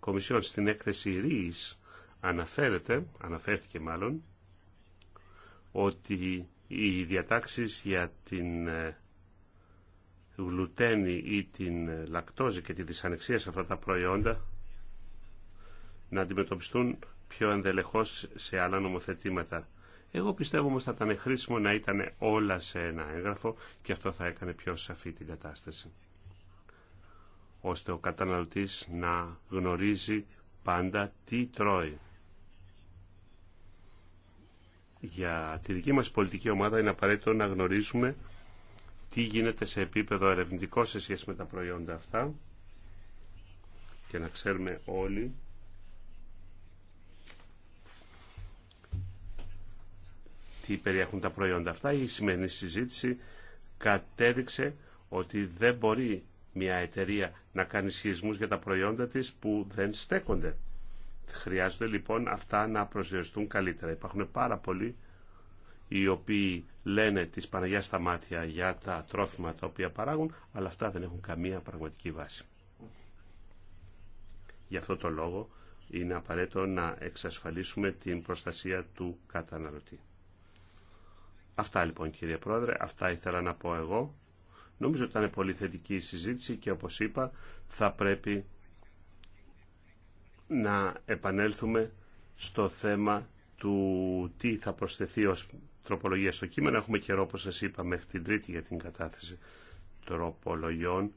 Κομισιόν στην έκθεση ΡΙΙΣ, αναφέρεται, αναφέρθηκε μάλλον, ότι οι διατάξεις για την ε, γλουτένη ή την ε, λακτόζη και τη δυσανεξία σε αυτά τα προϊόντα να αντιμετωπιστούν πιο ενδελεχώς σε άλλα νομοθετήματα. Εγώ πιστεύω όμως θα ήταν χρήσιμο να ήταν όλα σε ένα έγγραφο και αυτό θα έκανε πιο σαφή την κατάσταση. Ώστε ο καταναλωτής να γνωρίζει πάντα τι τρώει. Για τη δική μας πολιτική ομάδα είναι απαραίτητο να γνωρίζουμε τι γίνεται σε επίπεδο ερευνητικό σε σχέση με τα προϊόντα αυτά και να ξέρουμε όλοι τι περιέχουν τα προϊόντα αυτά. Η σημερινή συζήτηση κατέδειξε ότι δεν μπορεί μια εταιρεία να κάνει σχισμούς για τα προϊόντα της που δεν στέκονται. Χρειάζονται λοιπόν αυτά να προσδιοριστούν καλύτερα. Υπάρχουν πάρα πολλοί οι οποίοι λένε τις Παναγιά στα μάτια για τα τρόφιμα τα οποία παράγουν, αλλά αυτά δεν έχουν καμία πραγματική βάση. Γι' αυτό το λόγο είναι απαραίτητο να εξασφαλίσουμε την προστασία του καταναλωτή. Αυτά λοιπόν κύριε Πρόεδρε, αυτά ήθελα να πω εγώ. Νομίζω ότι ήταν πολύ θετική η συζήτηση και όπως είπα θα πρέπει να επανέλθουμε στο θέμα του τι θα προσθεθεί ως τροπολογία στο κείμενο. Έχουμε καιρό, όπως σας είπα, μέχρι την Τρίτη για την κατάθεση τροπολογιών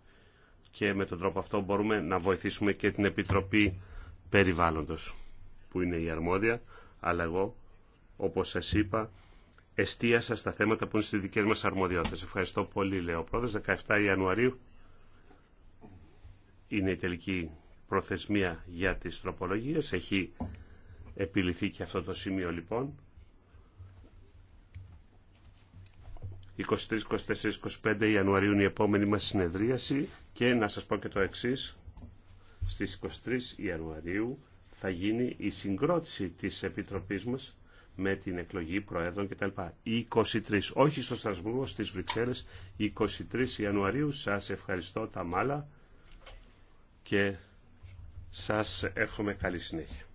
και με τον τρόπο αυτό μπορούμε να βοηθήσουμε και την Επιτροπή Περιβάλλοντος, που είναι η αρμόδια, αλλά εγώ, όπως σας είπα, εστίασα στα θέματα που είναι στις δικές μας αρμοδιότητες. Ευχαριστώ πολύ, λέω πρόεδρος. 17 Ιανουαρίου είναι η τελική προθεσμία για τις τροπολογίες. Έχει επιληθεί και αυτό το σημείο, λοιπόν. 23, 24, 25 Ιανουαρίου είναι η επόμενη μας συνεδρίαση και να σας πω και το εξής. Στις 23 Ιανουαρίου θα γίνει η συγκρότηση της Επιτροπής μας με την εκλογή Προέδρων κτλ. 23, όχι στο Στρασβούργο, στις Βρυξέλλες, 23 Ιανουαρίου. Σας ευχαριστώ τα μάλα και σας εύχομαι καλή συνέχεια.